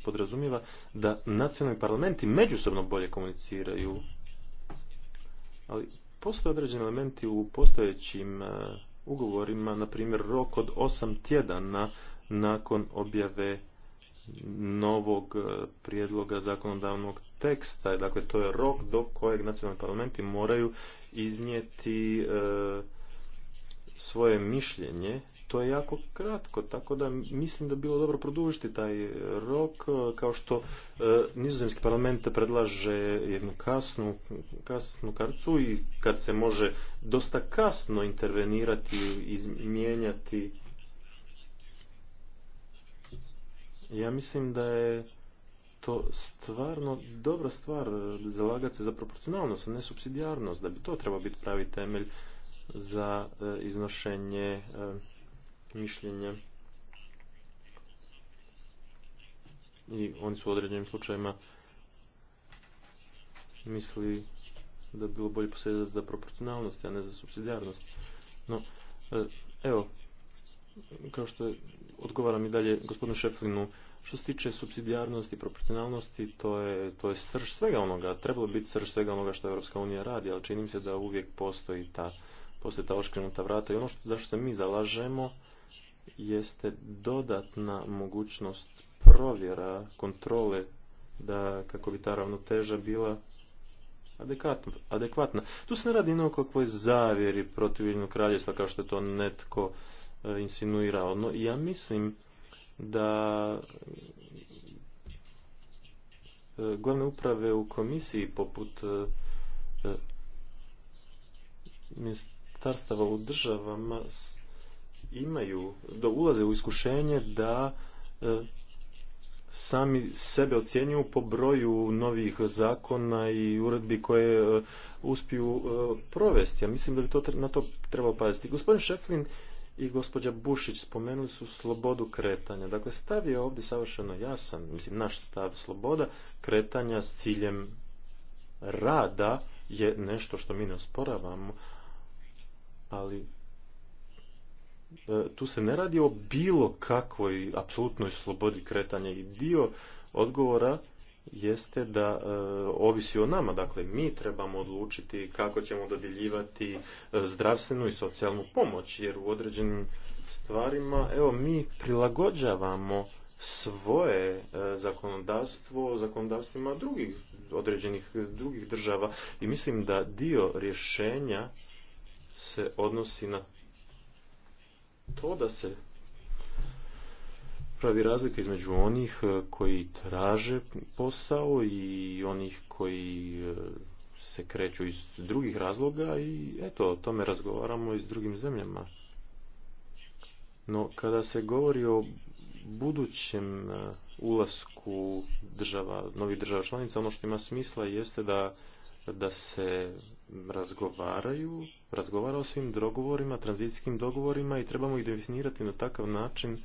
podrazumijeva da nacionalni parlamenti međusobno bolje komuniciraju, ali postoje određeni elementi u postojećim ugovorima, na primjer rok od osam tjedana nakon objave novog e, prijedloga zakonodavnog teksta. Dakle, to je rok do kojeg nacionalni parlamenti moraju iznijeti e, svoje mišljenje to je jako kratko, tako da mislim da bi bilo dobro produžiti taj e, rok, e, kao što e, nizozemski parlament predlaže jednu kasnu, karcu i kad se može dosta kasno intervenirati i mijenjati. Ja mislim da je to stvarno dobra stvar zalagati se za proporcionalnost, a ne subsidijarnost, da bi to trebao biti pravi temelj za iznošenje mišljenja i oni su u određenim slučajima misli da bi bilo bolje posljedati za proporcionalnost, a ne za subsidijarnost. No, e, evo, kao što odgovaram i dalje gospodinu Šeflinu, što se tiče subsidijarnosti i proporcionalnosti, to je, to je srž svega onoga, trebalo biti srž svega onoga što Europska unija radi, ali čini mi se da uvijek postoji ta, postoji ta oškrenuta vrata i ono što, zašto se mi zalažemo jeste dodatna mogućnost provjera, kontrole, da kako bi ta ravnoteža bila adekvatna. Tu se ne radi o kakvoj zavjeri protiv kraljevstva kraljestva kao što je to netko e, insinuirao. No, ja mislim da e, glavne uprave u komisiji poput e, ministarstava u državama imaju, da ulaze u iskušenje da e, sami sebe ocjenjuju po broju novih zakona i uredbi koje e, uspiju e, provesti. Ja mislim da bi to, na to trebalo paziti. Gospodin Šeflin i gospođa Bušić spomenuli su slobodu kretanja. Dakle, stav je ovdje savršeno jasan, mislim, naš stav sloboda kretanja s ciljem rada je nešto što mi ne osporavamo, ali E, tu se ne radi o bilo kakvoj apsolutnoj slobodi kretanja i dio odgovora jeste da e, ovisi o nama. Dakle, mi trebamo odlučiti kako ćemo dodjeljivati e, zdravstvenu i socijalnu pomoć, jer u određenim stvarima, evo, mi prilagođavamo svoje zakonodavstvo zakonodavstvima drugih određenih drugih država i mislim da dio rješenja se odnosi na to da se pravi razlika između onih e, koji traže posao i onih koji e, se kreću iz drugih razloga i eto, o tome razgovaramo i s drugim zemljama. No, kada se govori o budućem e, ulasku država, novih država članica, ono što ima smisla jeste da da se razgovaraju, razgovara o svim dogovorima, tranzicijskim dogovorima i trebamo ih definirati na takav način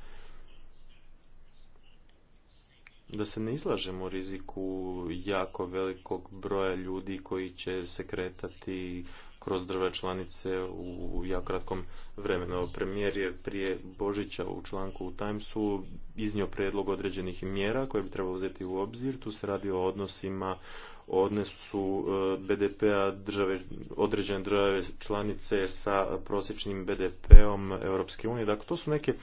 da se ne izlažemo riziku jako velikog broja ljudi koji će se kretati kroz države članice u jako kratkom vremenu. Premijer je prije Božića u članku u Timesu iznio predlog određenih mjera koje bi trebalo uzeti u obzir. Tu se radi o odnosima odnesu e, BDP-a države, određene države članice sa prosječnim BDP-om Europske unije. Dakle, to su neke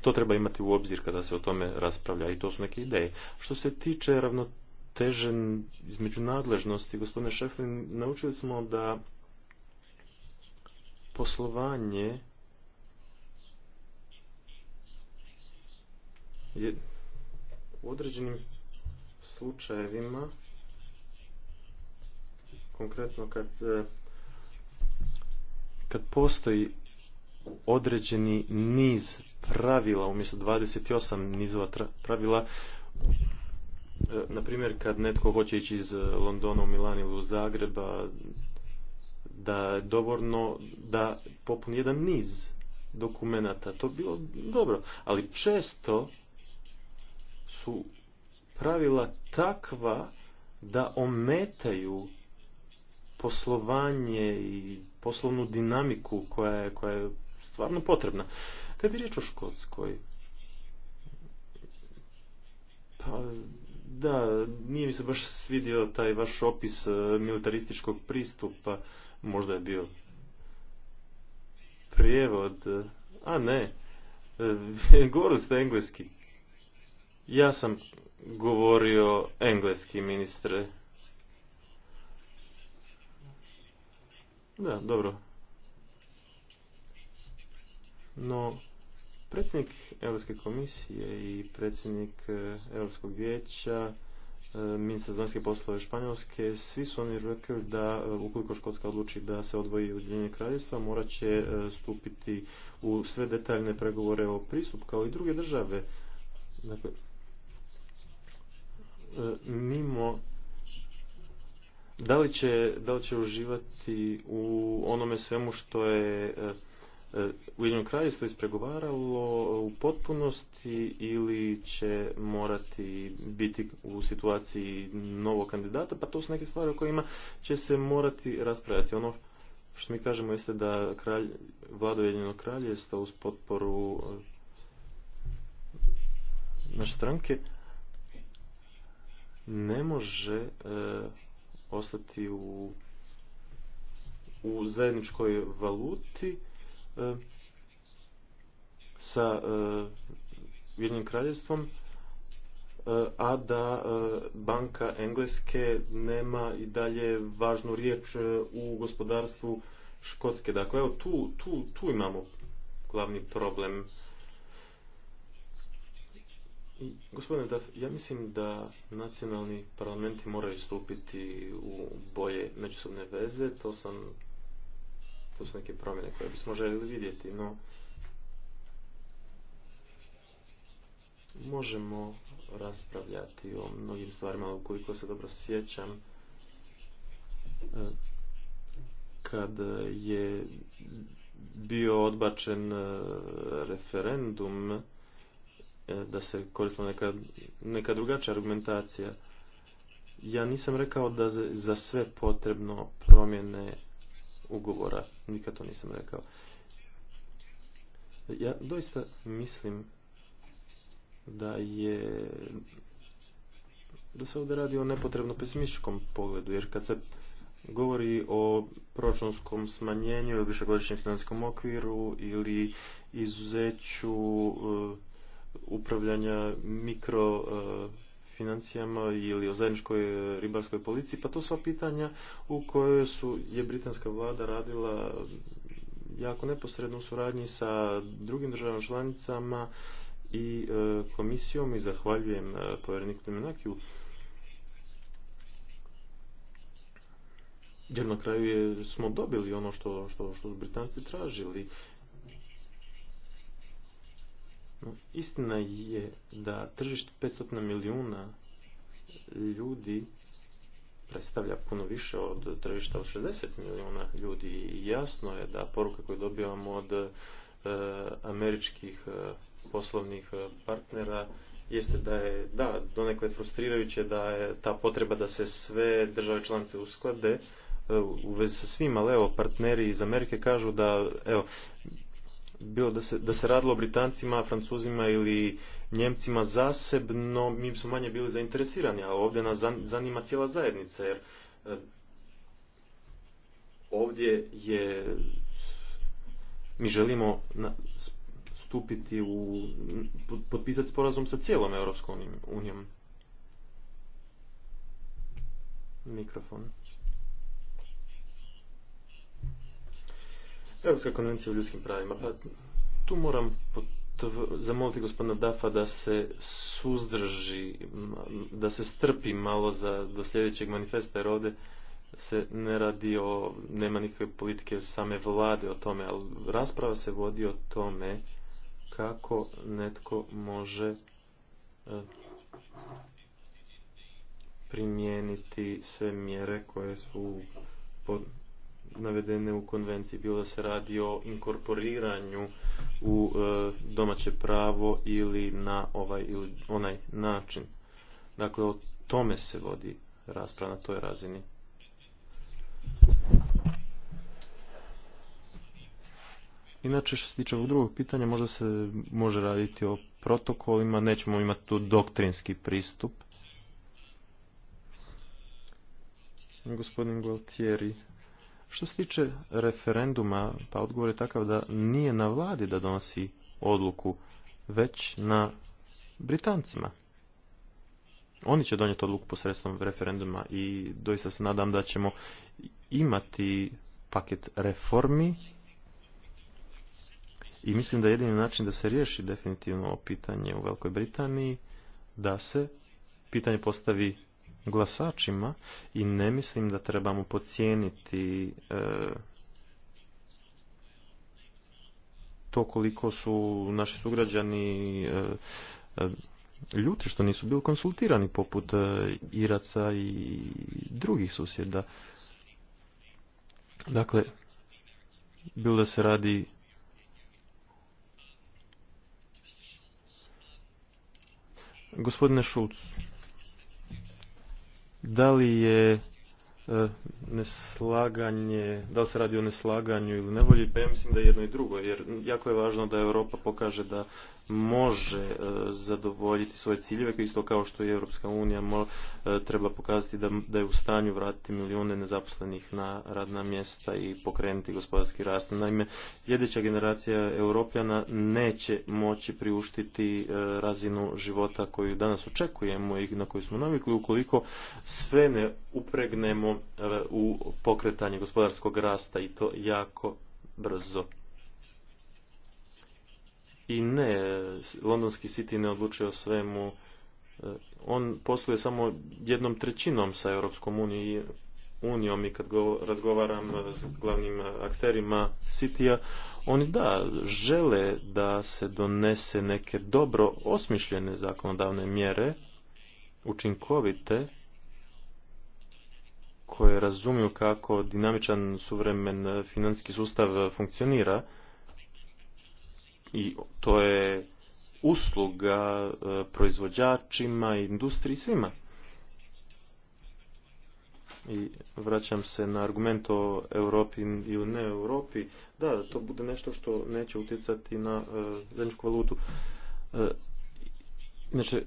to treba imati u obzir kada se o tome raspravlja i to su neke ideje. Što se tiče ravnotežen između nadležnosti, gospodine Šeflin, naučili smo da poslovanje je u određenim slučajevima konkretno kad, e, kad postoji određeni niz pravila umjesto 28 nizova pravila e, na primjer kad netko hoće ići iz e, Londona u Milan ili u Zagreba da je dovoljno da popuni jedan niz dokumenata to bi bilo dobro ali često su pravila takva da ometaju poslovanje i poslovnu dinamiku koja je, koja je stvarno potrebna. Kad je riječ o Škotskoj, pa da, nije mi se baš svidio taj vaš opis e, militarističkog pristupa, možda je bio prijevod, e, a ne, e, [laughs] govorili ste engleski. Ja sam govorio engleski, ministre. Da, dobro. No, predsjednik Europske komisije i predsjednik e, Europskog vijeća, e, ministar znanske poslove Španjolske, svi su oni rekli da e, ukoliko Škotska odluči da se odvoji Ujedinjenje kraljevstva, morat će stupiti u sve detaljne pregovore o pristup kao i druge države. Dakle, mimo da li će, da će uživati u onome svemu što je e, e, Ujedinjeno kraljevstvo ispregovaralo u potpunosti ili će morati biti u situaciji novog kandidata, pa to su neke stvari o kojima će se morati raspravljati. Ono što mi kažemo jeste da kralj, vlada Jedinog sta uz potporu e, naše stranke ne može ostati u, u zajedničkoj valuti e, sa e, Ujedinjenim kraljevstvom, e, a da banka Engleske nema i dalje važnu riječ u gospodarstvu Škotske. Dakle, evo tu, tu, tu imamo glavni problem. Gospodine Daf, ja mislim da nacionalni parlamenti moraju stupiti u boje međusobne veze, to sam to su neke promjene koje bismo željeli vidjeti, no možemo raspravljati o mnogim stvarima, ukoliko se dobro sjećam, kad je bio odbačen e, referendum E, da se koristila neka, neka drugačija argumentacija. Ja nisam rekao da za sve potrebno promjene ugovora. Nikad to nisam rekao. Ja doista mislim da je da se ovdje radi o nepotrebno pesimističkom pogledu, jer kad se govori o proračunskom smanjenju ili višegodišnjem financijskom okviru ili izuzeću e, upravljanja mikro e, financijama ili o zajedničkoj e, ribarskoj policiji, pa to sva pitanja u kojoj su je britanska vlada radila jako neposredno u suradnji sa drugim državama članicama i e, komisijom i zahvaljujem povjereniku Timenakiju. Jer na kraju je, smo dobili ono što, što, što su Britanci tražili Istina je da tržište 500 milijuna ljudi predstavlja puno više od tržišta od 60 milijuna ljudi i jasno je da poruka koju dobivamo od e, američkih e, poslovnih e, partnera jeste da je, da, donekle frustrirajuće da je ta potreba da se sve države članice usklade u vezi sa svima, ali evo, partneri iz Amerike kažu da, evo, bilo da se, da se radilo o Britancima, Francuzima ili Njemcima zasebno, mi smo manje bili zainteresirani, ali ovdje nas zanima cijela zajednica, jer e, ovdje je, mi želimo stupiti u, potpisati sporazum sa cijelom Europskom unijom. Mikrofon. Europska konvencija o ljudskim pravima. Pa tu moram zamoliti gospodina Dafa da se suzdrži, da se strpi malo za, do sljedećeg manifesta, jer ovdje se ne radi o, nema nikakve politike same vlade o tome, ali rasprava se vodi o tome kako netko može e, primijeniti sve mjere koje su pod, navedene u konvenciji, bilo da se radi o inkorporiranju u e, domaće pravo ili na ovaj ili onaj način. Dakle, o tome se vodi rasprava na toj razini. Inače, što se tiče ovog drugog pitanja, možda se može raditi o protokolima, nećemo imati tu doktrinski pristup. Gospodin Gualtieri što se tiče referenduma, pa odgovor je takav da nije na vladi da donosi odluku, već na Britancima. Oni će donijeti odluku posredstvom referenduma i doista se nadam da ćemo imati paket reformi i mislim da jedini način da se riješi definitivno pitanje u Velikoj Britaniji da se pitanje postavi glasačima i ne mislim da trebamo pocijeniti e, to koliko su naši sugrađani e, e, ljuti što nisu bili konsultirani poput e, Iraca i drugih susjeda. Dakle, bilo da se radi Gospodine Šulc, da li je e, neslaganje, da li se radi o neslaganju ili nevolji, pa ja mislim da je jedno i drugo, jer jako je važno da Europa pokaže da može e, zadovoljiti svoje ciljeve, isto kao što i Europska unija e, treba pokazati da je u stanju vratiti milijune nezaposlenih na radna mjesta i pokrenuti gospodarski rast. Naime, sljedeća generacija europljana neće moći priuštiti e, razinu života koju danas očekujemo i na koju smo navikli ukoliko sve ne upregnemo u pokretanje gospodarskog rasta i to jako brzo i ne, londonski City ne odlučuje o svemu. E, on posluje samo jednom trećinom sa Europskom unijom i kad go, razgovaram e, s glavnim e, akterima City-a, oni da, žele da se donese neke dobro osmišljene zakonodavne mjere, učinkovite, koje razumiju kako dinamičan suvremen financijski sustav funkcionira, i to je usluga e, proizvođačima, industriji, svima. I vraćam se na argument o Europi u ne Europi, da, to bude nešto što neće utjecati na e, zemljsku valutu. Znači,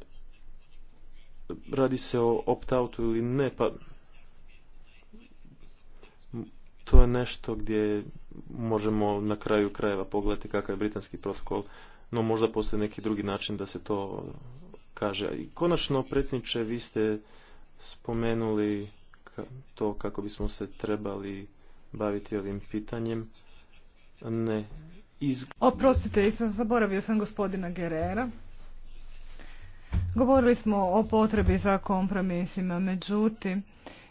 radi se o opt-outu ili ne, pa to je nešto gdje možemo na kraju krajeva pogledati kakav je britanski protokol, no možda postoji neki drugi način da se to kaže. I konačno, predsjedniče, vi ste spomenuli to kako bismo se trebali baviti ovim pitanjem. Ne. Iz... Oprostite, sam zaboravio sam gospodina Gerera. Govorili smo o potrebi za kompromisima, međutim,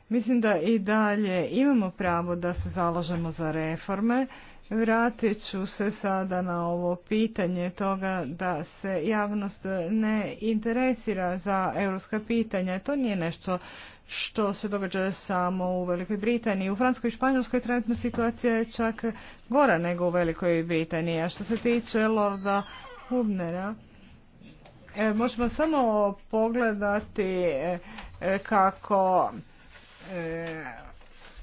Mislim da i dalje imamo pravo da se zalažemo za reforme. Vratit ću se sada na ovo pitanje toga da se javnost ne interesira za europska pitanja. To nije nešto što se događa samo u Velikoj Britaniji. U Francuskoj i Španjolskoj trenutna situacija je čak gora nego u Velikoj Britaniji. A što se tiče Lorda Hubnera, e, možemo samo pogledati e, e, kako E,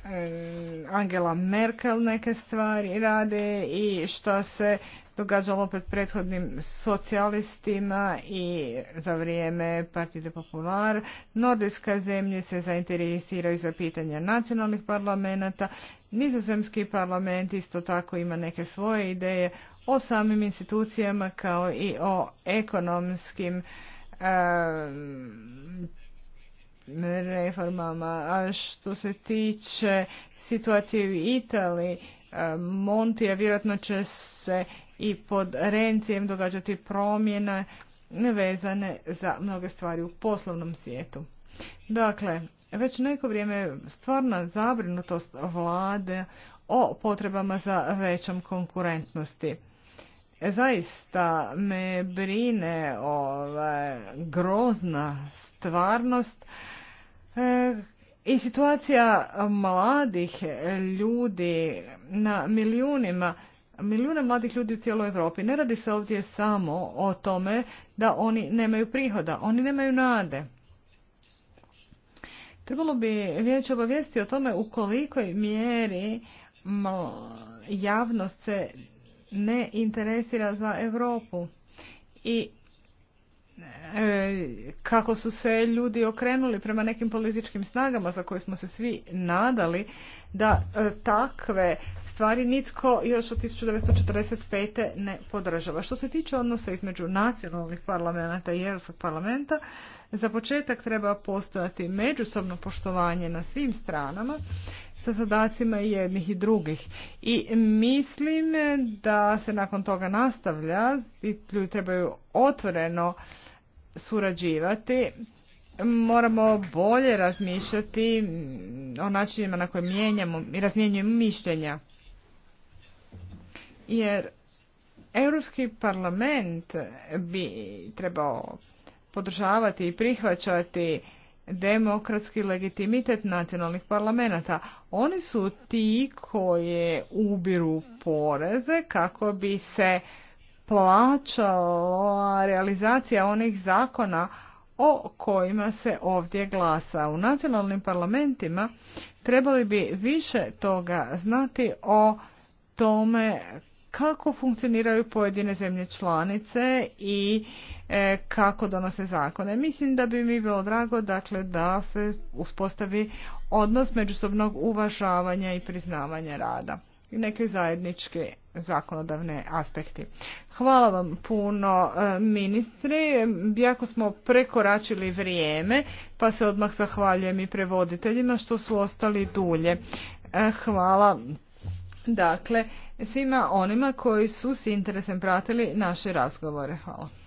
e, Angela Merkel neke stvari rade i što se događalo pred prethodnim socijalistima i za vrijeme Partide Popular. Nordijska zemlje se zainteresiraju za pitanja nacionalnih parlamenta. Nizozemski parlament isto tako ima neke svoje ideje o samim institucijama kao i o ekonomskim e, reformama. A što se tiče situacije u Italiji, e, Montija vjerojatno će se i pod Rencijem događati promjene vezane za mnoge stvari u poslovnom svijetu. Dakle, već neko vrijeme stvarna zabrinutost vlade o potrebama za većom konkurentnosti. Zaista me brine grozna grozna stvarnost e, i situacija mladih ljudi na milijunima milijuna mladih ljudi u cijeloj Europi. Ne radi se ovdje samo o tome da oni nemaju prihoda, oni nemaju nade. Trebalo bi vijeće obavijesti o tome u kolikoj mjeri javnost se ne interesira za Europu i E, kako su se ljudi okrenuli prema nekim političkim snagama za koje smo se svi nadali da e, takve stvari nitko još od 1945. ne podržava. Što se tiče odnosa između nacionalnih parlamenta i Europskog parlamenta, za početak treba postojati međusobno poštovanje na svim stranama sa zadacima jednih i drugih. I mislim da se nakon toga nastavlja i ljudi trebaju otvoreno surađivati, moramo bolje razmišljati o načinima na koje mijenjamo i razmjenjujemo mišljenja. Jer Europski parlament bi trebao podržavati i prihvaćati demokratski legitimitet nacionalnih parlamenta. Oni su ti koje ubiru poreze kako bi se plaćala realizacija onih zakona o kojima se ovdje glasa. U nacionalnim parlamentima trebali bi više toga znati o tome kako funkcioniraju pojedine zemlje članice i e, kako donose zakone. Mislim da bi mi bilo drago dakle, da se uspostavi odnos međusobnog uvažavanja i priznavanja rada neke zajedničke zakonodavne aspekti. Hvala vam puno e, ministri. Jako smo prekoračili vrijeme, pa se odmah zahvaljujem i prevoditeljima što su ostali dulje. E, hvala dakle svima onima koji su s interesom pratili naše razgovore. Hvala.